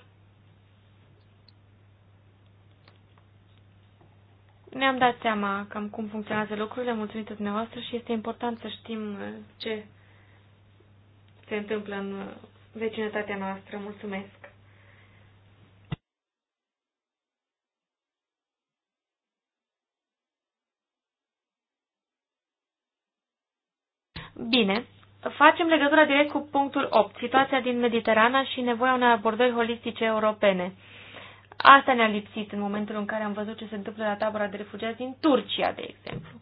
[SPEAKER 1] Ne-am dat seama cam cum funcționează lucrurile, mulțumită dumneavoastră, și este important să știm uh, ce se întâmplă în uh, vecinătatea noastră. Mulțumesc! Bine, facem legătura direct cu punctul 8, situația din Mediterana și nevoia unei abordări holistice europene. Asta ne-a lipsit în momentul în care am văzut ce se întâmplă la tabăra de refugiați din Turcia, de exemplu.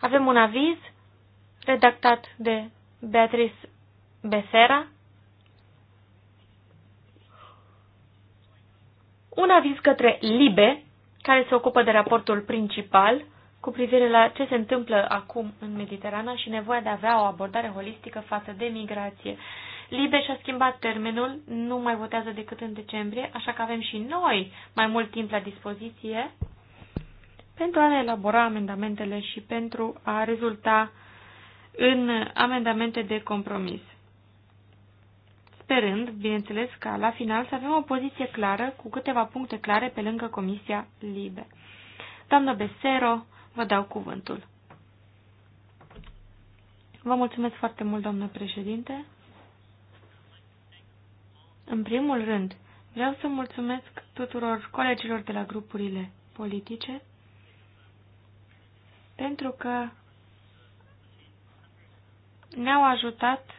[SPEAKER 1] Avem un aviz redactat de Beatrice Becerra. un aviz către LIBE, care se ocupă de raportul principal, cu privire la ce se întâmplă acum în Mediterana și nevoia de a avea o abordare holistică față de migrație. Libe și-a schimbat termenul, nu mai votează decât în decembrie, așa că avem și noi mai mult timp la dispoziție pentru a ne elabora amendamentele și pentru a rezulta în amendamente de compromis. Sperând, bineînțeles, ca la final să avem o poziție clară cu câteva puncte clare pe lângă Comisia Libe. Doamnă Besero, Vă dau cuvântul. Vă mulțumesc foarte mult, doamnă președinte. În primul rând, vreau să mulțumesc tuturor colegilor de la grupurile politice pentru că ne-au ajutat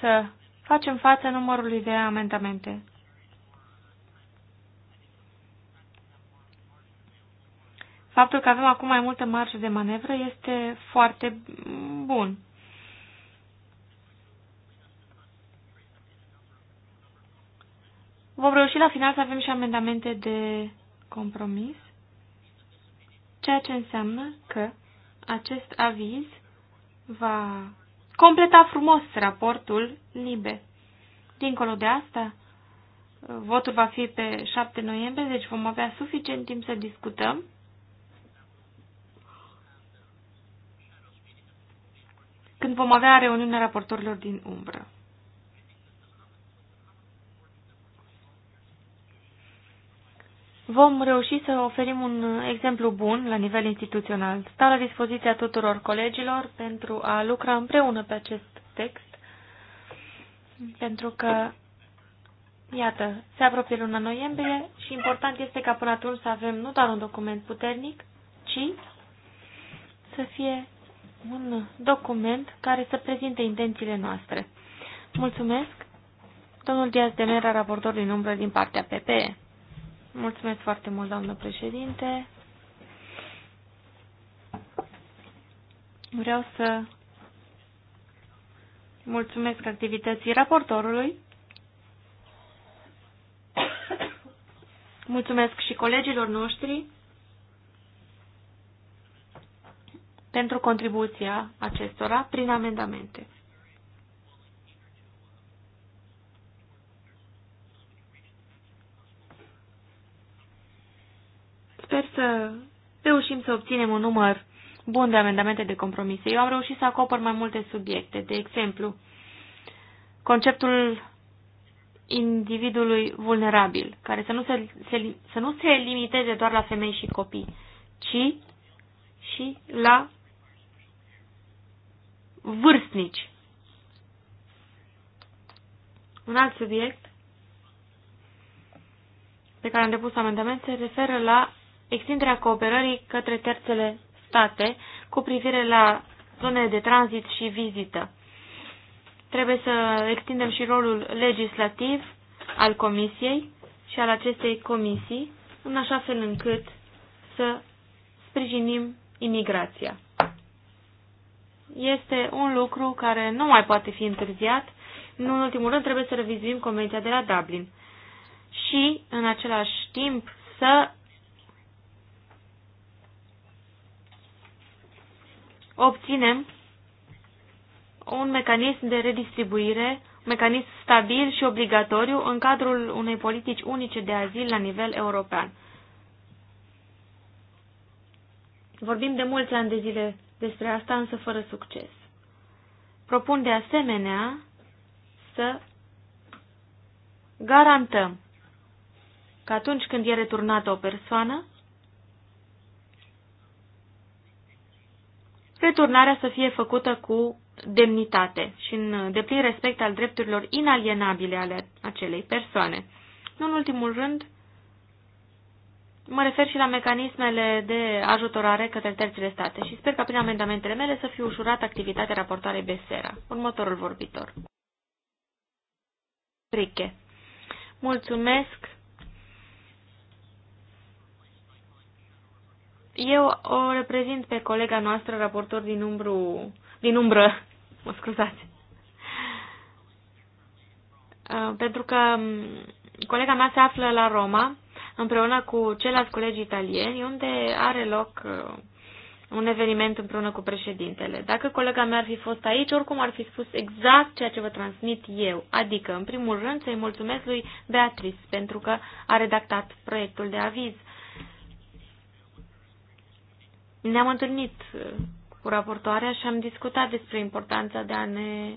[SPEAKER 1] să facem față numărului de amendamente. Faptul că avem acum mai multă marjă de manevră este foarte bun. Vom reuși la final să avem și amendamente de compromis, ceea ce înseamnă că acest aviz va completa frumos raportul LIBE. Dincolo de asta, votul va fi pe 7 noiembrie, deci vom avea suficient timp să discutăm când vom avea reuniunea raportorilor din umbră. Vom reuși să oferim un exemplu bun la nivel instituțional. Stau la dispoziția tuturor colegilor pentru a lucra împreună pe acest text, pentru că, iată, se apropie luna noiembrie și important este ca până atunci să avem nu doar un document puternic, ci să fie un document care să prezinte intențiile noastre. Mulțumesc, domnul Diaz de Mera, raportor din umbră din partea PPE. Mulțumesc foarte mult, doamnă președinte. Vreau să mulțumesc activității raportorului. Mulțumesc și colegilor noștri pentru contribuția acestora prin amendamente. Sper să reușim să obținem un număr bun de amendamente de compromis. Eu am reușit să acopăr mai multe subiecte. De exemplu, conceptul individului vulnerabil, care să nu se, se, să nu se limiteze doar la femei și copii, ci și la vârstnici. Un alt subiect pe care am depus amendament se referă la extinderea cooperării către terțele state cu privire la zone de tranzit și vizită. Trebuie să extindem și rolul legislativ al Comisiei și al acestei comisii, în așa fel încât să sprijinim imigrația este un lucru care nu mai poate fi întârziat. Nu în ultimul rând trebuie să revizuim Convenția de la Dublin și în același timp să obținem un mecanism de redistribuire, un mecanism stabil și obligatoriu în cadrul unei politici unice de azil la nivel european. Vorbim de mulți ani de zile despre asta, însă fără succes. Propun de asemenea să garantăm că atunci când e returnată o persoană, returnarea să fie făcută cu demnitate și în deplin respect al drepturilor inalienabile ale acelei persoane. Nu în ultimul rând, Mă refer și la mecanismele de ajutorare către terțile state și sper ca prin amendamentele mele să fie ușurată activitatea raportoarei Besera. Următorul vorbitor. Riche. Mulțumesc. Eu o reprezint pe colega noastră, raportor din, umbru, din umbră, mă scuzați, uh, pentru că um, colega mea se află la Roma împreună cu ceilalți colegi italieni, unde are loc uh, un eveniment împreună cu președintele. Dacă colega mea ar fi fost aici, oricum ar fi spus exact ceea ce vă transmit eu. Adică, în primul rând, să-i mulțumesc lui Beatrice pentru că a redactat proiectul de aviz. Ne-am întâlnit uh, cu raportoarea și am discutat despre importanța de a ne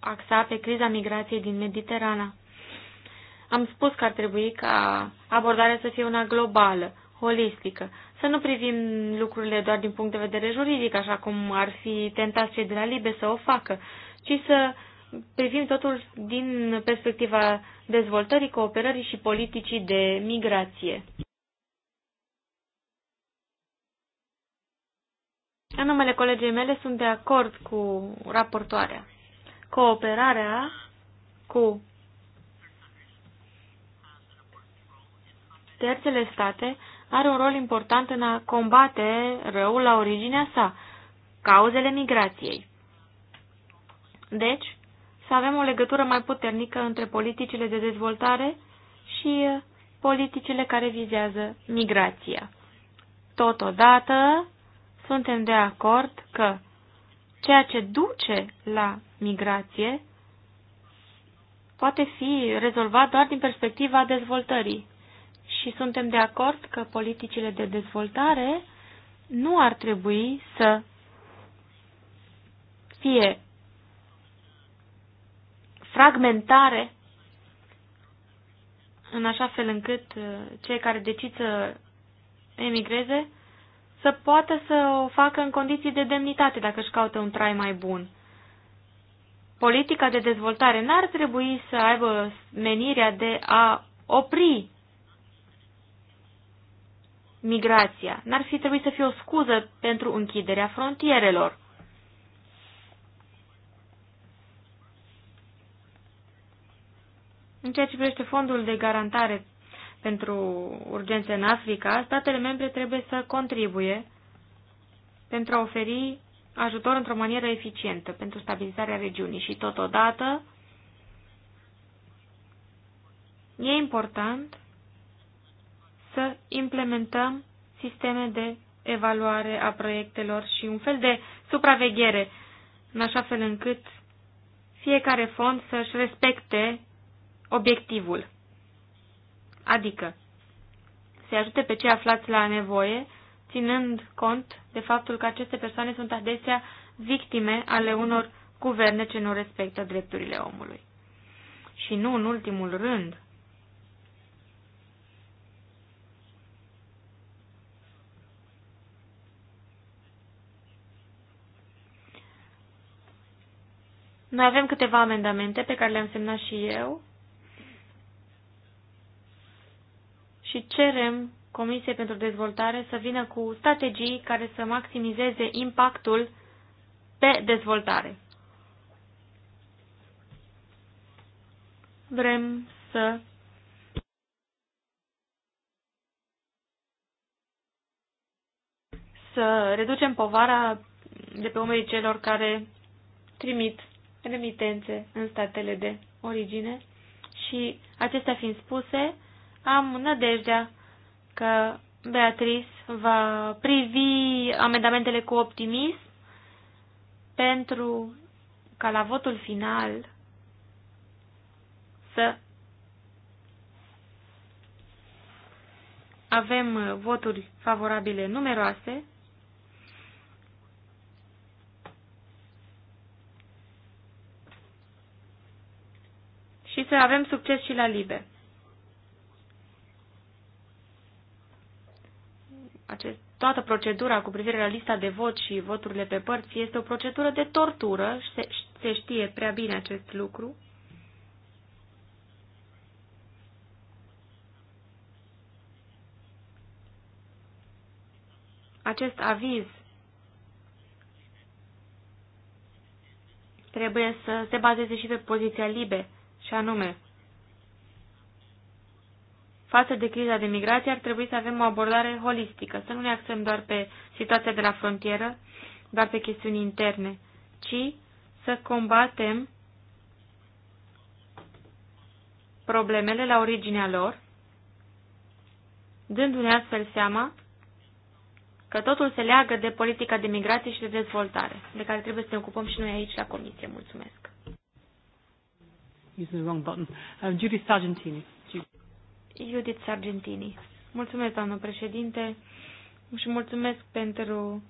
[SPEAKER 1] axa pe criza migrației din Mediterana. Am spus că ar trebui ca abordarea să fie una globală, holistică, să nu privim lucrurile doar din punct de vedere juridic, așa cum ar fi tentat cei de la Libe să o facă, ci să privim totul din perspectiva dezvoltării, cooperării și politicii de migrație. În numele colegii mele sunt de acord cu raportoarea. Cooperarea cu terțele state are un rol important în a combate răul la originea sa, cauzele migrației. Deci, să avem o legătură mai puternică între politicile de dezvoltare și uh, politicile care vizează migrația. Totodată, suntem de acord că ceea ce duce la migrație poate fi rezolvat doar din perspectiva dezvoltării și suntem de acord că politicile de dezvoltare nu ar trebui să fie fragmentare în așa fel încât uh, cei care decid să emigreze să poată să o facă în condiții de demnitate dacă își caută un trai mai bun. Politica de dezvoltare n-ar trebui să aibă menirea de a opri migrația. N-ar fi trebuit să fie o scuză pentru închiderea frontierelor. În ceea ce privește fondul de garantare pentru urgențe în Africa, statele membre trebuie să contribuie pentru a oferi ajutor într-o manieră eficientă pentru stabilizarea regiunii și totodată e important să implementăm sisteme de evaluare a proiectelor și un fel de supraveghere, în așa fel încât fiecare fond să-și respecte obiectivul. Adică, să ajute pe cei aflați la nevoie, ținând cont de faptul că aceste persoane sunt adesea victime ale unor guverne ce nu respectă drepturile omului. Și nu în ultimul rând, Noi avem câteva amendamente pe care le-am semnat și eu și cerem Comisiei pentru Dezvoltare să vină cu strategii care să maximizeze impactul pe dezvoltare. Vrem să să reducem povara de pe umerii celor care trimit remitențe în statele de origine și acestea fiind spuse, am nădejdea că Beatrice va privi amendamentele cu optimism pentru ca la votul final să avem voturi favorabile numeroase și să avem succes și la libe. Acest, toată procedura cu privire la lista de vot și voturile pe părți este o procedură de tortură, se, se știe prea bine acest lucru. Acest aviz trebuie să se bazeze și pe poziția libe și anume, față de criza de migrație ar trebui să avem o abordare holistică, să nu ne axăm doar pe situația de la frontieră, doar pe chestiuni interne, ci să combatem problemele la originea lor, dându-ne astfel seama că totul se leagă de politica de migrație și de dezvoltare, de care trebuie să ne ocupăm și noi aici la Comisie. Mulțumesc!
[SPEAKER 2] using the wrong button. Um, Judith Sargentini.
[SPEAKER 1] Judith Sargentini. Mulțumesc, doamnă președinte, și mulțumesc pentru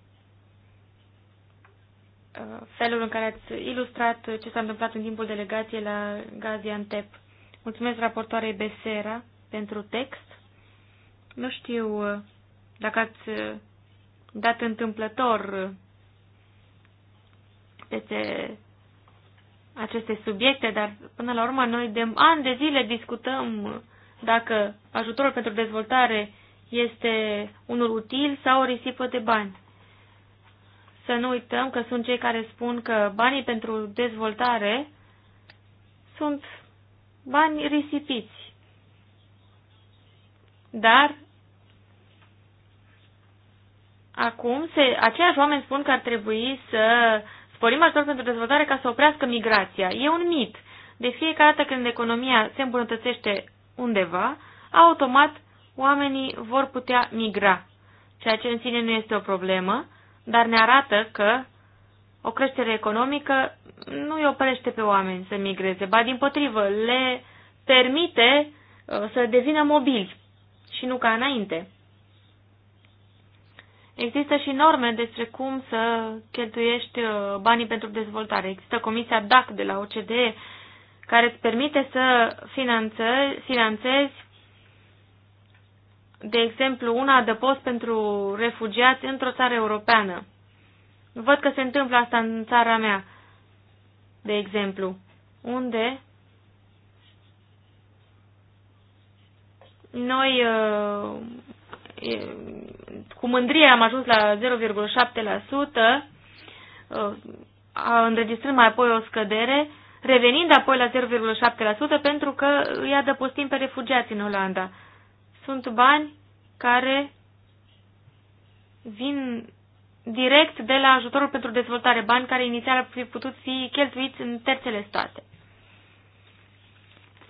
[SPEAKER 1] uh, felul în care ați ilustrat ce s-a întâmplat în timpul delegației la Gaziantep. Mulțumesc raportoarei Besera pentru text. Nu știu uh, dacă ați dat întâmplător peste aceste subiecte, dar până la urmă noi de ani de zile discutăm dacă ajutorul pentru dezvoltare este unul util sau o risipă de bani. Să nu uităm că sunt cei care spun că banii pentru dezvoltare sunt bani risipiți. Dar acum se, aceiași oameni spun că ar trebui să sporim ajutor pentru dezvoltare ca să oprească migrația. E un mit. De fiecare dată când economia se îmbunătățește undeva, automat oamenii vor putea migra. Ceea ce în sine nu este o problemă, dar ne arată că o creștere economică nu îi oprește pe oameni să migreze, ba din potrivă, le permite uh, să devină mobili și nu ca înainte. Există și norme despre cum să cheltuiești uh, banii pentru dezvoltare. Există comisia DAC de la OCDE care îți permite să finanțezi, de exemplu, un adăpost pentru refugiați într-o țară europeană. Văd că se întâmplă asta în țara mea, de exemplu, unde noi uh, cu mândrie am ajuns la 0,7%, uh, înregistrând mai apoi o scădere, revenind apoi la 0,7% pentru că îi adăpostim pe refugiați în Olanda. Sunt bani care vin direct de la ajutorul pentru dezvoltare, bani care inițial ar fi putut fi cheltuiți în terțele state.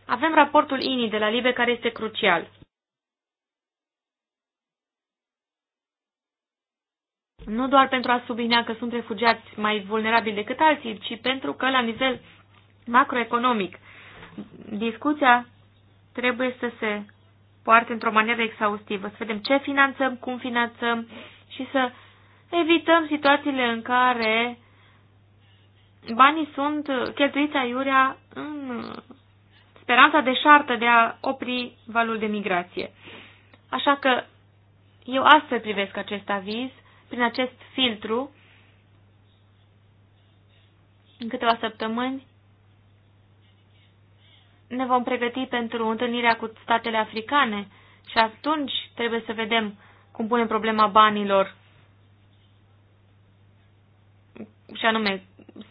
[SPEAKER 1] Avem raportul INI de la LIBE care este crucial. nu doar pentru a sublinea că sunt refugiați mai vulnerabili decât alții, ci pentru că la nivel macroeconomic discuția trebuie să se poarte într-o manieră exhaustivă, să vedem ce finanțăm, cum finanțăm și să evităm situațiile în care banii sunt cheltuiți aiurea în speranța deșartă de a opri valul de migrație. Așa că eu astfel privesc acest aviz prin acest filtru în câteva săptămâni ne vom pregăti pentru întâlnirea cu statele africane și atunci trebuie să vedem cum punem problema banilor și anume,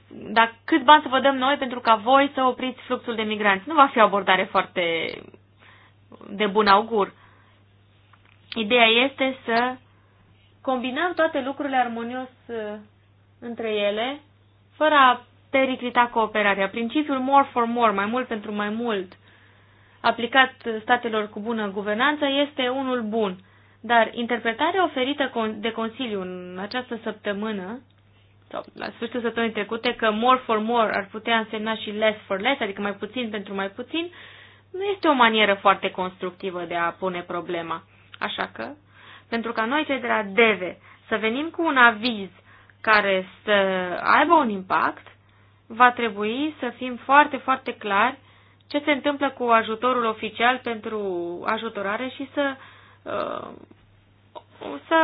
[SPEAKER 1] dar câți bani să vă dăm noi pentru ca voi să opriți fluxul de migranți? Nu va fi o abordare foarte de bun augur. Ideea este să combinăm toate lucrurile armonios uh, între ele, fără a periclita cooperarea. Principiul more for more, mai mult pentru mai mult, aplicat statelor cu bună guvernanță, este unul bun. Dar interpretarea oferită de Consiliu în această săptămână, sau la sfârșitul săptămânii trecute, că more for more ar putea însemna și less for less, adică mai puțin pentru mai puțin, nu este o manieră foarte constructivă de a pune problema. Așa că pentru ca noi, cei de la DEVE, să venim cu un aviz care să aibă un impact, va trebui să fim foarte, foarte clari ce se întâmplă cu ajutorul oficial pentru ajutorare și să, uh, să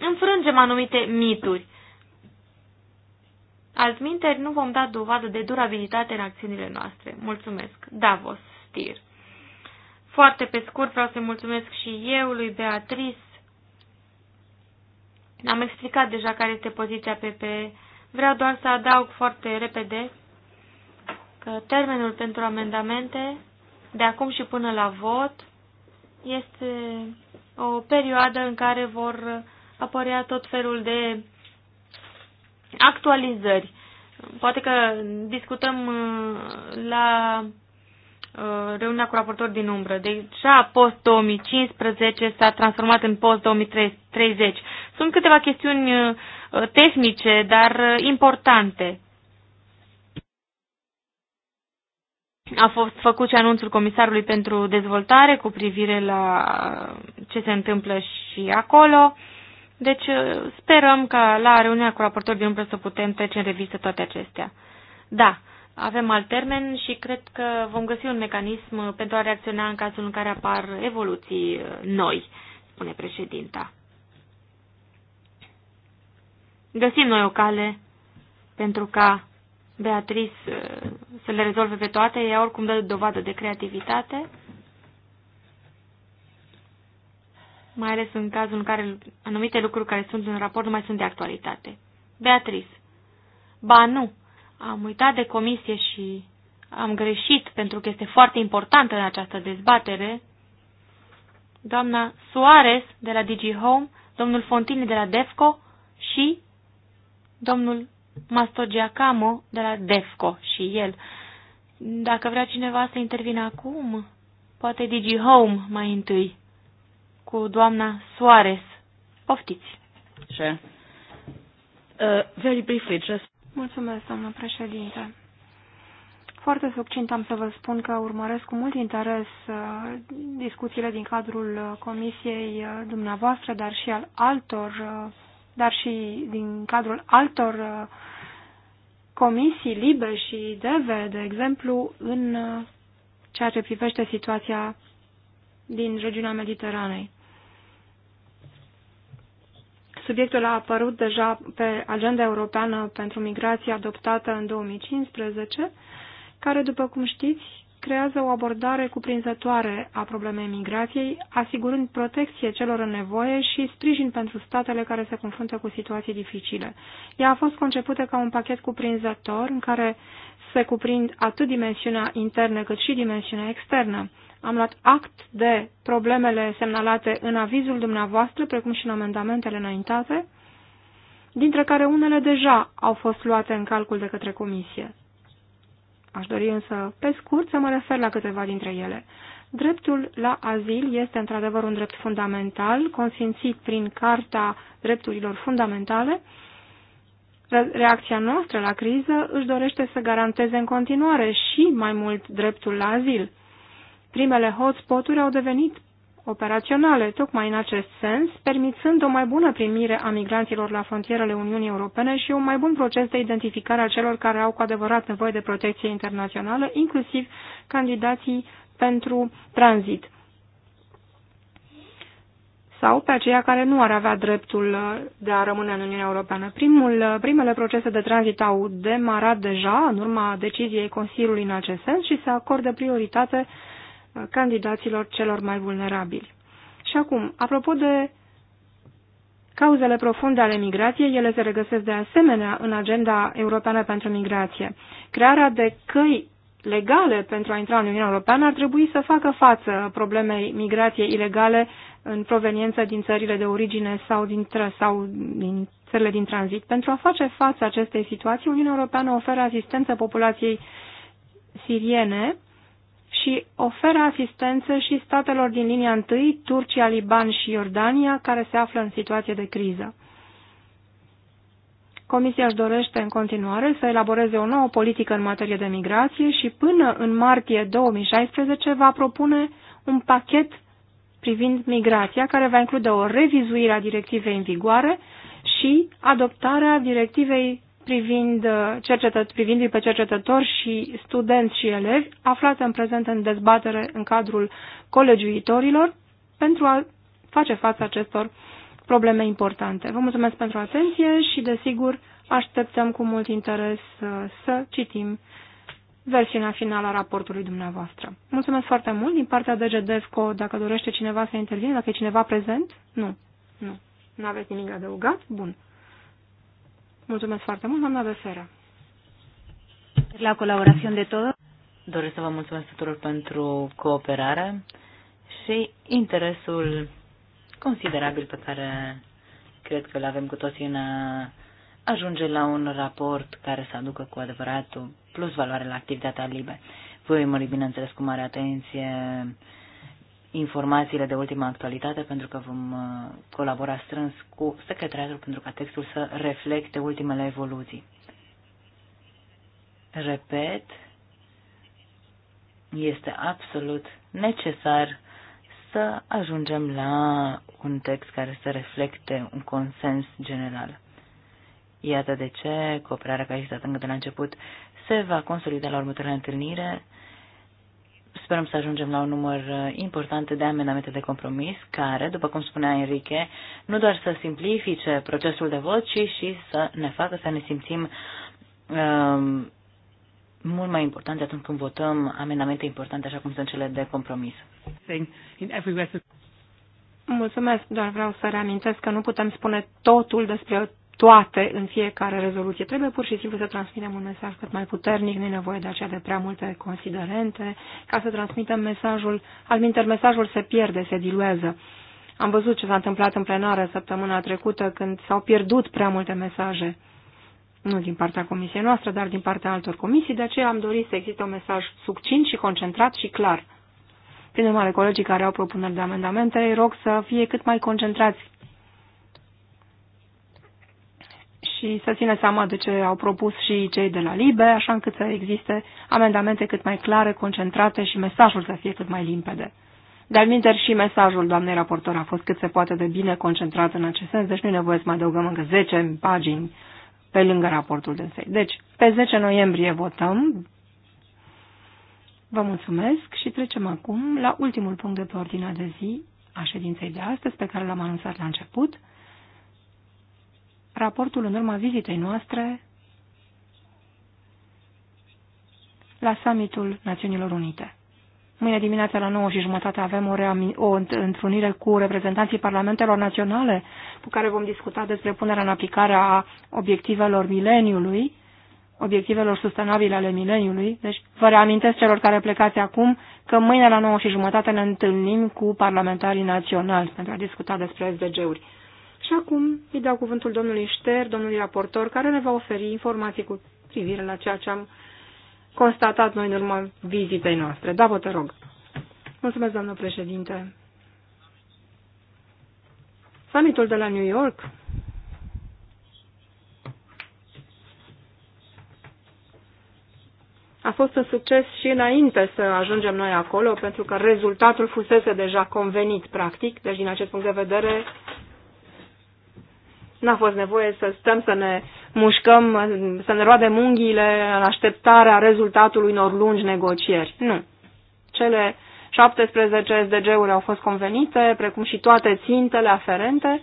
[SPEAKER 1] înfrângem anumite mituri. Altminteri, nu vom da dovadă de durabilitate în acțiunile noastre. Mulțumesc. Davos, Stir. Foarte pe scurt vreau să-i mulțumesc și eu lui Beatrice. Am explicat deja care este poziția PP. Vreau doar să adaug foarte repede că termenul pentru amendamente de acum și până la vot este o perioadă în care vor apărea tot felul de actualizări. Poate că discutăm uh, la Uh, reuniunea cu raportori din umbră. Deja post-2015 s-a transformat în post-2030. Sunt câteva chestiuni uh, tehnice, dar uh, importante. A fost făcut și anunțul Comisarului pentru Dezvoltare cu privire la ce se întâmplă și acolo. Deci sperăm că la reuniunea cu raportori din umbră să putem trece în revistă toate acestea. Da, avem alt termen și cred că vom găsi un mecanism pentru a reacționa în cazul în care apar evoluții uh, noi, spune președinta. Găsim noi o cale pentru ca Beatrice uh, să le rezolve pe toate, ea oricum dă dovadă de creativitate, mai ales în cazul în care anumite lucruri care sunt în raport nu mai sunt de actualitate. Beatrice, ba nu, am uitat de comisie și am greșit pentru că este foarte importantă în această dezbatere. Doamna Suarez de la Digi Home, domnul Fontini de la DEFCO și domnul Mastogiacamo de la DEFCO și el. Dacă vrea cineva să intervină acum, poate Digi Home mai întâi, cu doamna Suarez. Poftiți! Sure. Uh, very briefly, just
[SPEAKER 2] Mulțumesc, doamnă președinte. Foarte succint am să vă spun că urmăresc cu mult interes uh, discuțiile din cadrul uh, comisiei uh, dumneavoastră, dar și al altor, dar și din cadrul altor comisii libe și deve, de exemplu, în ceea ce privește situația din regiunea Mediteranei. Subiectul a apărut deja pe agenda europeană pentru migrație adoptată în 2015, care, după cum știți, creează o abordare cuprinzătoare a problemei migrației, asigurând protecție celor în nevoie și sprijin pentru statele care se confruntă cu situații dificile. Ea a fost concepută ca un pachet cuprinzător în care se cuprind atât dimensiunea internă cât și dimensiunea externă. Am luat act de problemele semnalate în avizul dumneavoastră, precum și în amendamentele înaintate, dintre care unele deja au fost luate în calcul de către comisie. Aș dori însă, pe scurt, să mă refer la câteva dintre ele. Dreptul la azil este într-adevăr un drept fundamental, consfințit prin Carta Drepturilor Fundamentale. Reacția noastră la criză își dorește să garanteze în continuare și mai mult dreptul la azil. Primele hotspoturi au devenit operaționale, tocmai în acest sens, permițând o mai bună primire a migranților la frontierele Uniunii Europene și un mai bun proces de identificare a celor care au cu adevărat nevoie de protecție internațională, inclusiv candidații pentru tranzit sau pe aceia care nu ar avea dreptul uh, de a rămâne în Uniunea Europeană. Primul, uh, primele procese de tranzit au demarat deja în urma deciziei Consiliului în acest sens și se acordă prioritate uh, candidaților celor mai vulnerabili. Și acum, apropo de cauzele profunde ale migrației, ele se regăsesc de asemenea în agenda europeană pentru migrație. Crearea de căi legale pentru a intra în Uniunea Europeană ar trebui să facă față problemei migrației ilegale în proveniență din țările de origine sau din, sau din țările din tranzit. Pentru a face față acestei situații, Uniunea Europeană oferă asistență populației siriene și oferă asistență și statelor din linia întâi, Turcia, Liban și Iordania, care se află în situație de criză. Comisia își dorește în continuare să elaboreze o nouă politică în materie de migrație și până în martie 2016 va propune un pachet privind migrația, care va include o revizuire a directivei în vigoare și adoptarea directivei privind, uh, cercetăt, privind pe cercetători și studenți și elevi, aflate în prezent în dezbatere în cadrul colegiuitorilor, pentru a face față acestor probleme importante. Vă mulțumesc pentru atenție și, desigur, așteptăm cu mult interes uh, să citim versiunea finală a raportului dumneavoastră. Mulțumesc foarte mult. Din partea DGDEFCO, dacă dorește cineva să intervine, dacă e cineva prezent? Nu. Nu. Nu aveți nimic de adăugat? Bun. Mulțumesc foarte mult, doamna Besera.
[SPEAKER 3] La colaborare de tot. Doresc să vă mulțumesc tuturor pentru cooperare și interesul considerabil pe care cred că îl avem cu toții în a ajunge la un raport care să aducă cu adevărat plus valoare la activitatea LIBE. Voi urmări, bineînțeles, cu mare atenție informațiile de ultimă actualitate pentru că vom uh, colabora strâns cu secretariatul pentru ca textul să reflecte ultimele evoluții. Repet, este absolut necesar să ajungem la un text care să reflecte un consens general. Iată de ce cooperarea care a existat încă de la început se va consolida la următoarea întâlnire Sperăm să ajungem la un număr uh, important de amendamente de compromis care, după cum spunea Enrique, nu doar să simplifice procesul de vot, ci și să ne facă să ne simțim um, mult mai importante atunci când votăm amendamente importante, așa cum sunt cele de compromis. Mulțumesc, doar vreau să reamintesc
[SPEAKER 2] că nu putem spune totul despre toate în fiecare rezoluție. Trebuie pur și simplu să transmitem un mesaj cât mai puternic, nu e nevoie de aceea de prea multe considerente, ca să transmitem mesajul, minter mesajul se pierde, se diluează. Am văzut ce s-a întâmplat în plenară săptămâna trecută când s-au pierdut prea multe mesaje. Nu din partea comisiei noastre, dar din partea altor comisii, de aceea am dorit să existe un mesaj succint și concentrat și clar. Prin urmare, colegii care au propuneri de amendamente, rog să fie cât mai concentrați și să ține seama de ce au propus și cei de la LIBE, așa încât să existe amendamente cât mai clare, concentrate și mesajul să fie cât mai limpede. de alminter și mesajul doamnei raportor a fost cât se poate de bine concentrat în acest sens, deci nu e nevoie să mai adăugăm încă 10 pagini pe lângă raportul de săi. Deci, pe 10 noiembrie votăm. Vă mulțumesc și trecem acum la ultimul punct de pe ordinea de zi a ședinței de astăzi, pe care l-am anunțat la început raportul în urma vizitei noastre la summitul Națiunilor Unite. Mâine dimineața la 9 și jumătate avem o, o întrunire cu reprezentanții parlamentelor naționale cu care vom discuta despre punerea în aplicare a obiectivelor mileniului, obiectivelor sustenabile ale mileniului. Deci vă reamintesc celor care plecați acum că mâine la 9 și jumătate ne întâlnim cu parlamentarii naționali pentru a discuta despre SDG-uri. Și acum îi dau cuvântul domnului Șter, domnului raportor, care ne va oferi informații cu privire la ceea ce am constatat noi în urma vizitei noastre. Da, vă te rog. Mulțumesc, doamnă președinte. Summitul de la New York a fost un succes și înainte să ajungem noi acolo, pentru că rezultatul fusese deja convenit, practic, deci din acest punct de vedere N-a fost nevoie să stăm să ne mușcăm, să ne roadem unghiile în așteptarea rezultatului unor lungi negocieri. Nu. Cele 17 SDG-uri au fost convenite, precum și toate țintele aferente.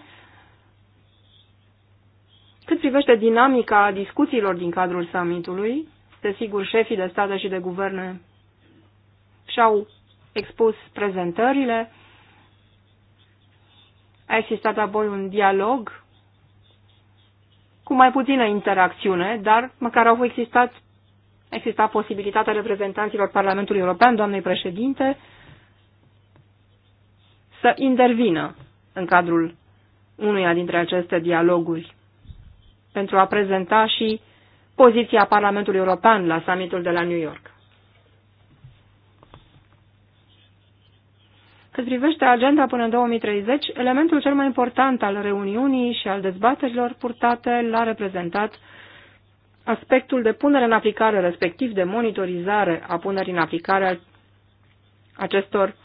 [SPEAKER 2] Cât privește dinamica discuțiilor din cadrul summitului, desigur, șefii de state și de guverne și-au expus prezentările. A existat apoi un dialog cu mai puțină interacțiune, dar măcar au existat, exista posibilitatea reprezentanților Parlamentului European, doamnei președinte, să intervină în cadrul unuia dintre aceste dialoguri pentru a prezenta și poziția Parlamentului European la summitul de la New York. Cât privește agenda până în 2030, elementul cel mai important al reuniunii și al dezbaterilor purtate l-a reprezentat aspectul de punere în aplicare, respectiv de monitorizare a punerii în aplicare a acestor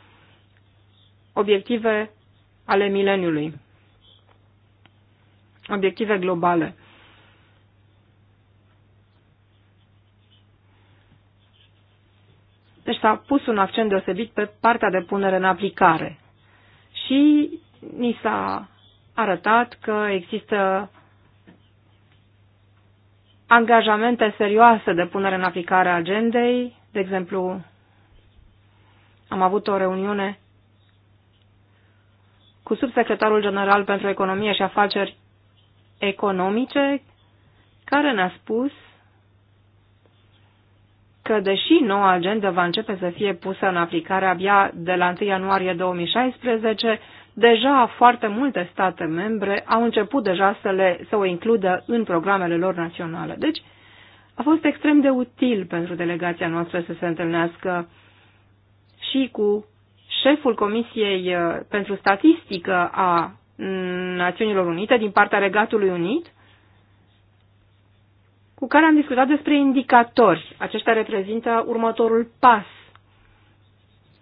[SPEAKER 2] obiective ale mileniului, obiective globale. Deci s-a pus un accent deosebit pe partea de punere în aplicare. Și ni s-a arătat că există angajamente serioase de punere în aplicare a agendei. De exemplu, am avut o reuniune cu subsecretarul general pentru economie și afaceri economice, care ne-a spus că deși noua agendă va începe să fie pusă în aplicare abia de la 1 ianuarie 2016, deja foarte multe state membre au început deja să, le, să o includă în programele lor naționale. Deci, a fost extrem de util pentru delegația noastră să se întâlnească și cu șeful Comisiei uh, pentru Statistică a Națiunilor Unite din partea Regatului Unit cu care am discutat despre indicatori. Aceștia reprezintă următorul pas.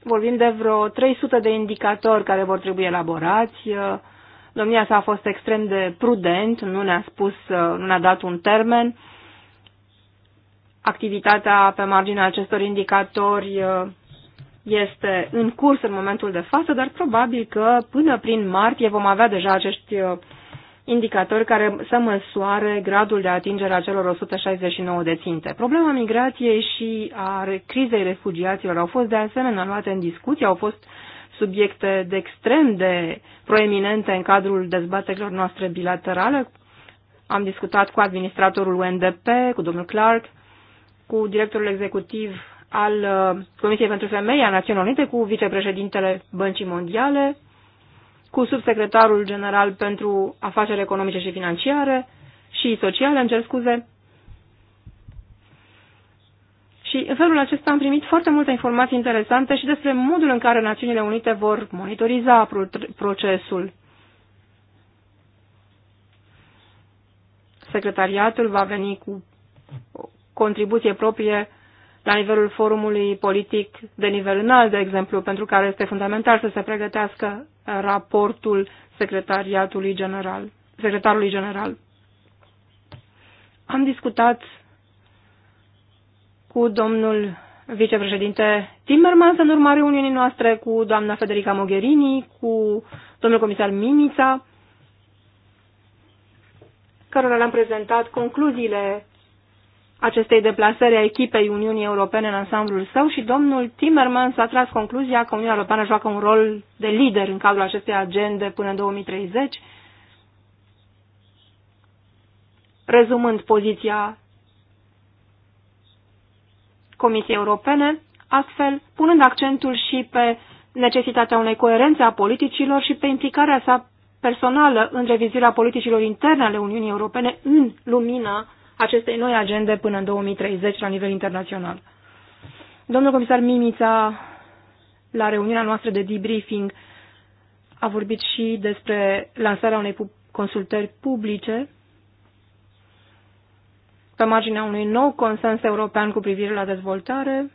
[SPEAKER 2] Vorbim de vreo 300 de indicatori care vor trebui elaborați. Uh, domnia sa a fost extrem de prudent, nu ne-a spus, uh, nu ne-a dat un termen. Activitatea pe marginea acestor indicatori uh, este în curs în momentul de față, dar probabil că până prin martie vom avea deja acești indicatori care să măsoare gradul de atingere a celor 169 de ținte. Problema migrației și a crizei refugiaților au fost de asemenea luate în discuție, au fost subiecte de extrem de proeminente în cadrul dezbaterilor noastre bilaterale. Am discutat cu administratorul UNDP, cu domnul Clark, cu directorul executiv al uh, Comisiei pentru Femei a Națiunilor Unite, cu vicepreședintele Băncii Mondiale, cu subsecretarul general pentru afaceri economice și financiare și sociale, îmi cer scuze. Și în felul acesta am primit foarte multe informații interesante și despre modul în care Națiunile Unite vor monitoriza procesul. Secretariatul va veni cu o contribuție proprie la nivelul forumului politic de nivel înalt, de exemplu, pentru care este fundamental să se pregătească raportul secretariatului general, secretarului general. Am discutat cu domnul vicepreședinte Timmermans în urma reuniunii noastre, cu doamna Federica Mogherini, cu domnul comisar Minița, cărora le-am prezentat concluziile acestei deplasări a echipei Uniunii Europene în ansamblul său și domnul Timmermans a tras concluzia că Uniunea Europeană joacă un rol de lider în cadrul acestei agende până în 2030. Rezumând poziția Comisiei Europene, astfel punând accentul și pe necesitatea unei coerențe a politicilor și pe implicarea sa personală în revizirea politicilor interne ale Uniunii Europene în lumina acestei noi agende până în 2030 la nivel internațional. Domnul comisar Mimița, la reuniunea noastră de debriefing, a vorbit și despre lansarea unei consultări publice pe marginea unui nou consens european cu privire la dezvoltare.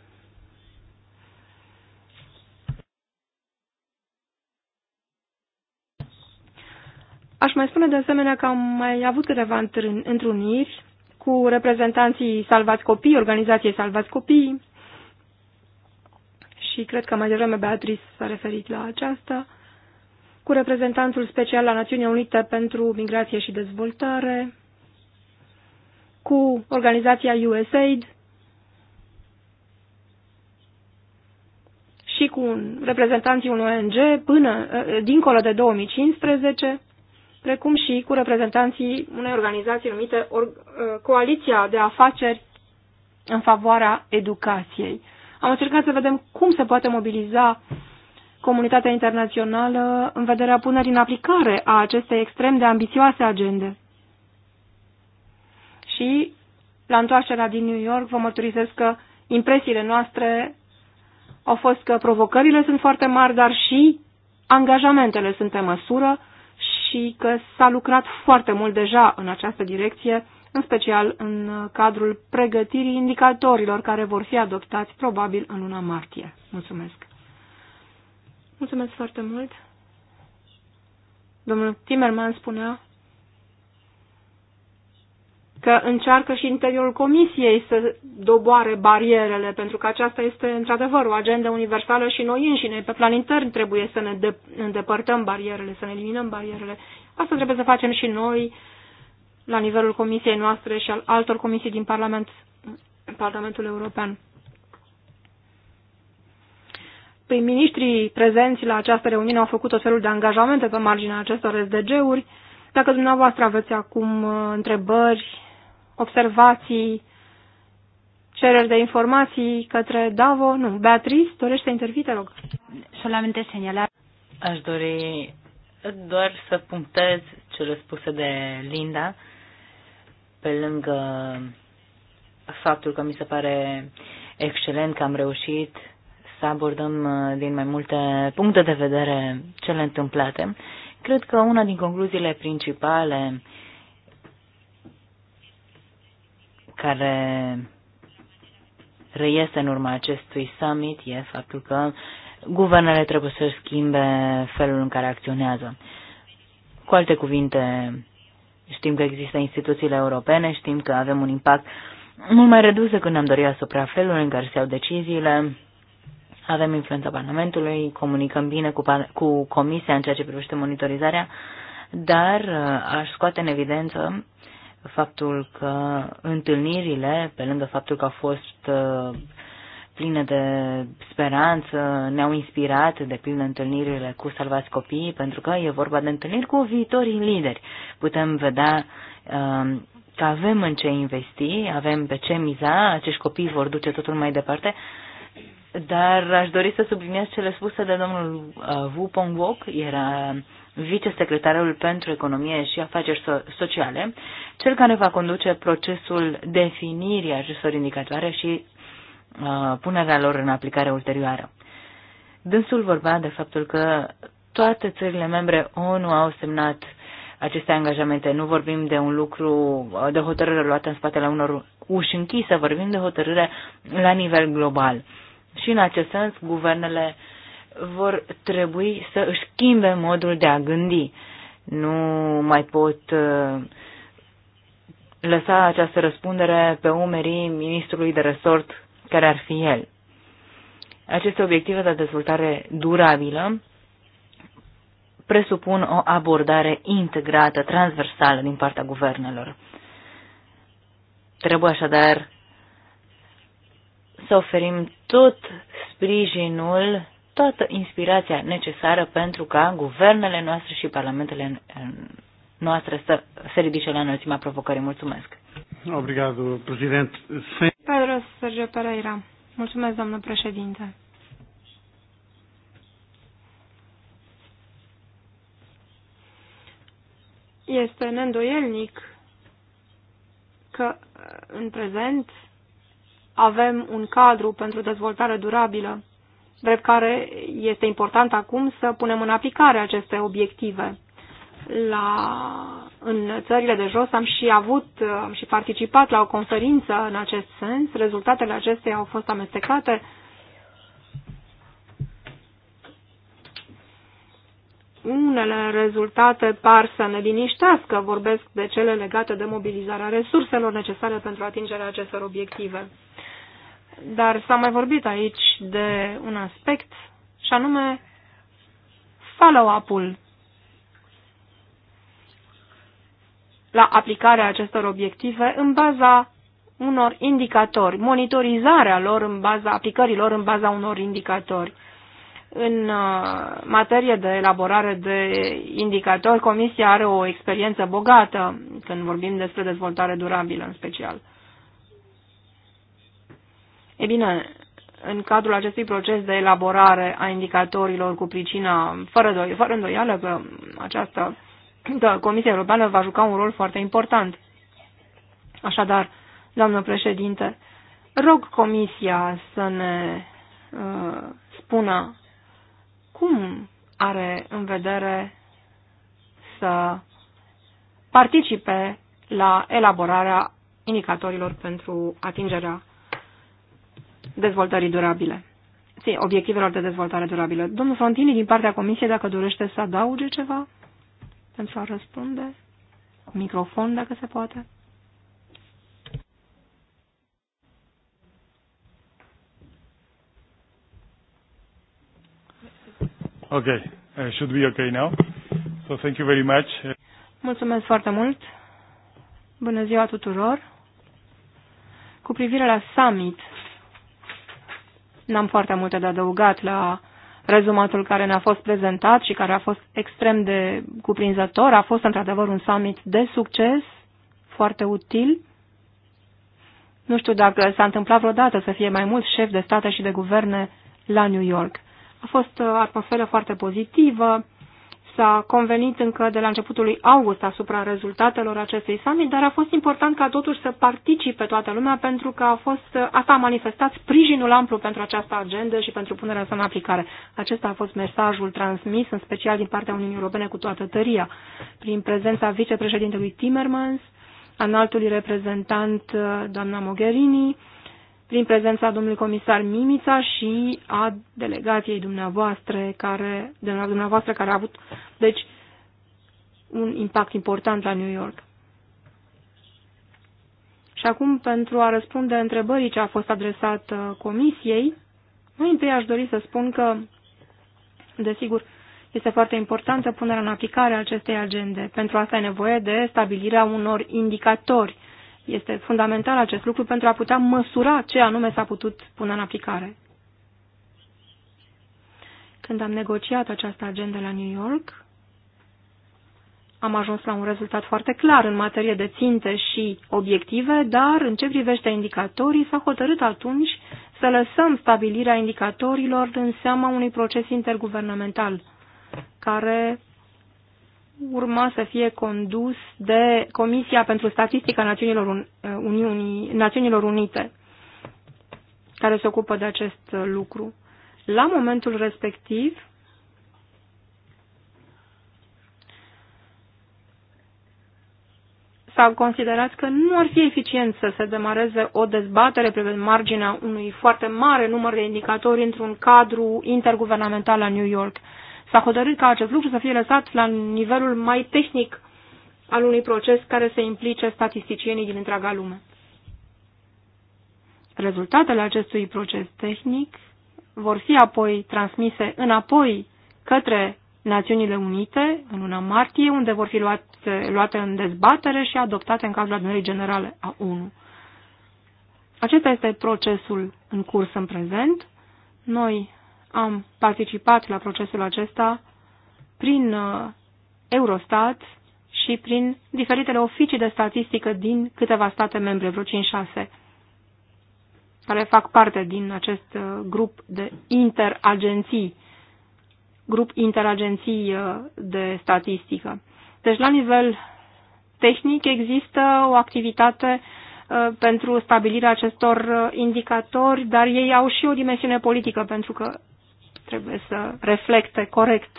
[SPEAKER 2] Aș mai spune de asemenea că am mai avut câteva întruniri cu reprezentanții Salvați Copii, organizației Salvați Copii. Și cred că mai devreme Beatrice s-a referit la aceasta. Cu reprezentantul special al Națiunii Unite pentru Migrație și Dezvoltare. Cu organizația USAID. Și cu reprezentanții unui ONG până eh, dincolo de 2015 precum și cu reprezentanții unei organizații numite uh, Coaliția de Afaceri în favoarea educației. Am încercat să vedem cum se poate mobiliza comunitatea internațională în vederea punerii în aplicare a acestei extrem de ambițioase agende. Și la întoarcerea din New York vă mărturisesc că impresiile noastre au fost că provocările sunt foarte mari, dar și angajamentele sunt pe măsură și că s-a lucrat foarte mult deja în această direcție, în special în cadrul pregătirii indicatorilor care vor fi adoptați probabil în luna martie. Mulțumesc! Mulțumesc foarte mult! Domnul Timerman spunea că încearcă și interiorul Comisiei să doboare barierele, pentru că aceasta este într-adevăr o agendă universală și noi înșine, pe plan intern, trebuie să ne îndepărtăm barierele, să ne eliminăm barierele. Asta trebuie să facem și noi la nivelul Comisiei noastre și al altor comisii din Parlament, Parlamentul European. Prim-ministrii prezenți la această reuniune au făcut tot felul de angajamente pe marginea acestor SDG-uri. Dacă dumneavoastră aveți acum uh, întrebări observații, cereri de informații către Davo? Nu. Beatrice, dorește să intervii, te rog.
[SPEAKER 3] Solamente señalar. Aș dori doar să punctez cele spuse de Linda, pe lângă faptul că mi se pare excelent că am reușit să abordăm din mai multe puncte de vedere cele întâmplate. Cred că una din concluziile principale uh, care reiese în urma acestui summit e faptul că guvernele trebuie să schimbe felul în care acționează. Cu alte cuvinte, știm că există instituțiile europene, știm că avem un impact mult mai redus decât ne-am dorit asupra felului în care se iau deciziile, avem influența Parlamentului, comunicăm bine cu, cu Comisia în ceea ce privește monitorizarea, dar uh, aș scoate în evidență faptul că întâlnirile, pe lângă faptul că au fost uh, pline de speranță, ne-au inspirat, de pildă, întâlnirile cu Salvați Copiii, pentru că e vorba de întâlniri cu viitorii lideri. Putem vedea uh, că avem în ce investi, avem pe ce miza, acești copii vor duce totul mai departe, dar aș dori să subliniez cele spuse de domnul uh, Wu Pong Wok. era vicesecretarul pentru economie și afaceri sociale, cel care va conduce procesul definirii acestor indicatoare și uh, punerea lor în aplicare ulterioară. Dânsul vorbea de faptul că toate țările membre ONU au semnat aceste angajamente. Nu vorbim de un lucru, uh, de hotărâre luată în spatele unor uși închise, vorbim de hotărâre la nivel global. Și în acest sens, guvernele uh, vor trebui să își schimbe modul de a gândi. Nu mai pot uh, lăsa această răspundere pe umerii ministrului de resort care ar fi el. Aceste obiective de dezvoltare durabilă presupun o abordare integrată, transversală din partea guvernelor. Trebuie așadar să oferim tot sprijinul toată inspirația necesară pentru ca guvernele noastre și parlamentele noastre să se ridice la înălțimea provocării. Mulțumesc!
[SPEAKER 1] Obrigado, președinte.
[SPEAKER 2] Pedro Sergio Pereira. Mulțumesc, domnul președinte. Este neîndoielnic că în prezent avem un cadru pentru dezvoltare durabilă drept care este important acum să punem în aplicare aceste obiective. La, în țările de jos am și avut, am și participat la o conferință în acest sens. Rezultatele acesteia au fost amestecate. Unele rezultate par să ne liniștească, vorbesc de cele legate de mobilizarea resurselor necesare pentru atingerea acestor obiective. Dar s-a mai vorbit aici de un aspect și anume follow-up-ul la aplicarea acestor obiective în baza unor indicatori, monitorizarea lor în baza aplicărilor în baza unor indicatori. În uh, materie de elaborare de indicatori, Comisia are o experiență bogată când vorbim despre dezvoltare durabilă în special. E bine, în cadrul acestui proces de elaborare a indicatorilor cu pricina, fără, doi, fără îndoială că această că Comisia Europeană va juca un rol foarte important. Așadar, doamnă președinte, rog Comisia să ne uh, spună cum are în vedere să participe la elaborarea indicatorilor pentru atingerea dezvoltării durabile, obiectivelor de dezvoltare durabilă. Domnul Fontini, din partea Comisiei, dacă dorește să adauge ceva pentru a răspunde, microfon, dacă se poate.
[SPEAKER 3] Okay, uh, should be okay now. So thank you very much. Mulțumesc
[SPEAKER 2] foarte mult. Bună ziua tuturor. Cu privire la summit N-am foarte multe de adăugat la rezumatul care ne-a fost prezentat și care a fost extrem de cuprinzător. A fost într-adevăr un summit de succes, foarte util. Nu știu dacă s-a întâmplat vreodată să fie mai mulți șefi de state și de guverne la New York. A fost o uh, atmosferă foarte pozitivă, S-a convenit încă de la începutul lui august asupra rezultatelor acestui summit, dar a fost important ca totuși să participe toată lumea pentru că a fost, asta a manifestat sprijinul amplu pentru această agendă și pentru punerea în aplicare. Acesta a fost mesajul transmis, în special din partea Uniunii Europene cu toată tăria, prin prezența vicepreședintelui Timmermans, înaltului reprezentant doamna Mogherini, prin prezența domnului comisar Mimița și a delegației dumneavoastră care, de la dumneavoastră care a avut, deci, un impact important la New York. Și acum, pentru a răspunde întrebării ce a fost adresată uh, comisiei, mai întâi aș dori să spun că, desigur, este foarte importantă punerea în aplicare a acestei agende. Pentru asta e nevoie de stabilirea unor indicatori este fundamental acest lucru pentru a putea măsura ce anume s-a putut pune în aplicare. Când am negociat această agendă la New York, am ajuns la un rezultat foarte clar în materie de ținte și obiective, dar în ce privește indicatorii s-a hotărât atunci să lăsăm stabilirea indicatorilor în seama unui proces interguvernamental, care urma să fie condus de Comisia pentru Statistica Națiunilor, Uniunii, Națiunilor Unite, care se ocupă de acest lucru. La momentul respectiv, s-au considerat că nu ar fi eficient să se demareze o dezbatere pe marginea unui foarte mare număr de indicatori într-un cadru interguvernamental la New York. S-a hotărât ca acest lucru să fie lăsat la nivelul mai tehnic al unui proces care să implice statisticienii din întreaga lume. Rezultatele acestui proces tehnic vor fi apoi transmise înapoi către Națiunile Unite în luna martie, unde vor fi luate, luate în dezbatere și adoptate în cazul adunării generale a ONU. Acesta este procesul în curs în prezent. Noi am participat la procesul acesta prin uh, Eurostat și prin diferitele oficii de statistică din câteva state membre, vreo 5-6, care fac parte din acest uh, grup de interagenții, grup interagenții uh, de statistică. Deci, la nivel tehnic, există o activitate pentru stabilirea acestor indicatori, dar ei au și o dimensiune politică, pentru că trebuie să reflecte corect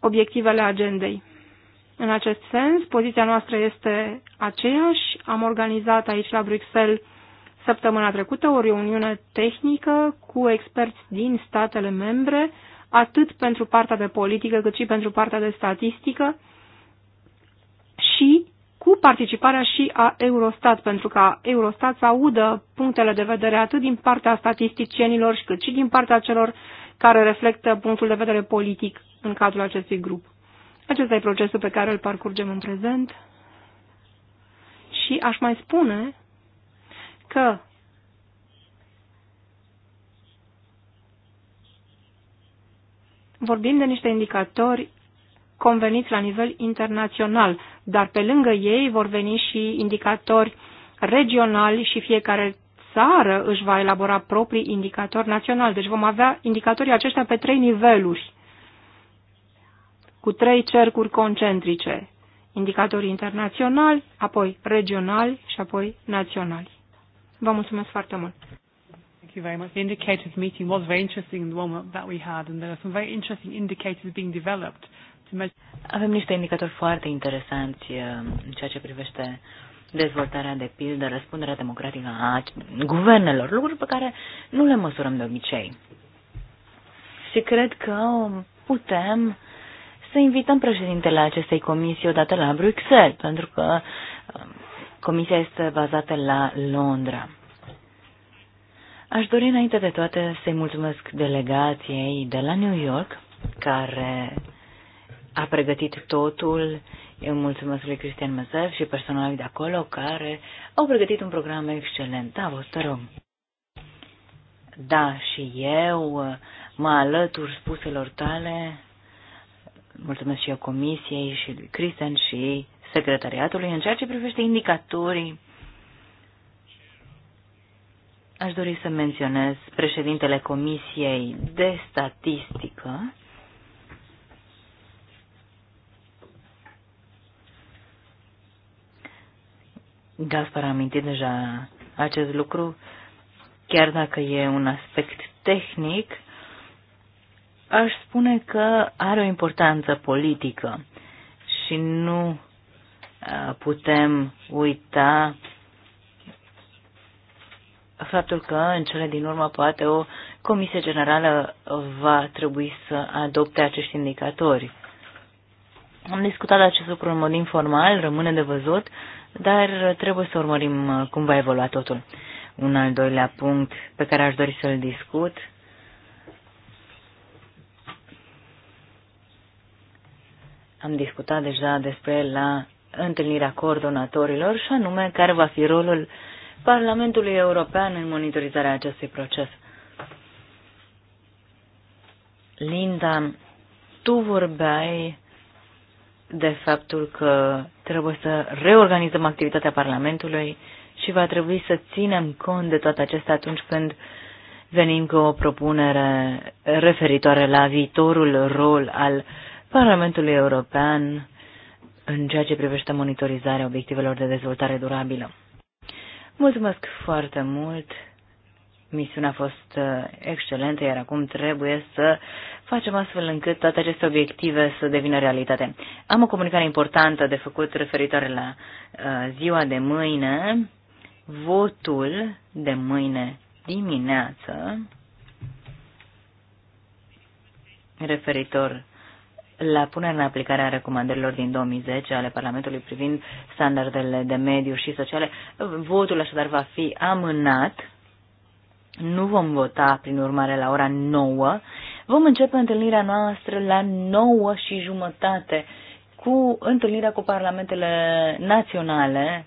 [SPEAKER 2] obiectivele agendei. În acest sens, poziția noastră este aceeași. Am organizat aici la Bruxelles săptămâna trecută o reuniune tehnică cu experți din statele membre, atât pentru partea de politică cât și pentru partea de statistică și cu participarea și a Eurostat, pentru ca Eurostat să audă punctele de vedere atât din partea statisticienilor, cât și din partea celor care reflectă punctul de vedere politic în cadrul acestui grup. Acesta e procesul pe care îl parcurgem în prezent și aș mai spune că vorbim de niște indicatori conveniți la nivel internațional, dar pe lângă ei vor veni și indicatori regionali și fiecare țară își va elabora proprii indicatori naționali. Deci vom avea indicatorii aceștia pe trei niveluri, cu trei cercuri concentrice. Indicatorii internaționali, apoi regionali și apoi naționali. Vă mulțumesc foarte mult! Thank you very much. The indicators meeting was very interesting, the one that we had, and there
[SPEAKER 3] are some very interesting indicators being developed avem niște indicatori foarte interesanți uh, în ceea ce privește dezvoltarea de pildă, răspunderea democratică a guvernelor, lucruri pe care nu le măsurăm de obicei. Și cred că putem să invităm președintele acestei comisii odată la Bruxelles, pentru că uh, comisia este bazată la Londra. Aș dori înainte de toate să-i mulțumesc delegației de la New York, care a pregătit totul. Eu mulțumesc lui Cristian Măsăv și personalului de acolo care au pregătit un program excelent. Da, vă rog. Da, și eu mă alătur spuselor tale. Mulțumesc și eu comisiei și lui Cristian și secretariatului în ceea ce privește indicatorii Aș dori să menționez președintele Comisiei de Statistică, Gaspar a amintit deja acest lucru, chiar dacă e un aspect tehnic, aș spune că are o importanță politică și nu putem uita faptul că în cele din urmă poate o comisie generală va trebui să adopte acești indicatori. Am discutat acest lucru în mod informal, rămâne de văzut, dar trebuie să urmărim uh, cum va evolua totul. Un al doilea punct pe care aș dori să-l discut am discutat deja despre la întâlnirea coordonatorilor și anume care va fi rolul Parlamentului European în monitorizarea acestui proces. Linda, tu vorbeai de faptul că trebuie să reorganizăm activitatea Parlamentului și va trebui să ținem cont de toate acestea atunci când venim cu o propunere referitoare la viitorul rol al Parlamentului European în ceea ce privește monitorizarea obiectivelor de dezvoltare durabilă. Mulțumesc foarte mult! Misiunea a fost uh, excelentă, iar acum trebuie să facem astfel încât toate aceste obiective să devină realitate. Am o comunicare importantă de făcut referitoare la uh, ziua de mâine, votul de mâine dimineață, referitor la punerea în aplicare a recomandărilor din 2010 ale Parlamentului privind standardele de mediu și sociale. Votul așadar va fi amânat. Nu vom vota, prin urmare, la ora 9, Vom începe întâlnirea noastră la 9 și jumătate cu întâlnirea cu parlamentele naționale.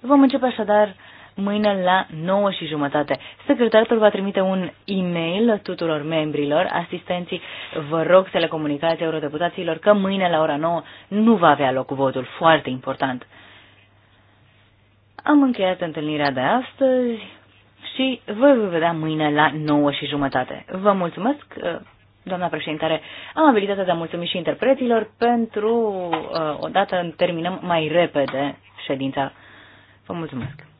[SPEAKER 3] Vom începe așadar mâine la 9 și jumătate. Secretariatul va trimite un e-mail tuturor membrilor, asistenții, vă rog să le comunicați eurodeputaților că mâine la ora 9 nu va avea loc votul, foarte important. Am încheiat întâlnirea de astăzi și vă voi vedea mâine la 9 și jumătate. Vă mulțumesc, uh, doamna președintare, am abilitatea de a mulțumi și interpreților pentru, uh, odată, terminăm mai repede ședința. Vă mulțumesc!